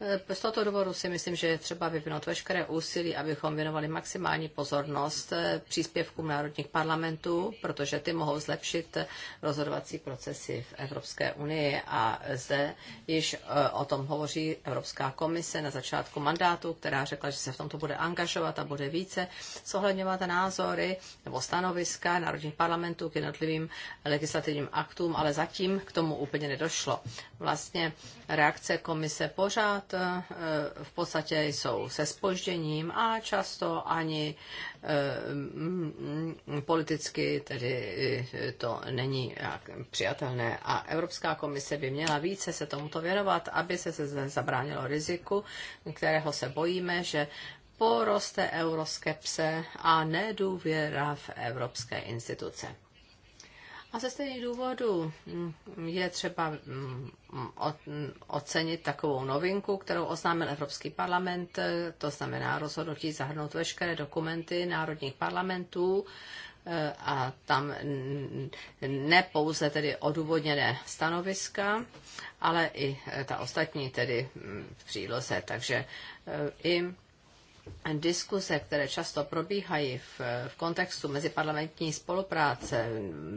Eh, z tohoto důvodu si myslím, že je třeba vyvinout veškeré úsilí, abychom věnovali maximální pozornost eh, příspěvkům národních parlamentů, protože ty mohou zlepšit eh, rozhodovací procesy v Evropské unii. A zde již o tom hovoří Evropská komise na začátku mandátu, která řekla, že se v tomto bude angažovat a bude více zohledňovat názory nebo stanoviska národních parlamentů k jednotlivým legislativním aktům, ale zatím k tomu úplně nedošlo. Vlastně reakce komise pořád případ eh, v podstatě jsou se spožděním a často ani eh, politicky tedy eh, to není přijatelné. A Evropská komise by měla více se tomuto věnovat, aby se zabránilo riziku, kterého se bojíme, že poroste euroskepse a nedůvěra v evropské instituce. A ze stejných důvodů mm, je třeba mm, ocenit takovou novinku, kterou oznámil Evropský parlament, to znamená rozhodnutí zahrnout veškeré dokumenty národních parlamentů eh, a tam ne pouze tedy odůvodněné stanoviska, ale i ta ostatní tedy mm, v příloze. Takže eh, i diskuse, které často probíhají v, v kontextu meziparlamentní spolupráce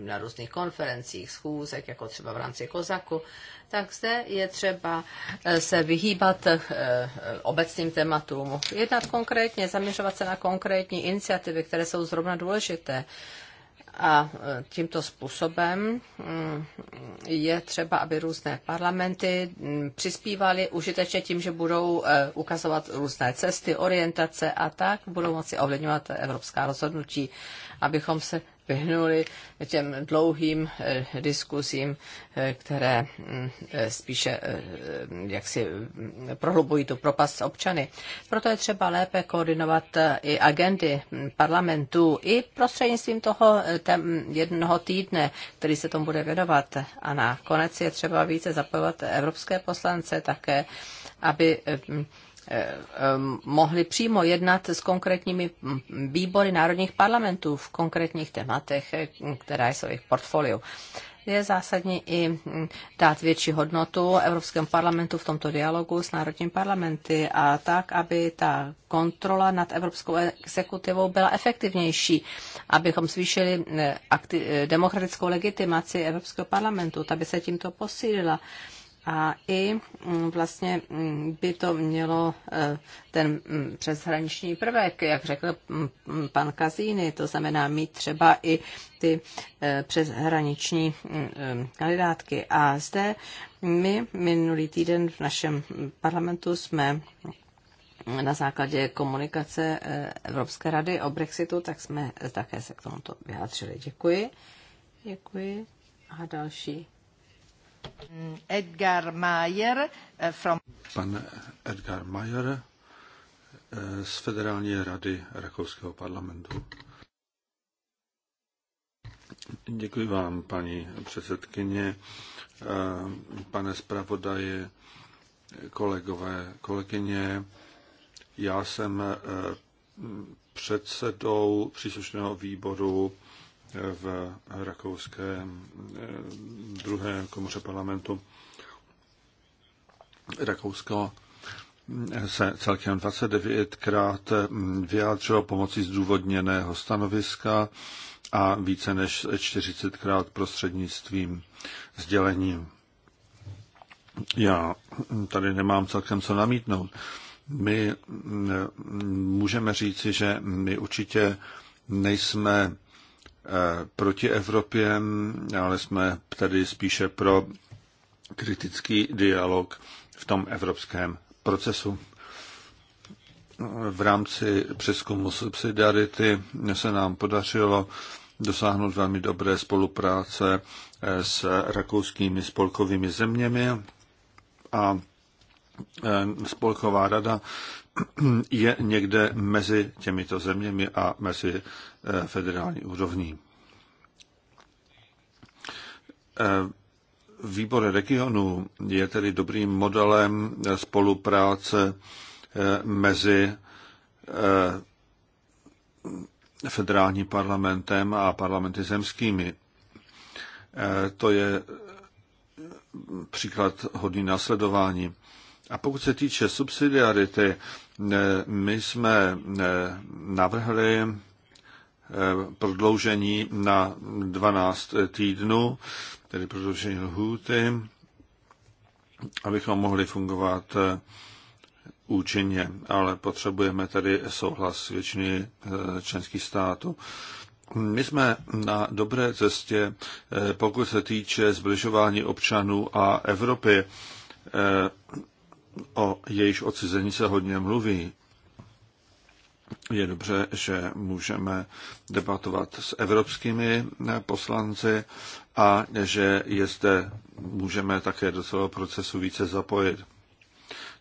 na různých konferencích, schůzek, jako třeba v rámci Kozaku, tak zde je třeba eh, se vyhýbat eh, obecným tématům. Jednat konkrétně, zaměřovat se na konkrétní iniciativy, které jsou zrovna důležité. A e, tímto způsobem mm, je třeba, aby různé parlamenty mm, přispívaly užitečně tím, že budou e, ukazovat různé cesty, orientace a tak budou moci ovlivňovat evropská rozhodnutí, abychom se vyhnuli těm dlouhým eh, diskusím, eh, které mm, eh, spíše jak si mm, prohlubují tu propast s občany. Proto je třeba lépe koordinovat i agendy mm, parlamentů i prostřednictvím toho jednoho týdne, který se tomu bude věnovat. A nakonec je třeba více zapojovat evropské poslance také, aby Eh, mohli přímo jednat s konkrétními výbory národních parlamentů v konkrétních tématech, eh, která jsou jejich portfoliu. Je zásadní i mm, dát větší hodnotu Evropskému parlamentu v tomto dialogu s národními parlamenty a tak, aby ta kontrola nad evropskou exekutivou byla efektivnější, abychom zvýšili eh, demokratickou legitimaci Evropského parlamentu, aby se tímto posílila a i mm, vlastně mm, by to mělo eh, ten mm, přeshraniční prvek, jak řekl pan Kazíny, to znamená mít třeba i ty eh, přeshraniční kandidátky. A zde my minulý týden v našem parlamentu jsme na základě komunikace eh, Evropské rady o Brexitu, tak jsme také se k tomuto vyjádřili. Děkuji. Děkuji. A další Edgar Mayer eh, from... Pan Edgar Mayer eh, z Federální rady Rakouského parlamentu. Děkuji vám, paní předsedkyně, eh, pane zpravodaji, kolegové, kolegyně. Já jsem předsedou příslušného výboru v rakouské eh, druhé komoře parlamentu. Rakousko eh, se celkem 29krát mm, vyjádřilo pomocí zdůvodněného stanoviska a více než 40krát prostřednictvím sdělení. Já tady nemám celkem co namítnout. My mm, můžeme říci, že my určitě nejsme Eh, proti Evropě, ale jsme tedy spíše pro kritický dialog v tom evropském procesu. V rámci přeskumu subsidiarity se nám podařilo dosáhnout velmi dobré spolupráce eh, s rakouskými spolkovými zeměmi a eh, Spolková rada je někde mezi těmito zeměmi a mezi eh, federální úrovní. Eh, výbor regionu je tedy dobrým modelem spolupráce eh, mezi federálním parlamentem a parlamenty zemskými. To je příklad hodný následování. A pokud se týče subsidiarity, my jsme navrhli eh, prodloužení na 12 týdnů, tedy prodloužení lhůty, abychom mohli fungovat eh, účinně, ale potřebujeme tady souhlas většiny eh, členských států. My jsme na dobré cestě, pokud se týče zbližování občanů a Evropy o jejíž odcizení se hodně mluví, je dobře, že můžeme debatovat s evropskými poslanci a že je zde můžeme také do celého procesu více zapojit.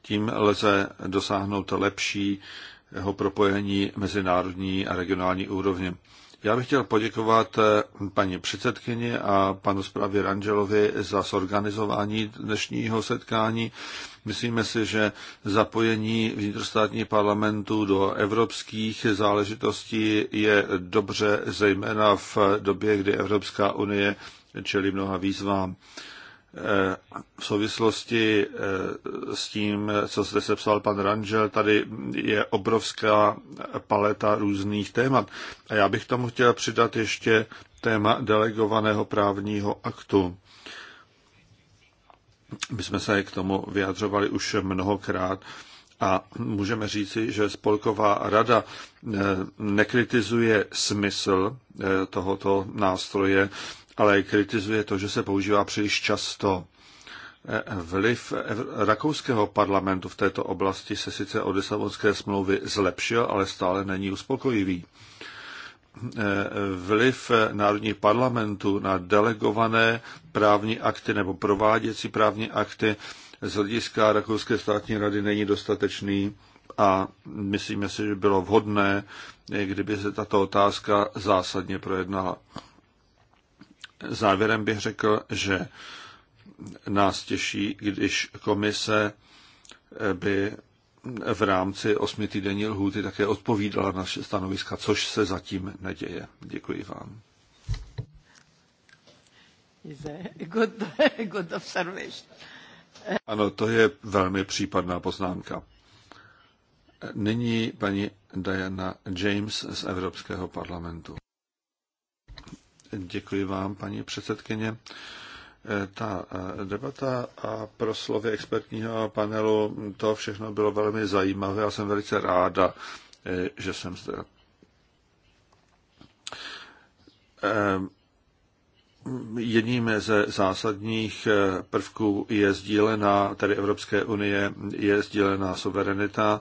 Tím lze dosáhnout lepšího propojení mezinárodní a regionální úrovně. Já bych chtěl poděkovat eh, paní předsedkyni a panu zprávě Rangelovi za zorganizování dnešního setkání. Myslíme si, že zapojení vnitrostátních parlamentů do evropských záležitostí je dobře, zejména v době, kdy Evropská unie čelí mnoha výzvám v souvislosti eh, s tím, co zde sepsal pan Rangel, tady je obrovská paleta různých témat. A já bych tomu chtěl přidat ještě téma delegovaného právního aktu. My jsme se k tomu vyjadřovali už mnohokrát a můžeme říci, že Spolková rada eh, nekritizuje smysl eh, tohoto nástroje, ale kritizuje to, že se používá příliš často. E, vliv e, rakouského parlamentu v této oblasti se sice od Lisabonské smlouvy zlepšil, ale stále není uspokojivý. E, vliv národních parlamentů na delegované právní akty nebo prováděcí právní akty z hlediska Rakouské státní rady není dostatečný a myslíme si, že bylo vhodné, kdyby se tato otázka zásadně projednala závěrem bych řekl, že nás těší, když komise by v rámci osmitýdenní lhůty také odpovídala naše stanoviska, což se zatím neděje. Děkuji vám. Ano, to je velmi případná poznámka. Nyní paní Diana James z Evropského parlamentu. Děkuji vám, paní předsedkyně. Ta debata a proslovy expertního panelu, to všechno bylo velmi zajímavé a jsem velice ráda, že jsem zde. Jedním ze zásadních prvků je sdílená, tedy Evropské unie, je sdílená suverenita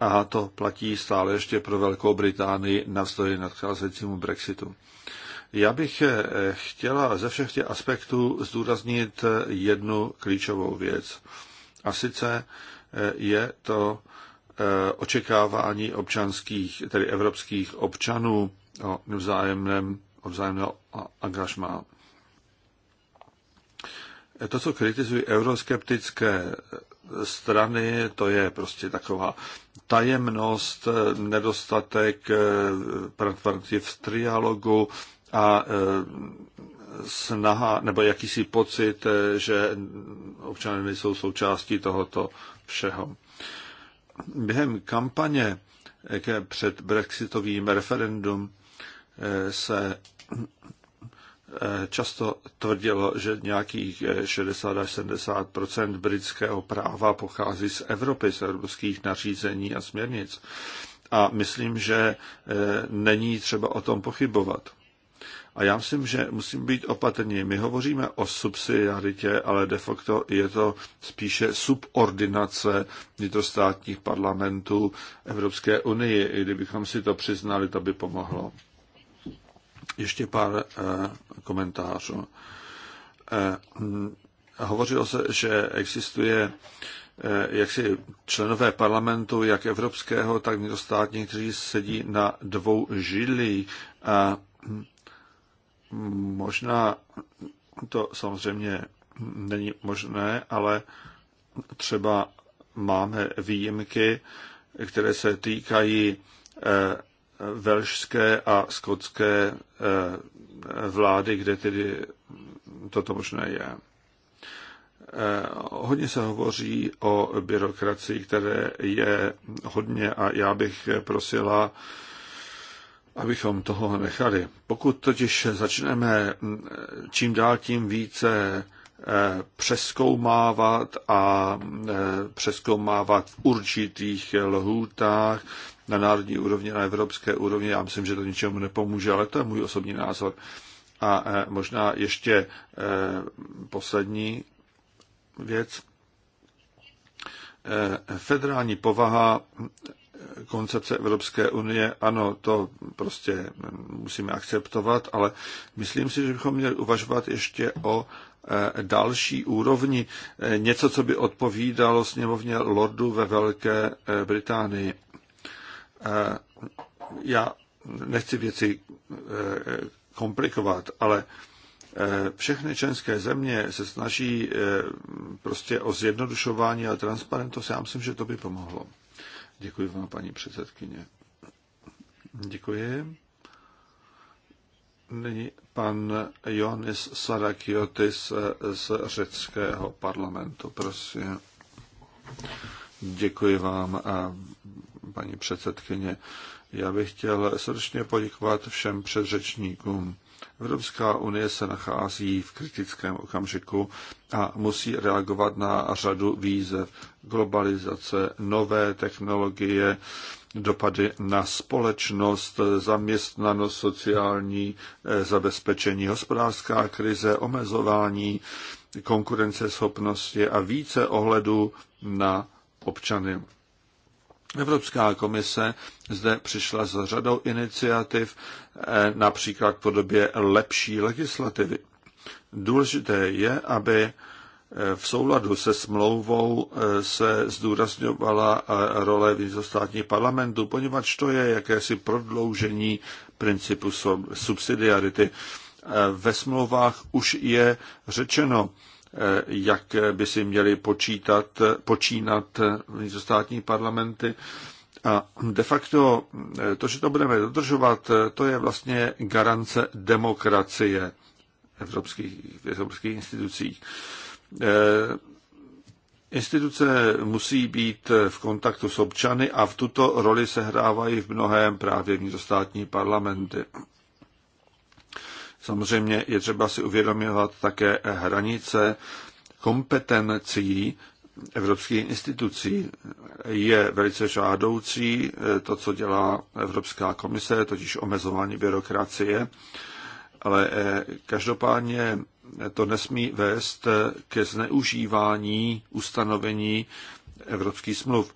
a to platí stále ještě pro Velkou Británii navzdory nadcházejícímu Brexitu. Já bych eh, chtěla ze všech těch aspektů zdůraznit eh, jednu klíčovou věc. A sice eh, je to očekávání občanských, tedy evropských občanů o vzájemném, o vzájemného angažmá. To, co kritizují euroskeptické strany, to je prostě taková tajemnost, nedostatek v trialogu, a e, snaha nebo jakýsi pocit, e, že občané nejsou součástí tohoto všeho. Během kampaně před brexitovým referendum e, se často tvrdilo, že nějakých 60 až 70 britského práva pochází z Evropy, z evropských nařízení a směrnic. A myslím, že není třeba o tom pochybovat. A já myslím, že musím být opatrní. My hovoříme o subsidiaritě, ale de facto je to spíše subordinace vnitrostátních parlamentů Evropské unii. Kdybychom si to přiznali, to by pomohlo. Ještě pár eh, komentářů. Eh, hm, hovořilo se, že existuje eh, jak si členové parlamentu, jak evropského, tak vnitrostátních, kteří sedí na dvou žilích. Možná to samozřejmě není možné, ale třeba máme výjimky, které se týkají eh, velšské a skotské eh, vlády, kde tedy toto možné je. Eh, hodně se hovoří o byrokracii, které je hodně a já bych prosila abychom toho nechali. Pokud totiž začneme mm, čím dál tím více eh, přeskoumávat a mm, eh, přeskoumávat v určitých lhůtách na národní úrovni, na evropské úrovni, já myslím, že to ničemu nepomůže, ale to je můj osobní názor. A eh, možná ještě poslední věc. Federální povaha koncepce Evropské unie, ano, to prostě musíme akceptovat, ale myslím si, že bychom měli uvažovat ještě o e, další úrovni, e, něco, co by odpovídalo sněmovně lordů ve Velké e, Británii. Já nechci věci komplikovat, ale všechny členské země se snaží prostě o zjednodušování a transparentnost. Já myslím, že to by pomohlo. Děkuji vám, paní předsedkyně. Děkuji. Nyní pan Jonis Sarakiotis z řeckého parlamentu. Prosím. Děkuji vám, paní předsedkyně. Já bych chtěl srdečně poděkovat všem předřečníkům. Evropská unie se nachází v kritickém okamžiku a musí reagovat na řadu výzev globalizace, nové technologie, dopady na společnost, zaměstnanost, sociální eh, zabezpečení, hospodářská krize, omezování konkurenceschopnosti a více ohledu na občany. Evropská komise zde přišla s řadou iniciativ, eh, například v podobě lepší legislativy. Důležité je, aby eh, v souladu se smlouvou eh, se zdůrazňovala role vnitrostátních parlamentů, poněvadž to je jakési prodloužení principu subsidiarity. Ve smlouvách už je řečeno, jak by si měli počítat, počínat vnitrostátní parlamenty. A de facto to, že to budeme dodržovat, to je vlastně garance demokracie evropských, v evropských institucích. Eh, instituce musí být v kontaktu s občany a v tuto roli se hrávají v mnohém právě vnitrostátní parlamenty. Samozřejmě je třeba si uvědomovat také hranice kompetencí evropských institucí. Je velice žádoucí eh, to, co dělá Evropská komise, totiž omezování byrokracie, ale eh, každopádně to nesmí vést eh, ke zneužívání ustanovení evropských smluv.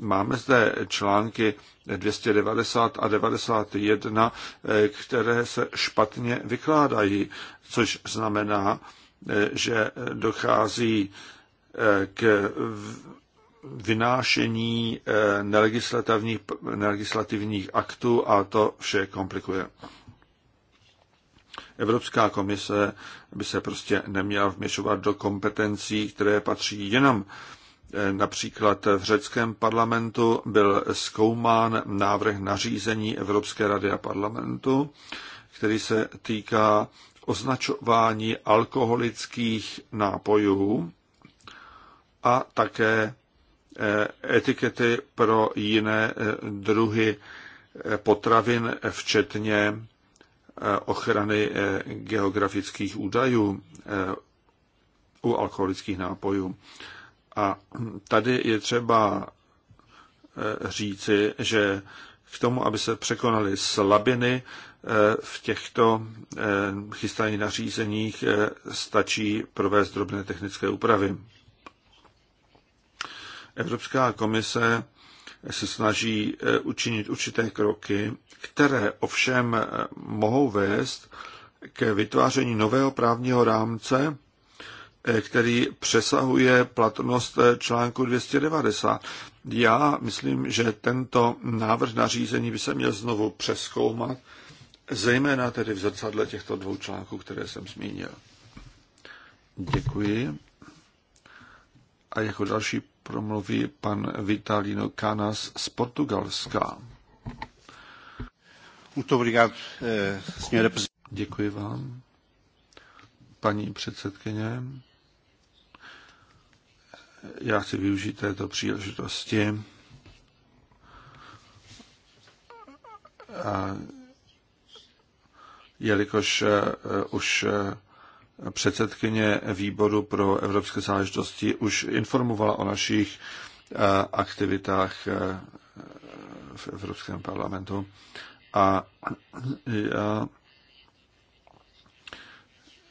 Máme zde články 290 a 91, eh, které se špatně vykládají, což znamená, eh, že dochází eh, k vynášení nelegislativních, nelegislativních aktů a to vše komplikuje. Evropská komise by se prostě neměla vměšovat do kompetencí, které patří jenom Například v řeckém parlamentu byl zkoumán návrh nařízení Evropské rady a parlamentu, který se týká označování alkoholických nápojů a také eh, etikety pro jiné eh, druhy eh, potravin, včetně ochrany geografických údajů u alkoholických nápojů. A tady je třeba eh, říci, že k tomu, aby se překonaly slabiny eh, v těchto eh, chystaných nařízeních, stačí provést drobné technické úpravy. Evropská komise se snaží učinit určité kroky, které ovšem mohou vést k vytváření nového právního rámce, Eh, který přesahuje platnost eh, článku 290. Já myslím, že tento návrh nařízení by se měl znovu přeskoumat, zejména tedy v zrcadle těchto dvou článků, které jsem zmínil. Děkuji. A jako další promluví pan Vitalino Canas z Portugalska. Eh, Děkuji vám, paní předsedkyně já chci využít této příležitosti a jelikož eh, už eh, předsedkyně výboru pro evropské záležitosti už informovala o našich eh, aktivitách v Evropském parlamentu. A já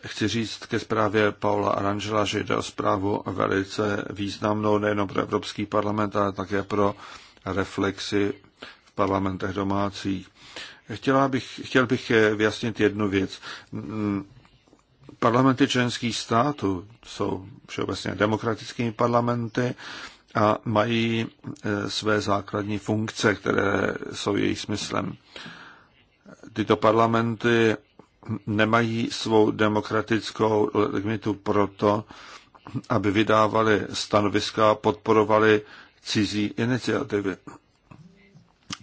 chci říct ke zprávě Paula Arangela, že jde o zprávu velice významnou nejen pro Evropský parlament, ale také pro reflexy v parlamentech domácích. Chtěla bych, chtěl bych vyjasnit jednu věc. Parlamenty členských států jsou všeobecně demokratickými parlamenty a mají eh, své základní funkce, které jsou jejich smyslem. Tyto parlamenty nemají svou demokratickou legitimitu proto, aby vydávali stanoviska a podporovali cizí iniciativy.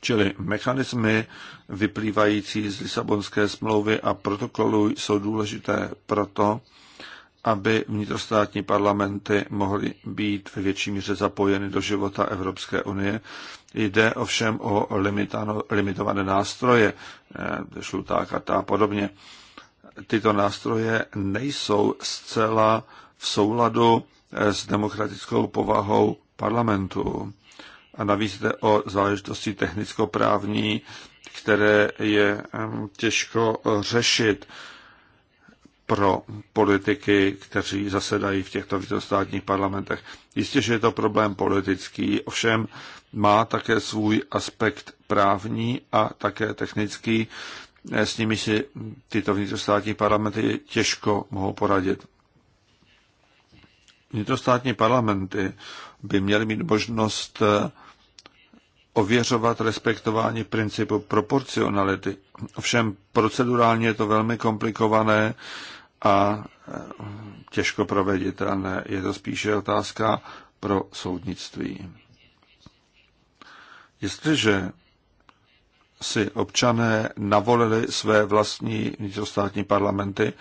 Čili mechanismy vyplývající z Lisabonské smlouvy a protokolu jsou důležité proto, aby vnitrostátní parlamenty mohly být ve větší míře zapojeny do života Evropské unie. Jde ovšem o limitano, limitované nástroje, eh, žlutá karta a podobně. Tyto nástroje nejsou zcela v souladu eh, s demokratickou povahou parlamentu. A navíc jde o záležitosti technicko-právní, které je eh, těžko řešit pro politiky, kteří zasedají v těchto vnitrostátních parlamentech. Jistě, že je to problém politický, ovšem má také svůj aspekt právní a také technický, s nimi si tyto vnitrostátní parlamenty těžko mohou poradit. Vnitrostátní parlamenty by měly mít možnost eh, ověřovat respektování principu proporcionality. Ovšem procedurálně je to velmi komplikované, a e, těžko proveditelné. Je to spíše otázka pro soudnictví. Jestliže si občané navolili své vlastní vnitrostátní parlamenty,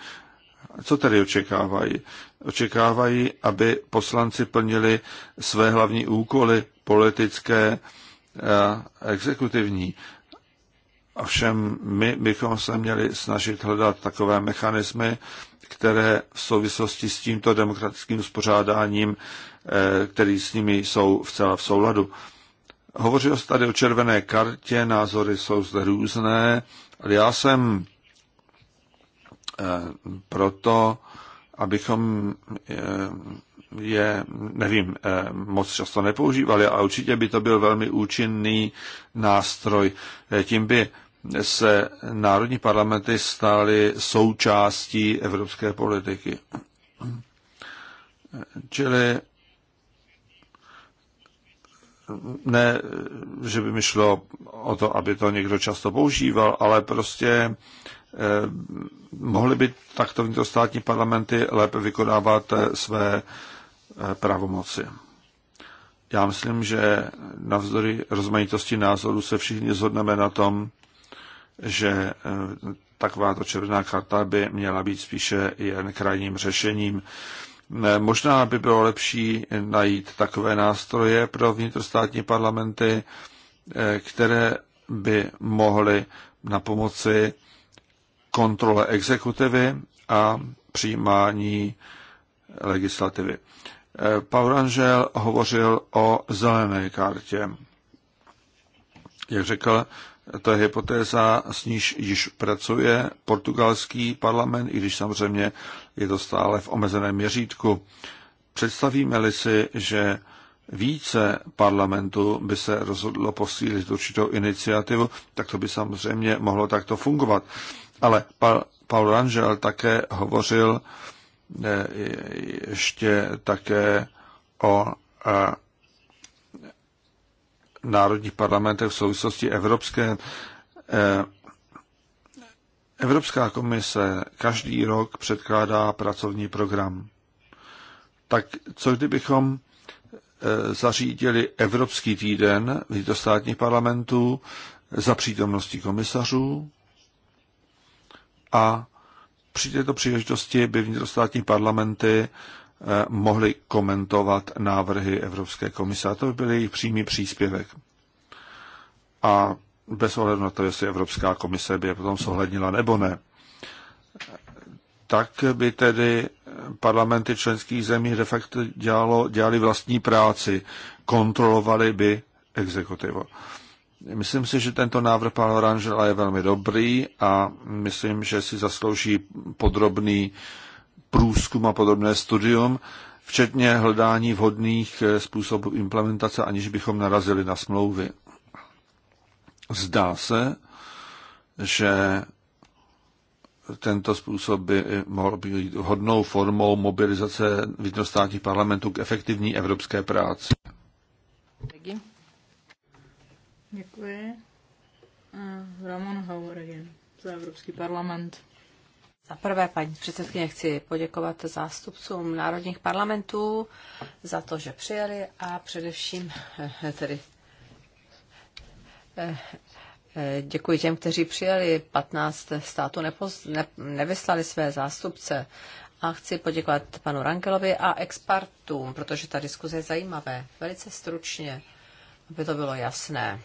co tedy očekávají? Očekávají, aby poslanci plnili své hlavní úkoly politické a exekutivní. Ovšem my bychom se měli snažit hledat takové mechanismy, které v souvislosti s tímto demokratickým uspořádáním, eh, který s nimi jsou vcela v souladu. Hovořil se tady o červené kartě, názory jsou zde různé, ale já jsem eh, proto, abychom eh, je, nevím, moc často nepoužívali, ale určitě by to byl velmi účinný nástroj. Tím by se národní parlamenty staly součástí evropské politiky. Čili ne, že by mi šlo o to, aby to někdo často používal, ale prostě eh, mohly by takto vnitrostátní parlamenty lépe vykonávat eh, své eh, pravomoci. Já myslím, že navzdory rozmanitosti názorů se všichni zhodneme na tom, že eh, takováto červená karta by měla být spíše jen krajním řešením. Eh, možná by bylo lepší najít takové nástroje pro vnitrostátní parlamenty, eh, které by mohly na pomoci kontrole exekutivy a přijímání legislativy. Paul Angel hovořil o zelené kartě. Jak řekl, to je hypotéza, s níž již pracuje portugalský parlament, i když samozřejmě je to stále v omezeném měřítku. Představíme-li si, že více parlamentu by se rozhodlo posílit určitou iniciativu, tak to by samozřejmě mohlo takto fungovat. Ale Paul Rangel také hovořil eh, ještě také o eh, národních parlamentech v souvislosti evropské. Eh, Evropská komise každý rok předkládá pracovní program. Tak co kdybychom eh, zařídili Evropský týden vnitrostátních parlamentů za přítomností komisařů a při této příležitosti by vnitrostátní parlamenty Eh, mohli komentovat návrhy Evropské komise. A to by byl jejich přímý příspěvek. A bez ohledu na to, jestli Evropská komise by je potom zohlednila nebo ne, tak by tedy parlamenty členských zemí de facto dělalo, dělali vlastní práci, kontrolovali by exekutivo. Myslím si, že tento návrh pana Oranžela je velmi dobrý a myslím, že si zaslouží podrobný uh, průzkum a podobné studium, včetně hledání vhodných způsobů implementace, aniž bychom narazili na smlouvy. Zdá se, že tento způsob by mohl být hodnou formou mobilizace vnitrostátních parlamentů k efektivní evropské práci. Děkuji. Ramon Hauer za Evropský parlament. Za prvé, paní předsedkyně, chci poděkovat zástupcům národních parlamentů za to, že přijeli a především eh, tedy eh, eh, Děkuji těm, kteří přijeli. 15 států nepoz, ne, nevyslali své zástupce. A chci poděkovat panu Rankelovi a expertům, protože ta diskuze je zajímavé. Velice stručně, aby to bylo jasné,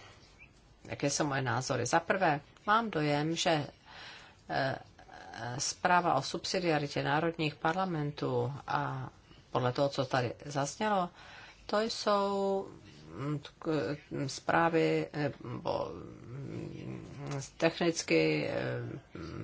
jaké jsou moje názory. Za prvé, mám dojem, že zpráva o subsidiaritě národních parlamentů a podle toho, co tady zaznělo, to jsou mm, zprávy nebo eh, mm, technicky eh,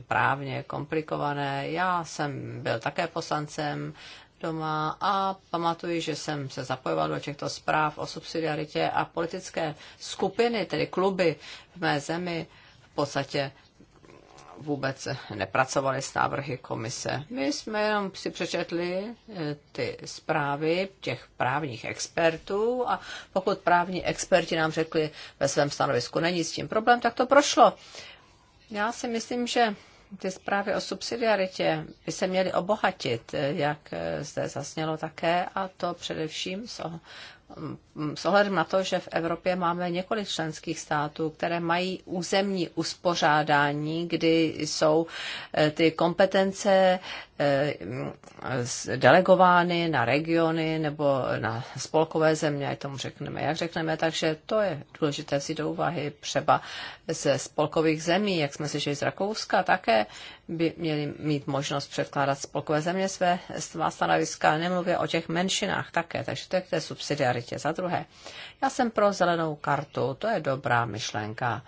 právně komplikované. Já jsem byl také poslancem doma a pamatuji, že jsem se zapojoval do těchto zpráv o subsidiaritě a politické skupiny, tedy kluby v mé zemi v podstatě vůbec nepracovali s návrhy komise. My jsme jenom si přečetli eh, ty zprávy těch právních expertů a pokud právní experti nám řekli ve svém stanovisku, není s tím problém, tak to prošlo. Já si myslím, že ty zprávy o subsidiaritě by se měly obohatit, eh, jak eh, zde zasnělo také, a to především s Mm, s ohledem na to, že v Evropě máme několik členských států, které mají územní uspořádání, kdy jsou eh, ty kompetence eh, mm, delegovány na regiony nebo na spolkové země, ať tomu řekneme, jak řekneme, takže to je důležité si do úvahy. Třeba ze spolkových zemí, jak jsme slyšeli z Rakouska, také by měli mít možnost předkládat spolkové země své, svá stanoviska, nemluvě o těch menšinách také, takže to je k té subsidiaritě solidaritě. Za druhé, já jsem pro zelenou kartu, to je dobrá myšlenka.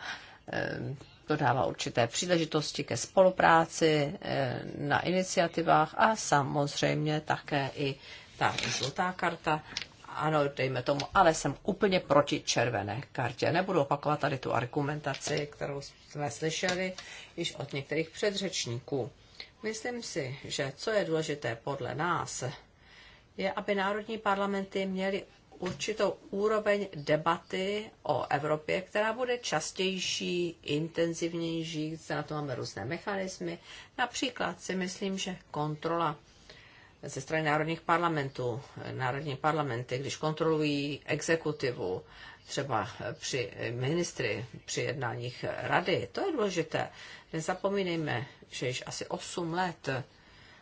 Ehm, to dává určité příležitosti ke spolupráci ehm, na iniciativách a samozřejmě také i ta žlutá karta. Ano, dejme tomu, ale jsem úplně proti červené kartě. Nebudu opakovat tady tu argumentaci, kterou jsme slyšeli již od některých předřečníků. Myslím si, že co je důležité podle nás, je, aby národní parlamenty měly určitou úroveň debaty o Evropě, která bude častější, intenzivnější, na to máme různé mechanismy. Například si myslím, že kontrola ze strany národních parlamentů, národní parlamenty, když kontrolují exekutivu, třeba při ministry, při jednáních rady, to je důležité. Nezapomínejme, že již asi 8 let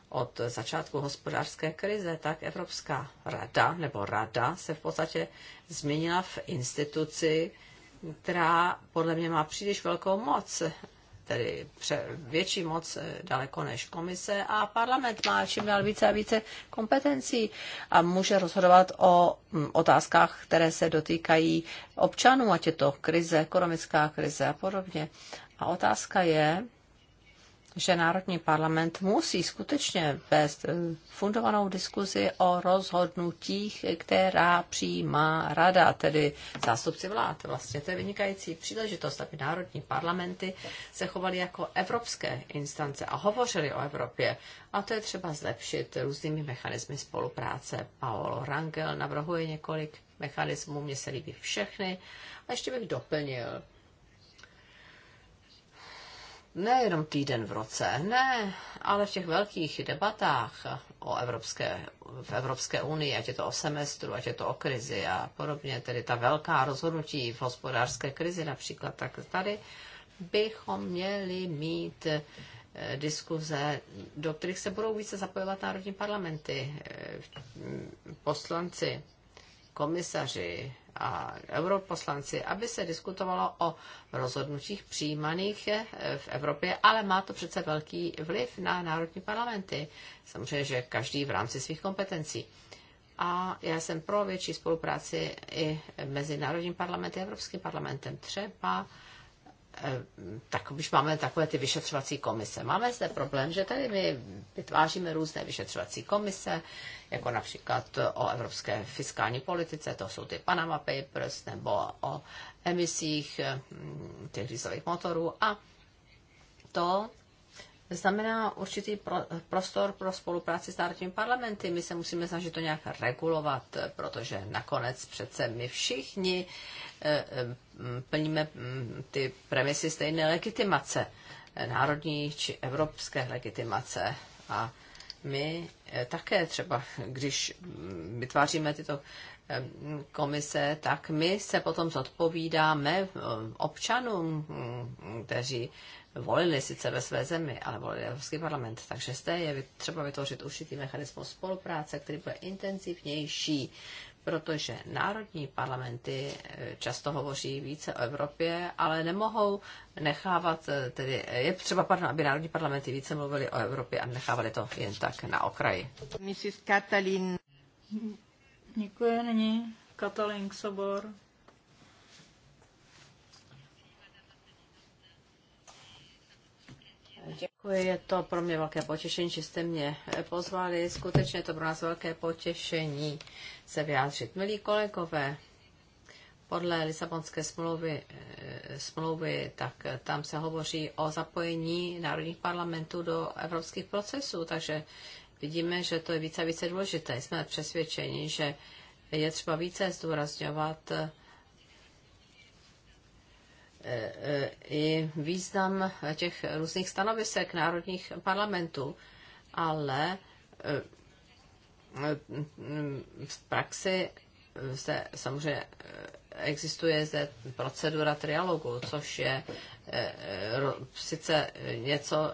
od začátku hospodářské krize, tak Evropská rada nebo rada se v podstatě změnila v instituci, která podle mě má příliš velkou moc, tedy větší moc eh, daleko než komise a parlament má čím dál více a více kompetencí a může rozhodovat o hm, otázkách, které se dotýkají občanů, ať je to krize, ekonomická krize a podobně. A otázka je, že Národní parlament musí skutečně vést eh, fundovanou diskuzi o rozhodnutích, která přijímá rada, tedy zástupci vlád. Vlastně to je vynikající příležitost, aby národní parlamenty se chovaly jako evropské instance a hovořily o Evropě. A to je třeba zlepšit různými mechanismy spolupráce. Paolo Rangel navrhuje několik mechanismů, mně se líbí všechny. A ještě bych doplnil nejenom týden v roce, ne, ale v těch velkých debatách o Evropské, v Evropské unii, ať je to o semestru, ať je to o krizi a podobně, tedy ta velká rozhodnutí v hospodářské krizi například, tak tady bychom měli mít eh, diskuze, do kterých se budou více zapojovat národní parlamenty, eh, poslanci, komisaři, a europoslanci, aby se diskutovalo o rozhodnutích přijímaných eh, v Evropě, ale má to přece velký vliv na národní parlamenty. Samozřejmě, že každý v rámci svých kompetencí. A já jsem pro větší spolupráci i mezi Národním parlamentem a Evropským parlamentem. Třeba Eh, tak už máme takové ty vyšetřovací komise. Máme zde problém, že tady my vytváříme různé vyšetřovací komise, jako například o evropské fiskální politice, to jsou ty Panama Papers, nebo o emisích eh, těch dieselových motorů a to znamená určitý pro, prostor pro spolupráci s národními parlamenty. My se musíme snažit to nějak regulovat, protože nakonec přece my všichni eh, eh, plníme mm, ty premisy stejné legitimace, národní či evropské legitimace. A my eh, také třeba, když mm, vytváříme tyto komise, tak my se potom zodpovídáme občanům, mm, kteří volili sice ve své zemi, ale volili Evropský parlament. Takže zde je třeba vytvořit určitý mechanismus spolupráce, který bude intenzivnější, protože národní parlamenty eh, často hovoří více o Evropě, ale nemohou nechávat, eh, tedy eh, je třeba, pardon, aby národní parlamenty více mluvili o Evropě a nechávali to jen tak na okraji. Mrs. Katalin. Děkuji, není. Katalin Sobor Děkuji, je to pro mě velké potěšení, že jste mě pozvali. Skutečně je to pro nás velké potěšení se vyjádřit. Milí kolegové, podle Lisabonské smlouvy, eh, smlouvy, tak tam se hovoří o zapojení národních parlamentů do evropských procesů, takže vidíme, že to je více a více důležité. Jsme přesvědčeni, že je třeba více zdůrazňovat E, e, i význam těch různých stanovisek národních parlamentů, ale e, v praxi se samozřejmě existuje zde procedura trialogu, což je sice něco,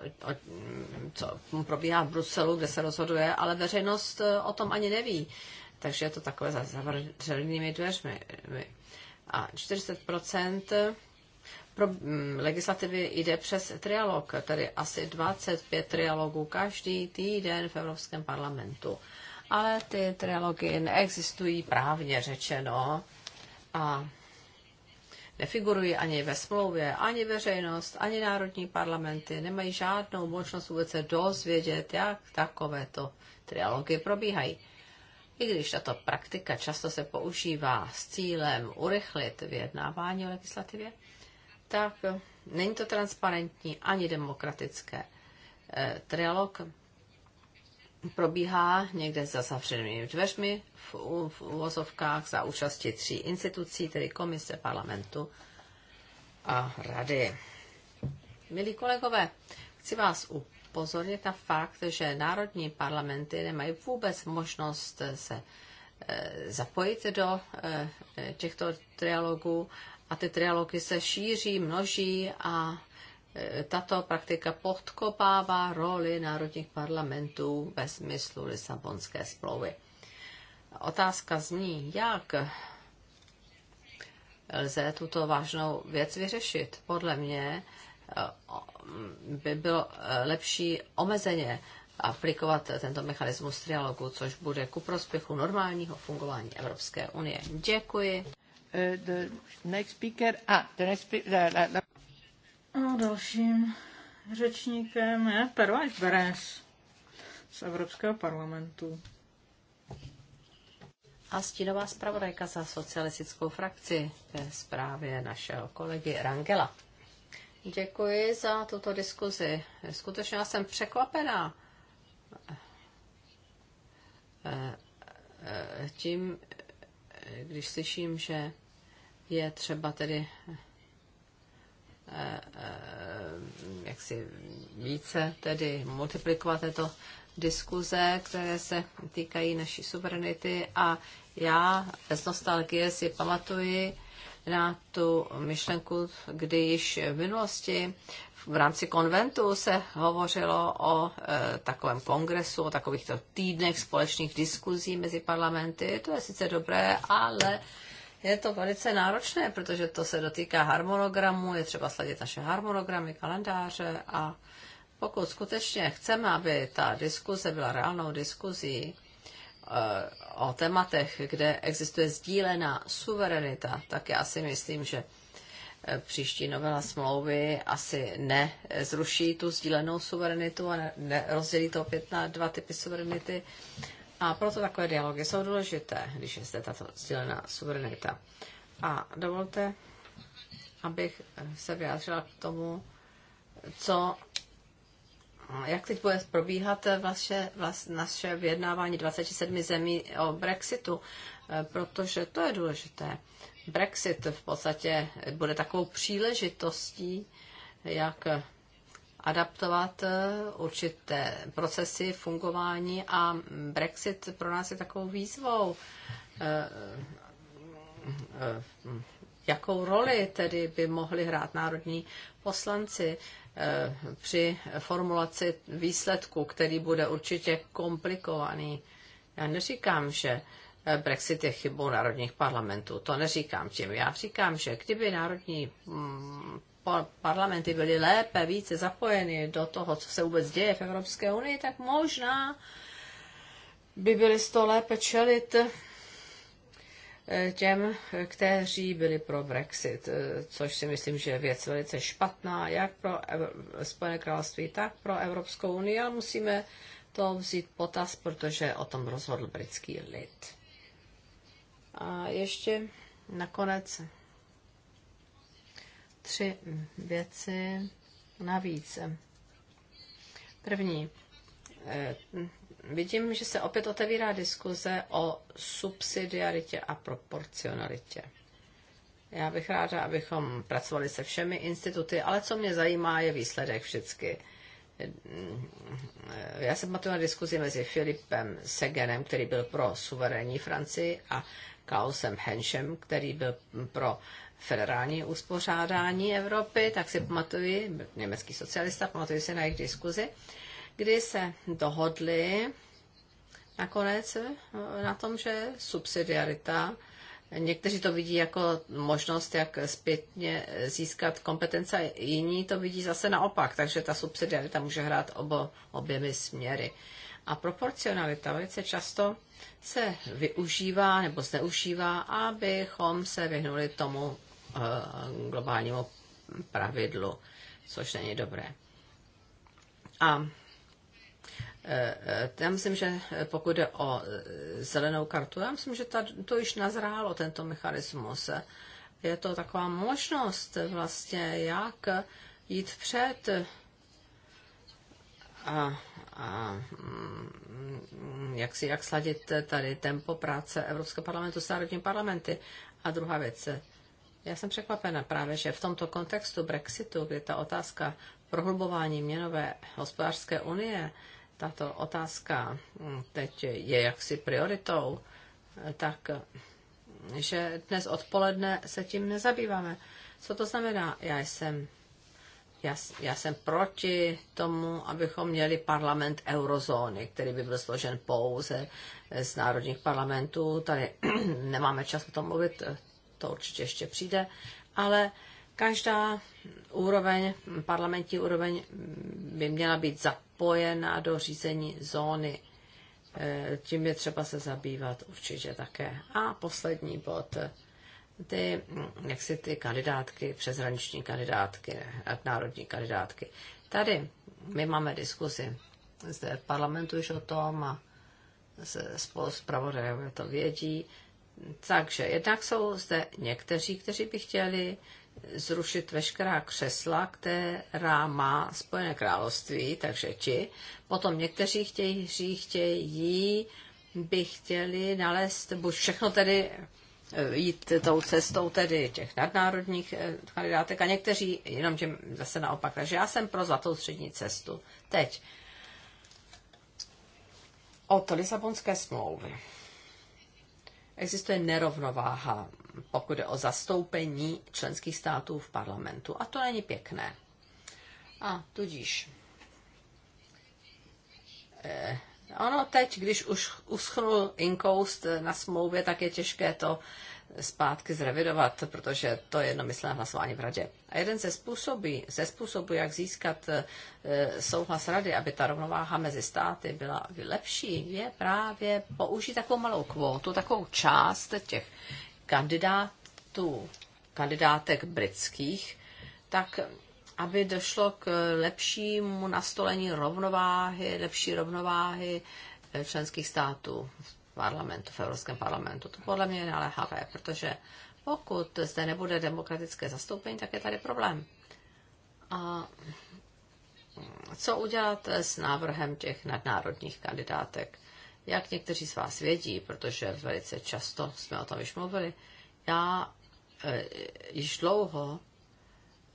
co probíhá v Bruselu, kde se rozhoduje, ale veřejnost o tom ani neví. Takže je to takové za zavřenými dveřmi. A 40 pro mm, legislativy jde přes trialog, tedy asi 25 trialogů každý týden v Evropském parlamentu. Ale ty trialogy neexistují právně řečeno a nefigurují ani ve smlouvě, ani veřejnost, ani národní parlamenty, nemají žádnou možnost vůbec se dozvědět, jak takovéto trialogy probíhají. I když tato praktika často se používá s cílem urychlit vyjednávání o legislativě, tak není to transparentní ani demokratické. E, trialog probíhá někde za zavřenými dveřmi v, v uvozovkách za účasti tří institucí, tedy komise, parlamentu a rady. Milí kolegové, chci vás upozornit na fakt, že národní parlamenty nemají vůbec možnost se e, zapojit do e, těchto trialogů a ty trialogy se šíří, množí a e, tato praktika podkopává roli národních parlamentů ve smyslu Lisabonské smlouvy. Otázka zní, jak lze tuto vážnou věc vyřešit. Podle mě e, by bylo e, lepší omezeně aplikovat tento mechanismus trialogu, což bude ku prospěchu normálního fungování Evropské unie. Děkuji. Eh, ah, A dalším řečníkem je Perlaž Beres z Evropského parlamentu. A stínová zpravodajka za socialistickou frakci ke zprávě našeho kolegy Rangela. Děkuji za tuto diskuzi. Skutečně já jsem překvapená eh, eh, tím, když slyším, že je třeba tedy eh, eh, jak si více tedy multiplikovat tyto diskuze, které se týkají naší suverenity a já bez nostalgie si pamatuji na tu myšlenku, kdy již v minulosti v rámci konventu se hovořilo o e, takovém kongresu, o takovýchto týdnech společných diskuzí mezi parlamenty. To je sice dobré, ale je to velice náročné, protože to se dotýká harmonogramu, je třeba sledit naše harmonogramy, kalendáře a pokud skutečně chceme, aby ta diskuze byla reálnou diskuzí eh, o tématech, kde existuje sdílená suverenita, tak já si myslím, že eh, příští novela smlouvy asi nezruší tu sdílenou suverenitu a nerozdělí to opět na dva typy suverenity, a proto takové dialogy jsou důležité, když je zde tato sdílená suverenita. A dovolte, abych se vyjádřila k tomu, co, jak teď bude probíhat vaše, naše vyjednávání 27 zemí o Brexitu, protože to je důležité. Brexit v podstatě bude takovou příležitostí, jak adaptovat eh, určité procesy fungování a Brexit pro nás je takovou výzvou. Eh, eh, jakou roli tedy by mohli hrát národní poslanci při formulaci výsledku, který bude určitě komplikovaný? Já neříkám, že Brexit je chybou národních parlamentů. To neříkám tím. Já říkám, že kdyby národní mm, parlamenty byly lépe, více zapojeny do toho, co se vůbec děje v Evropské unii, tak možná by byly z toho lépe čelit eh, těm, kteří byli pro Brexit, eh, což si myslím, že je věc velice špatná, jak pro Spojené království, tak pro Evropskou unii, ale musíme to vzít potaz, protože o tom rozhodl britský lid. A ještě nakonec tři věci navíc. První, eh, vidím, že se opět otevírá diskuze o subsidiaritě a proporcionalitě. Já bych ráda, abychom pracovali se všemi instituty, ale co mě zajímá, je výsledek vždycky. Eh, já jsem pamatuju na diskuzi mezi Filipem Segenem, který byl pro suverénní Francii, a Klausem Henschem, který byl pro federální uspořádání Evropy, tak si pamatuji, německý socialista, pamatuju si na jejich diskuzi, kdy se dohodli nakonec eh, na tom, že subsidiarita, někteří to vidí jako možnost, jak zpětně získat kompetence, jiní to vidí zase naopak, takže ta subsidiarita může hrát obo, oběmi směry. A proporcionalita velice často se využívá nebo zneužívá, abychom se vyhnuli tomu Eh, globálnímu pravidlu, což není dobré. A eh, já myslím, že pokud jde o eh, zelenou kartu, já myslím, že ta, to již nazrálo, tento mechanismus. Je to taková možnost vlastně, jak jít před a, a mm, jak si jak sladit tady tempo práce Evropského parlamentu s národními parlamenty. A druhá věc, já jsem překvapena právě, že v tomto kontextu Brexitu, kdy ta otázka prohlubování měnové hospodářské unie, tato otázka hm, teď je jaksi prioritou, tak že dnes odpoledne se tím nezabýváme. Co to znamená? Já jsem, já, já jsem proti tomu, abychom měli parlament eurozóny, který by byl složen pouze z národních parlamentů. Tady nemáme čas o tom mluvit, to určitě ještě přijde, ale každá úroveň, parlamentní úroveň by měla být zapojena do řízení zóny. E, tím je třeba se zabývat určitě také. A poslední bod, ty, jak si ty kandidátky, přeshraniční kandidátky, národní kandidátky. Tady my máme diskuzi zde v parlamentu už o tom a spolu s pravodajové to vědí, takže jednak jsou zde někteří, kteří by chtěli zrušit veškerá křesla, která má Spojené království, takže ti. Potom někteří chtějí, chtějí by chtěli nalézt buď všechno tedy eh, jít tou cestou tedy těch nadnárodních eh, kandidátek a někteří jenom že zase naopak. Takže já jsem pro zlatou střední cestu. Teď od Lisabonské smlouvy existuje nerovnováha, pokud je o zastoupení členských států v parlamentu. A to není pěkné. A tudíž. Eh, ono teď, když už uschnul inkoust na smlouvě, tak je těžké to eh, zpátky zrevidovat, protože to je jednomyslné hlasování v radě. A jeden ze způsobů, ze způsobů jak získat e, souhlas rady, aby ta rovnováha mezi státy byla lepší, je právě použít takovou malou kvótu, takovou část těch kandidátů, kandidátek britských, tak aby došlo k lepšímu nastolení rovnováhy, lepší rovnováhy e, členských států v parlamentu, v Evropském parlamentu. To podle mě je naléhavé, protože pokud zde nebude demokratické zastoupení, tak je tady problém. A co udělat s návrhem těch nadnárodních kandidátek? Jak někteří z vás vědí, protože velice často jsme o tom již mluvili, já e, již dlouho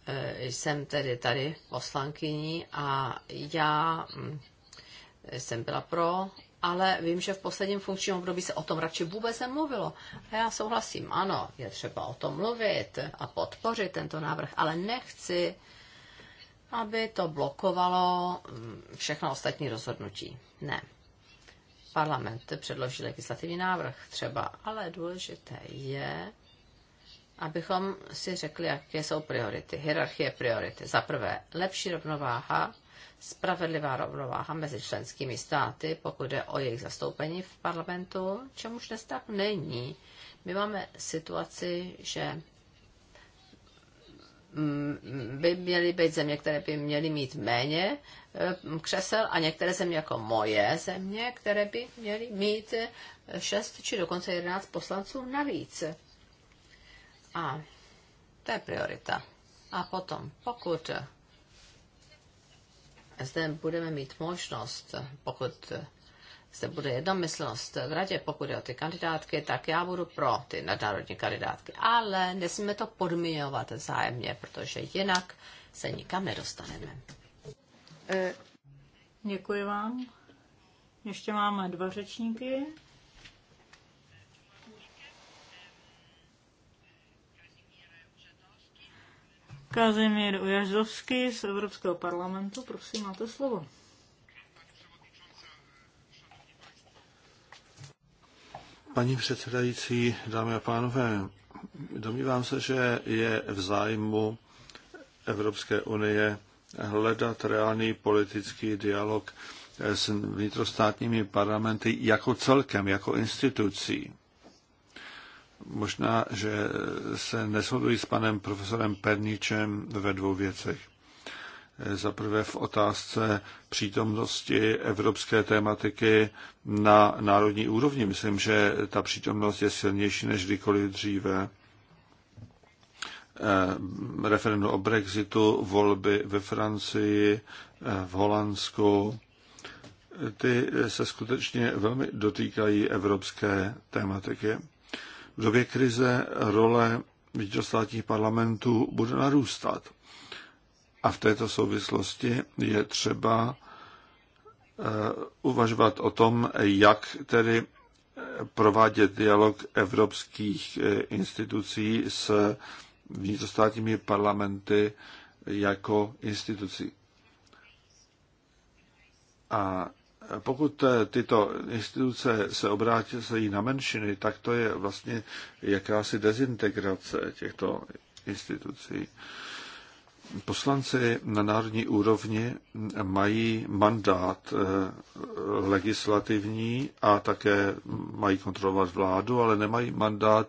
e, jsem tedy tady poslankyní a já mm, jsem byla pro ale vím, že v posledním funkčním období se o tom radši vůbec nemluvilo. A já souhlasím, ano, je třeba o tom mluvit a podpořit tento návrh, ale nechci, aby to blokovalo mm, všechno ostatní rozhodnutí. Ne. Parlament předloží legislativní návrh třeba, ale důležité je, abychom si řekli, jaké jsou priority, hierarchie priority. Za prvé, lepší rovnováha spravedlivá rovnováha mezi členskými státy, pokud je o jejich zastoupení v parlamentu, čemuž dnes tak není. My máme situaci, že mm, by měly být země, které by měly mít méně eh, křesel a některé země jako moje země, které by měly mít 6 eh, či dokonce 11 poslanců navíc. A to je priorita. A potom, pokud zde budeme mít možnost, pokud zde bude jednomyslnost v radě, pokud je o ty kandidátky, tak já budu pro ty nadnárodní kandidátky. Ale nesmíme to podmiňovat zájemně, protože jinak se nikam nedostaneme. Eh, děkuji vám. Ještě máme dva řečníky. Kazimír Ujazdovský z Evropského parlamentu, prosím, máte slovo. Paní předsedající, dámy a pánové, domnívám se, že je v zájmu Evropské unie hledat reálný politický dialog s vnitrostátními parlamenty jako celkem, jako institucí. Možná, že se neshoduji s panem profesorem Perničem ve dvou věcech. Za prvé v otázce přítomnosti evropské tématiky na národní úrovni. Myslím, že ta přítomnost je silnější než kdykoliv dříve eh, referendum o Brexitu, volby ve Francii, eh, v Holandsku. Ty se skutečně velmi dotýkají evropské tématiky. V době krize role vnitrostátních parlamentů bude narůstat. A v této souvislosti je třeba eh, uvažovat o tom, jak tedy eh, provádět dialog evropských eh, institucí s vnitrostátními parlamenty jako institucí. A pokud tyto instituce se obrátí na menšiny, tak to je vlastně jakási dezintegrace těchto institucí. Poslanci na národní úrovni mají mandát eh, legislativní a také mají kontrolovat vládu, ale nemají mandát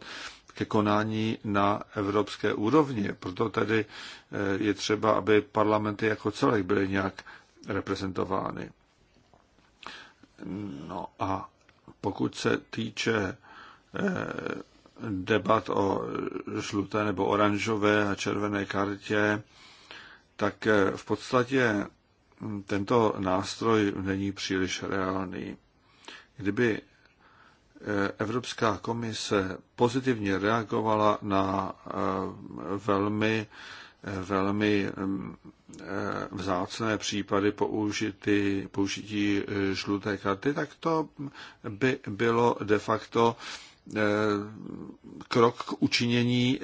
ke konání na evropské úrovni. Proto tedy eh, je třeba, aby parlamenty jako celek byly nějak reprezentovány. No a pokud se týče eh, debat o žluté nebo oranžové a červené kartě, tak eh, v podstatě tento nástroj není příliš reálný. Kdyby eh, Evropská komise pozitivně reagovala na velmi, velmi mm, Eh, vzácné případy použity, použití eh, žluté karty, tak to by bylo de facto eh, krok k učinění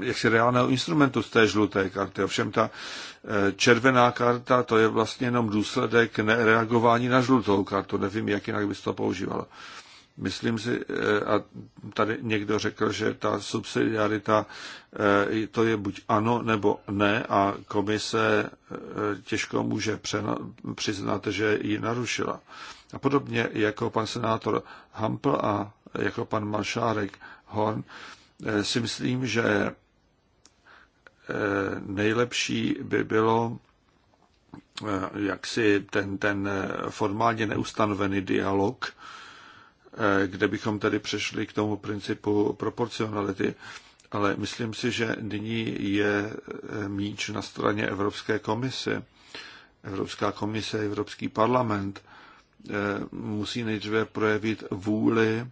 jaksi reálného instrumentu z té žluté karty. Ovšem ta červená karta, to je vlastně jenom důsledek nereagování na žlutou kartu. Nevím, jak jinak bys to používala. Myslím si, eh, a tady někdo řekl, že ta subsidiarita eh, to je buď ano nebo ne a komise eh, těžko může přiznat, že ji narušila. A podobně jako pan senátor Hampl a jako pan Mašárek Horn si myslím, že nejlepší by bylo jaksi ten, ten formálně neustanovený dialog, Eh, kde bychom tedy přešli k tomu principu proporcionality. Ale myslím si, že nyní je eh, míč na straně Evropské komise. Evropská komise, Evropský parlament eh, musí nejdříve projevit vůli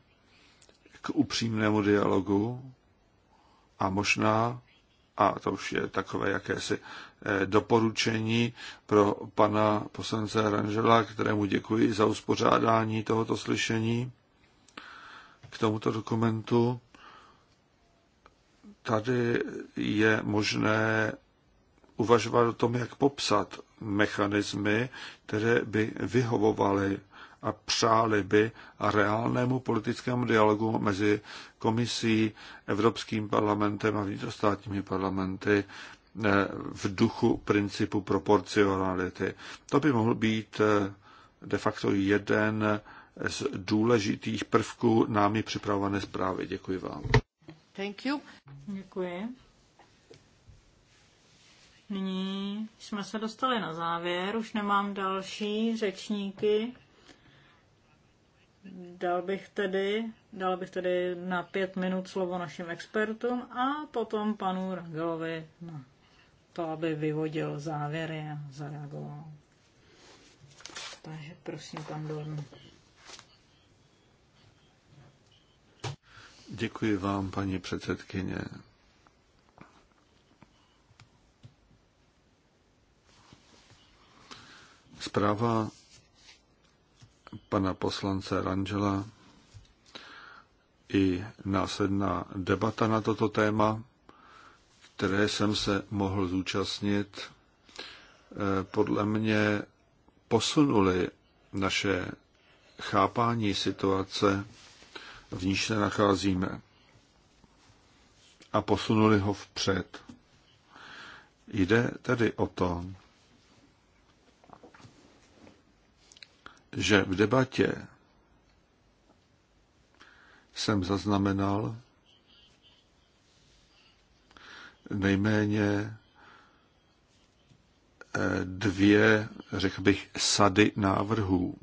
k upřímnému dialogu a možná, a to už je takové jakési doporučení pro pana poslance Ranžela, kterému děkuji za uspořádání tohoto slyšení, k tomuto dokumentu. Tady je možné uvažovat o tom, jak popsat mechanismy, které by vyhovovaly a přáli by reálnému politickému dialogu mezi komisí, Evropským parlamentem a vnitrostátními parlamenty eh, v duchu principu proporcionality. To by mohl být eh, de facto jeden z důležitých prvků námi připravované zprávy. Děkuji vám. Thank you. Děkuji. Nyní jsme se dostali na závěr, už nemám další řečníky. Dal bych tedy, dal bych tedy na pět minut slovo našim expertům a potom panu Rangelovi na to, aby vyvodil závěry a zareagoval. Takže prosím, pan Dorn. Děkuji vám, paní předsedkyně. Zpráva pana poslance Rangela i následná debata na toto téma, které jsem se mohl zúčastnit, eh, podle mě posunuli naše chápání situace v níž se nacházíme a posunuli ho vpřed. Jde tedy o to, že v debatě jsem zaznamenal nejméně eh, dvě, řekl bych, sady návrhů.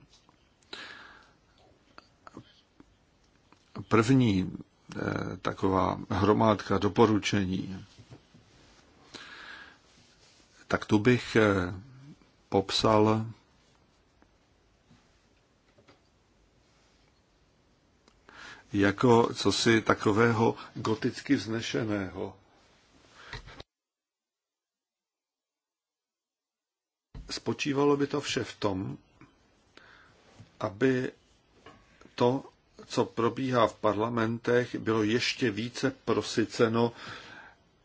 první eh, taková hromádka doporučení, tak tu bych eh, popsal jako cosi takového goticky vznešeného. Spočívalo by to vše v tom, aby to, co probíhá v parlamentech, bylo ještě více prosyceno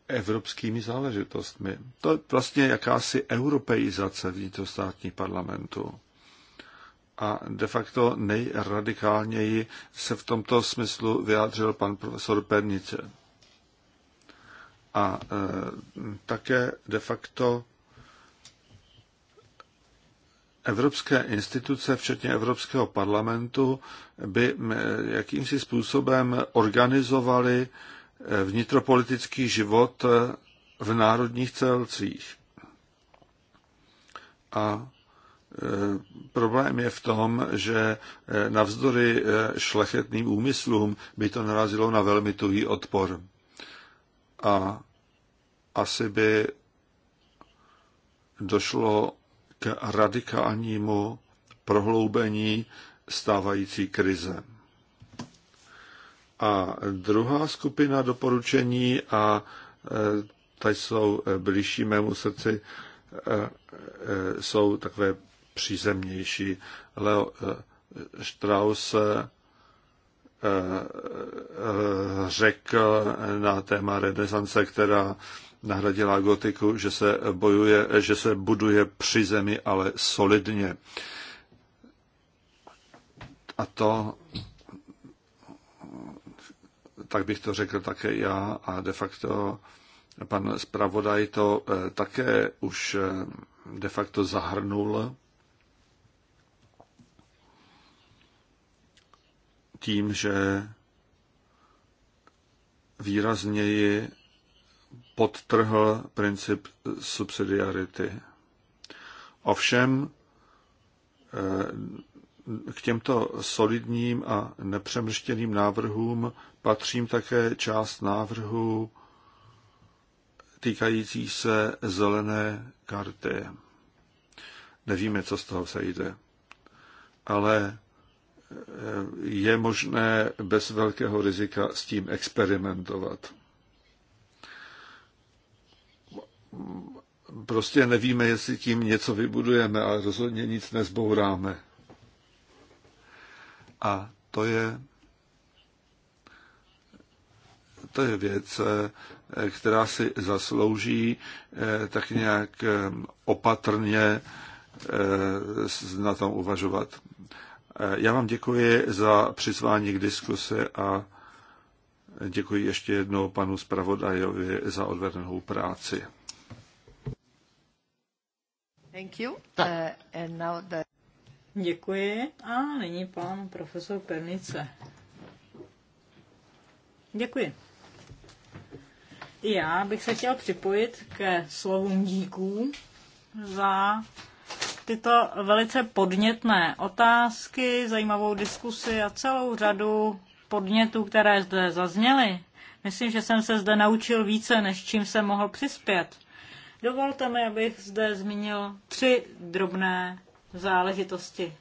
evropskými záležitostmi. To je vlastně jakási europeizace vnitrostátních parlamentů. A de facto nejradikálněji se v tomto smyslu vyjádřil pan profesor Pernice. A e, také de facto evropské instituce, včetně Evropského parlamentu, by jakýmsi způsobem organizovaly e, vnitropolitický život e, v národních celcích. A e, problém je v tom, že navzdory šlechetným úmyslům by to narazilo na velmi tuhý odpor. A asi by došlo k radikálnímu prohloubení stávající krize. A druhá skupina doporučení, a e, tady jsou e, blížší mému srdci, e, jsou takové přízemnější. Leo Strauss řekl na téma renesance, která nahradila gotiku, že se, bojuje, že se buduje při zemi, ale solidně. A to, tak bych to řekl také já a de facto pan zpravodaj to eh, také už eh, de facto zahrnul tím, že výrazněji podtrhl princip subsidiarity. Ovšem eh, k těmto solidním a nepřemrštěným návrhům patřím také část návrhu týkající se zelené karty. Nevíme, co z toho sejde, ale eh, je možné bez velkého rizika s tím experimentovat. prostě nevíme, jestli tím něco vybudujeme, ale rozhodně nic nezbouráme. A to je, to je věc, eh, která si zaslouží eh, tak nějak eh, opatrně na tom uvažovat. Já vám děkuji za přizvání k diskuse a děkuji ještě jednou panu zpravodajovi za odvedenou práci. Thank you. Uh, and now the... Děkuji. A nyní pan profesor Pernice. Děkuji. Já bych se chtěl připojit ke slovům díků za tyto velice podnětné otázky, zajímavou diskusi a celou řadu podnětů, které zde zazněly. Myslím, že jsem se zde naučil více, než čím jsem mohl přispět. Dovolte mi, abych zde zmínil tři drobné záležitosti.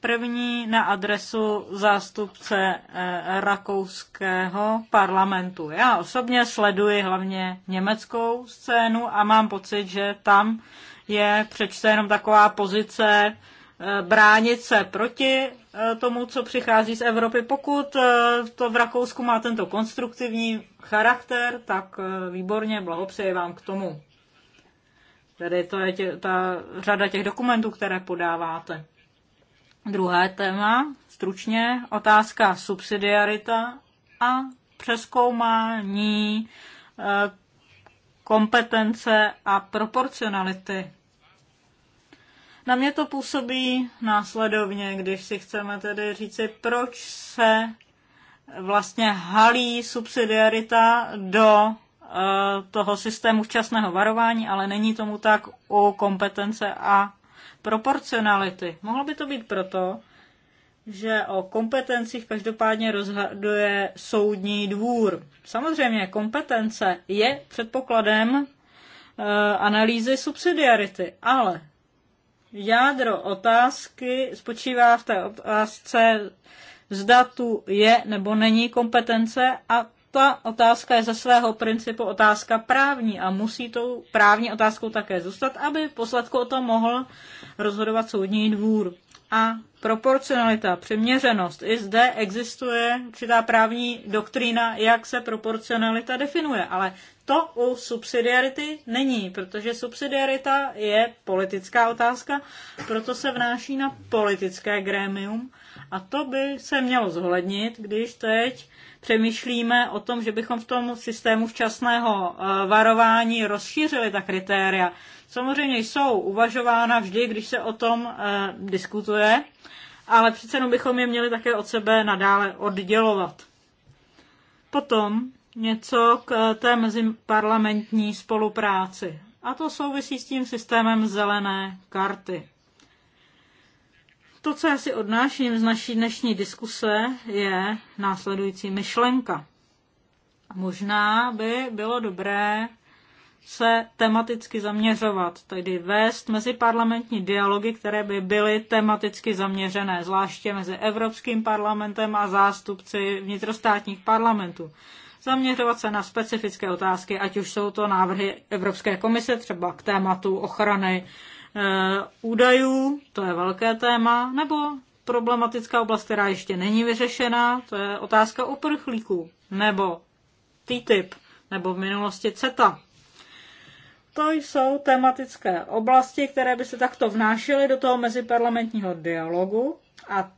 První na adresu zástupce eh, rakouského parlamentu. Já osobně sleduji hlavně německou scénu a mám pocit, že tam je přečte jenom taková pozice eh, bránit se proti eh, tomu, co přichází z Evropy. Pokud to v Rakousku má tento konstruktivní charakter, tak výborně blahopřeji vám k tomu. Tedy to je tě, ta řada těch dokumentů, které podáváte. Druhé téma, stručně, otázka subsidiarita a přeskoumání eh, kompetence a proporcionality. Na mě to působí následovně, když si chceme tedy říci, proč se vlastně halí subsidiarita do Eh, toho systému včasného varování, ale není tomu tak u kompetence a proporcionality. Mohlo by to být proto, že o kompetencích každopádně rozhoduje soudní dvůr. Samozřejmě kompetence je předpokladem eh, analýzy subsidiarity, ale jádro otázky spočívá v té otázce, zda tu je nebo není kompetence a ta otázka je ze svého principu otázka právní a musí tou právní otázkou také zůstat, aby v posledku o tom mohl rozhodovat soudní dvůr. A proporcionalita, přiměřenost. I zde existuje určitá právní doktrína, jak se proporcionalita definuje, ale to u subsidiarity není, protože subsidiarita je politická otázka, proto se vnáší na politické grémium a to by se mělo zohlednit, když teď přemýšlíme o tom, že bychom v tom systému včasného eh, varování rozšířili ta kritéria. Samozřejmě jsou uvažována vždy, když se o tom eh, diskutuje, ale přece jenom bychom je měli také od sebe nadále oddělovat. Potom něco k eh, té meziparlamentní spolupráci. A to souvisí s tím systémem zelené karty. To, co já si odnáším z naší dnešní diskuse, je následující myšlenka. Možná by bylo dobré se tematicky zaměřovat, tedy vést mezi parlamentní dialogy, které by byly tematicky zaměřené, zvláště mezi Evropským parlamentem a zástupci vnitrostátních parlamentů. Zaměřovat se na specifické otázky, ať už jsou to návrhy Evropské komise třeba k tématu ochrany Eh, údajů, to je velké téma, nebo problematická oblast, která ještě není vyřešená, to je otázka uprchlíků, nebo TTIP, nebo v minulosti CETA. To jsou tematické oblasti, které by se takto vnášely do toho meziparlamentního dialogu a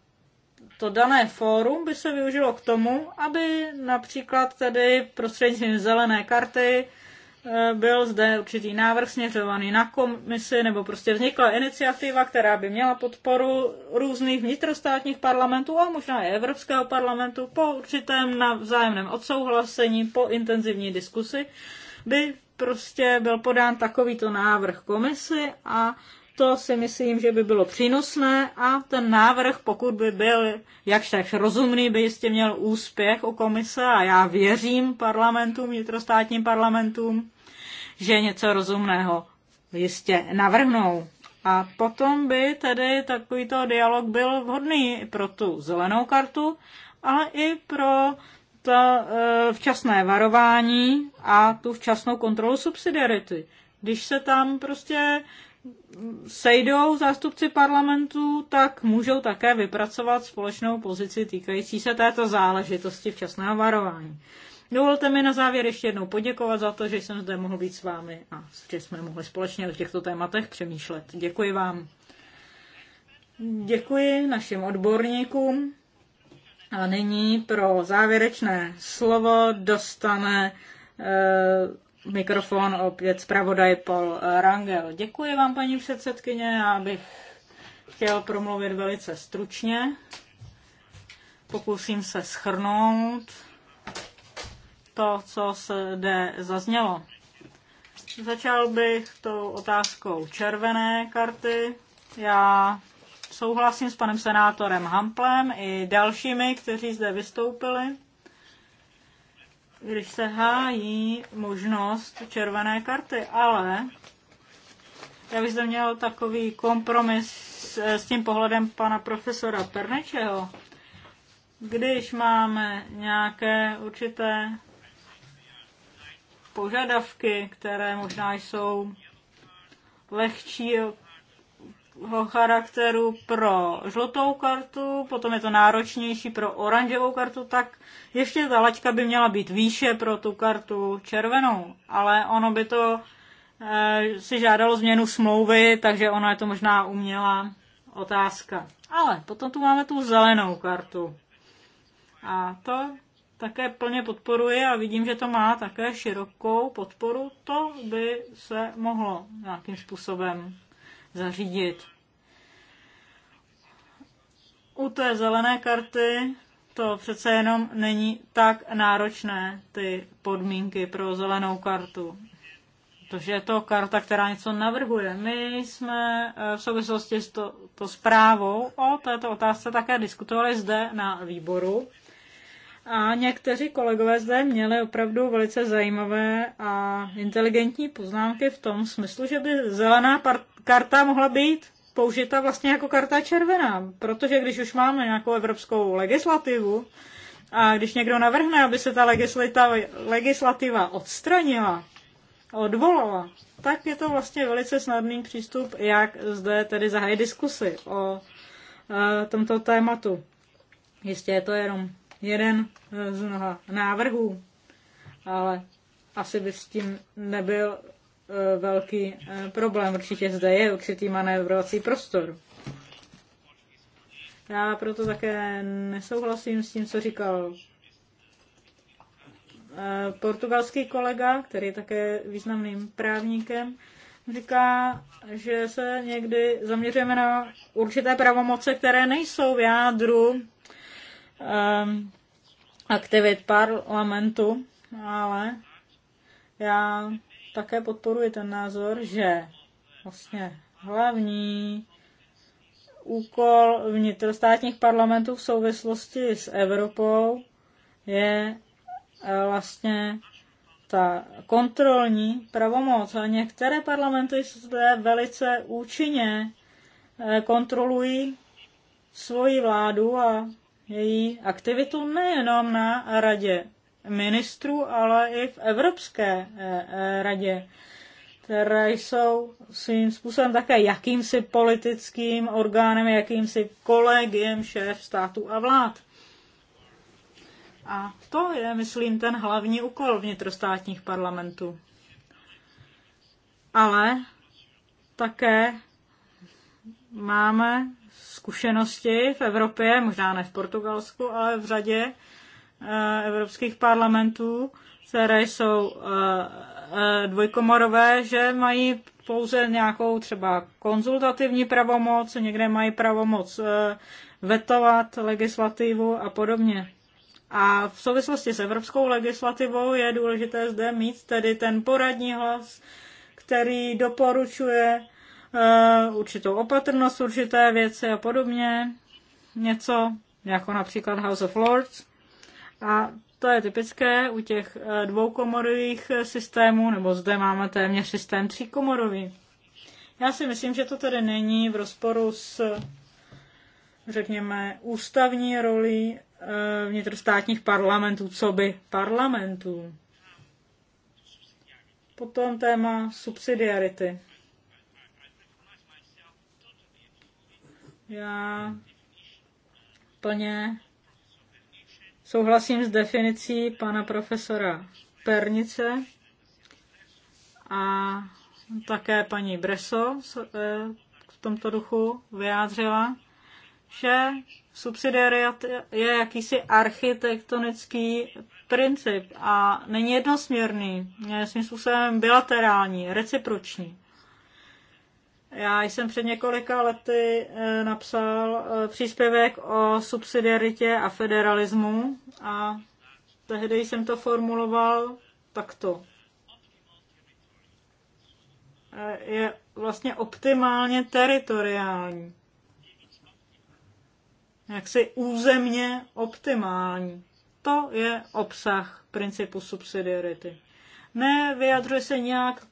to dané fórum by se využilo k tomu, aby například tedy prostřednictvím zelené karty Eh, byl zde určitý návrh směřovaný na komisi, nebo prostě vznikla iniciativa, která by měla podporu různých vnitrostátních parlamentů a možná i Evropského parlamentu po určitém vzájemném odsouhlasení, po intenzivní diskusi, by prostě byl podán takovýto návrh komisi a to si myslím, že by bylo přínosné a ten návrh, pokud by byl jakž tak rozumný, by jistě měl úspěch u komise a já věřím parlamentům, vnitrostátním parlamentům, že něco rozumného jistě navrhnou. A potom by tedy takovýto dialog byl vhodný pro tu zelenou kartu, ale i pro to e, včasné varování a tu včasnou kontrolu subsidiarity. Když se tam prostě sejdou zástupci parlamentu, tak můžou také vypracovat společnou pozici týkající se této záležitosti včasného varování. Dovolte mi na závěr ještě jednou poděkovat za to, že jsem zde mohl být s vámi a že jsme mohli společně o těchto tématech přemýšlet. Děkuji vám. Děkuji našim odborníkům. A nyní pro závěrečné slovo dostane eh, Mikrofon opět zpravodaj Paul Rangel. Děkuji vám, paní předsedkyně, já bych chtěl promluvit velice stručně. Pokusím se schrnout to, co se zde zaznělo. Začal bych tou otázkou červené karty. Já souhlasím s panem senátorem Hamplem i dalšími, kteří zde vystoupili když se hájí možnost červené karty, ale já bych zde měl takový kompromis s, eh, s tím pohledem pana profesora Pernečeho. Když máme nějaké určité požadavky, které možná jsou lehčí charakteru pro žlutou kartu, potom je to náročnější pro oranžovou kartu, tak ještě ta laťka by měla být výše pro tu kartu červenou, ale ono by to e, si žádalo změnu smlouvy, takže ono je to možná umělá otázka. Ale potom tu máme tu zelenou kartu. A to také plně podporuje a vidím, že to má také širokou podporu. To by se mohlo nějakým způsobem zařídit. U té zelené karty to přece jenom není tak náročné, ty podmínky pro zelenou kartu. Protože je to karta, která něco navrhuje. My jsme eh, v souvislosti s to, to zprávou o této otázce také diskutovali zde na výboru a někteří kolegové zde měli opravdu velice zajímavé a inteligentní poznámky v tom smyslu, že by zelená karta mohla být použita vlastně jako karta červená, protože když už máme nějakou evropskou legislativu a když někdo navrhne, aby se ta legislativa odstranila, odvolala, tak je to vlastně velice snadný přístup, jak zde tedy zahájit diskusy o eh, tomto tématu. Jistě je to jenom jeden eh, z mnoha návrhů, ale asi by s tím nebyl eh, velký eh, problém. Určitě zde je určitý manévrovací prostor. Já proto také nesouhlasím s tím, co říkal portugalský kolega, který je také významným právníkem, říká, že se někdy zaměřujeme na určité pravomoce, které nejsou v jádru Ehm, aktivit parlamentu, ale já také podporuji ten názor, že vlastně hlavní úkol vnitrostátních parlamentů v souvislosti s Evropou je eh, vlastně ta kontrolní pravomoc. A některé parlamenty zde velice účinně eh, kontrolují svoji vládu a její aktivitu nejenom na radě ministrů, ale i v Evropské eh, eh, radě, které jsou svým způsobem také jakýmsi politickým orgánem, jakýmsi kolegiem šéf států a vlád. A to je, myslím, ten hlavní úkol vnitrostátních parlamentů. Ale také máme zkušenosti v Evropě, možná ne v Portugalsku, ale v řadě eh, evropských parlamentů, které jsou eh, eh, dvojkomorové, že mají pouze nějakou třeba konzultativní pravomoc, někde mají pravomoc vetovat legislativu a podobně. A v souvislosti s evropskou legislativou je důležité zde mít tedy ten poradní hlas, který doporučuje E, určitou opatrnost, určité věci a podobně. Něco jako například House of Lords. A to je typické u těch e, dvoukomorových systémů, nebo zde máme téměř systém tříkomorový. Já si myslím, že to tedy není v rozporu s, řekněme, ústavní rolí e, vnitrostátních parlamentů, co by parlamentů. Potom téma subsidiarity. Já plně souhlasím s definicí pana profesora Pernice a také paní Breso eh, v tomto duchu vyjádřila, že subsidiariat je jakýsi architektonický princip a není jednosměrný, je svým způsobem bilaterální, reciproční. Já jsem před několika lety e, napsal e, příspěvek o subsidiaritě a federalismu a tehdy jsem to formuloval takto. E, je vlastně optimálně teritoriální. Jaksi územně optimální. To je obsah principu subsidiarity. vyjadřuje se nějak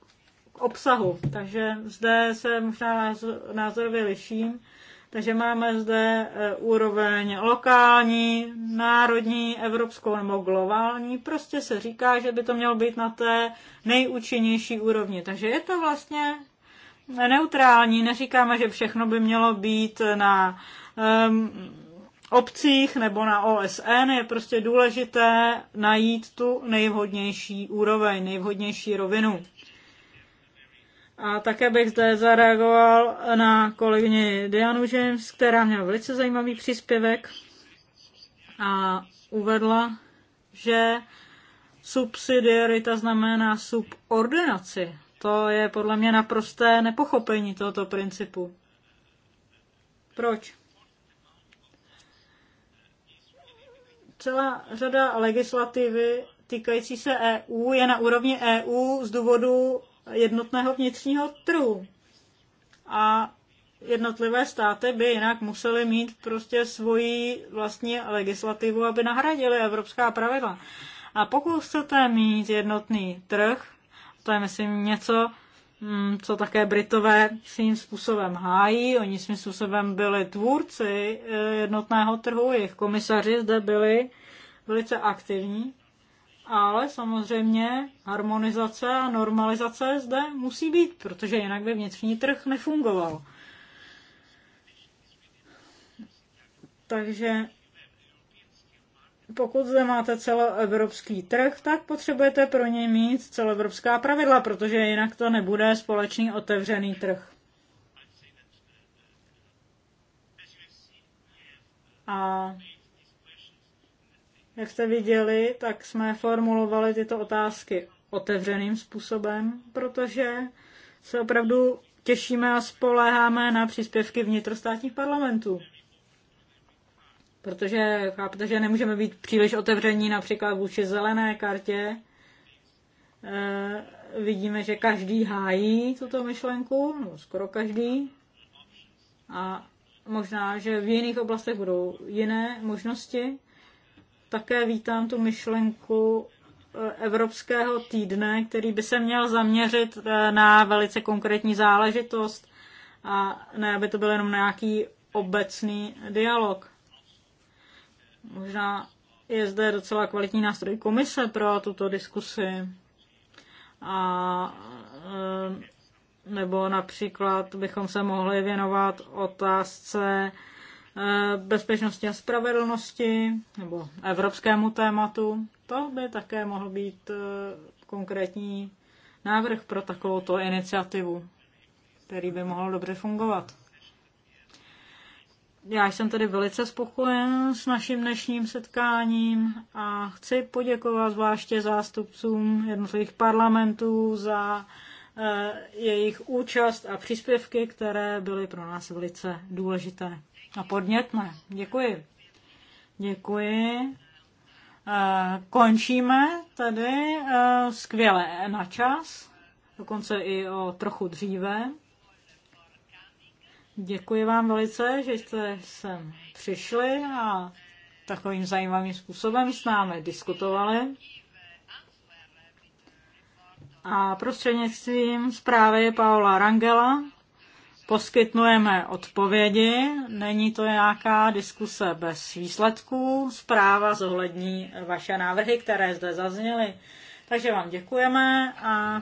obsahu. Takže zde se možná názorově liším. Takže máme zde eh, úroveň lokální, národní, evropskou nebo globální. Prostě se říká, že by to mělo být na té nejúčinnější úrovni. Takže je to vlastně neutrální. Neříkáme, že všechno by mělo být na um, obcích nebo na OSN. Je prostě důležité najít tu nejvhodnější úroveň, nejvhodnější rovinu. A také bych zde zareagoval na kolegyni Dianu James, která měla velice zajímavý příspěvek a uvedla, že subsidiarita znamená subordinaci. To je podle mě naprosté nepochopení tohoto principu. Proč? Celá řada legislativy týkající se EU je na úrovni EU z důvodu jednotného vnitřního trhu. A jednotlivé státy by jinak musely mít prostě svoji vlastní legislativu, aby nahradili evropská pravidla. A pokud chcete mít jednotný trh, to je myslím něco, mm, co také Britové svým způsobem hájí. Oni svým způsobem byli tvůrci eh, jednotného trhu, jejich komisaři zde byli velice aktivní ale samozřejmě harmonizace a normalizace zde musí být, protože jinak by vnitřní trh nefungoval. Takže pokud zde máte celoevropský trh, tak potřebujete pro něj mít celoevropská pravidla, protože jinak to nebude společný otevřený trh. A jak jste viděli, tak jsme formulovali tyto otázky otevřeným způsobem, protože se opravdu těšíme a spoléháme na příspěvky vnitrostátních parlamentů. Protože chápete, že nemůžeme být příliš otevření například vůči zelené kartě. E, vidíme, že každý hájí tuto myšlenku, no skoro každý. A možná, že v jiných oblastech budou jiné možnosti. Také vítám tu myšlenku eh, Evropského týdne, který by se měl zaměřit eh, na velice konkrétní záležitost a ne, aby to byl jenom nějaký obecný dialog. Možná je zde docela kvalitní nástroj komise pro tuto diskusi. A eh, nebo například bychom se mohli věnovat otázce Eh, bezpečnosti a spravedlnosti nebo evropskému tématu. To by také mohl být eh, konkrétní návrh pro takovouto iniciativu, který by mohl dobře fungovat. Já jsem tedy velice spokojen s naším dnešním setkáním a chci poděkovat zvláště zástupcům jednotlivých parlamentů za eh, jejich účast a příspěvky, které byly pro nás velice důležité a podnětné. Děkuji. Děkuji. Eh, končíme tady eh, skvěle na čas, dokonce i o trochu dříve. Děkuji vám velice, že jste sem přišli a takovým zajímavým způsobem s námi diskutovali. A prostřednictvím zprávy Paula Rangela poskytnujeme odpovědi, není to nějaká diskuse bez výsledků, zpráva zohlední vaše návrhy, které zde zazněly. Takže vám děkujeme a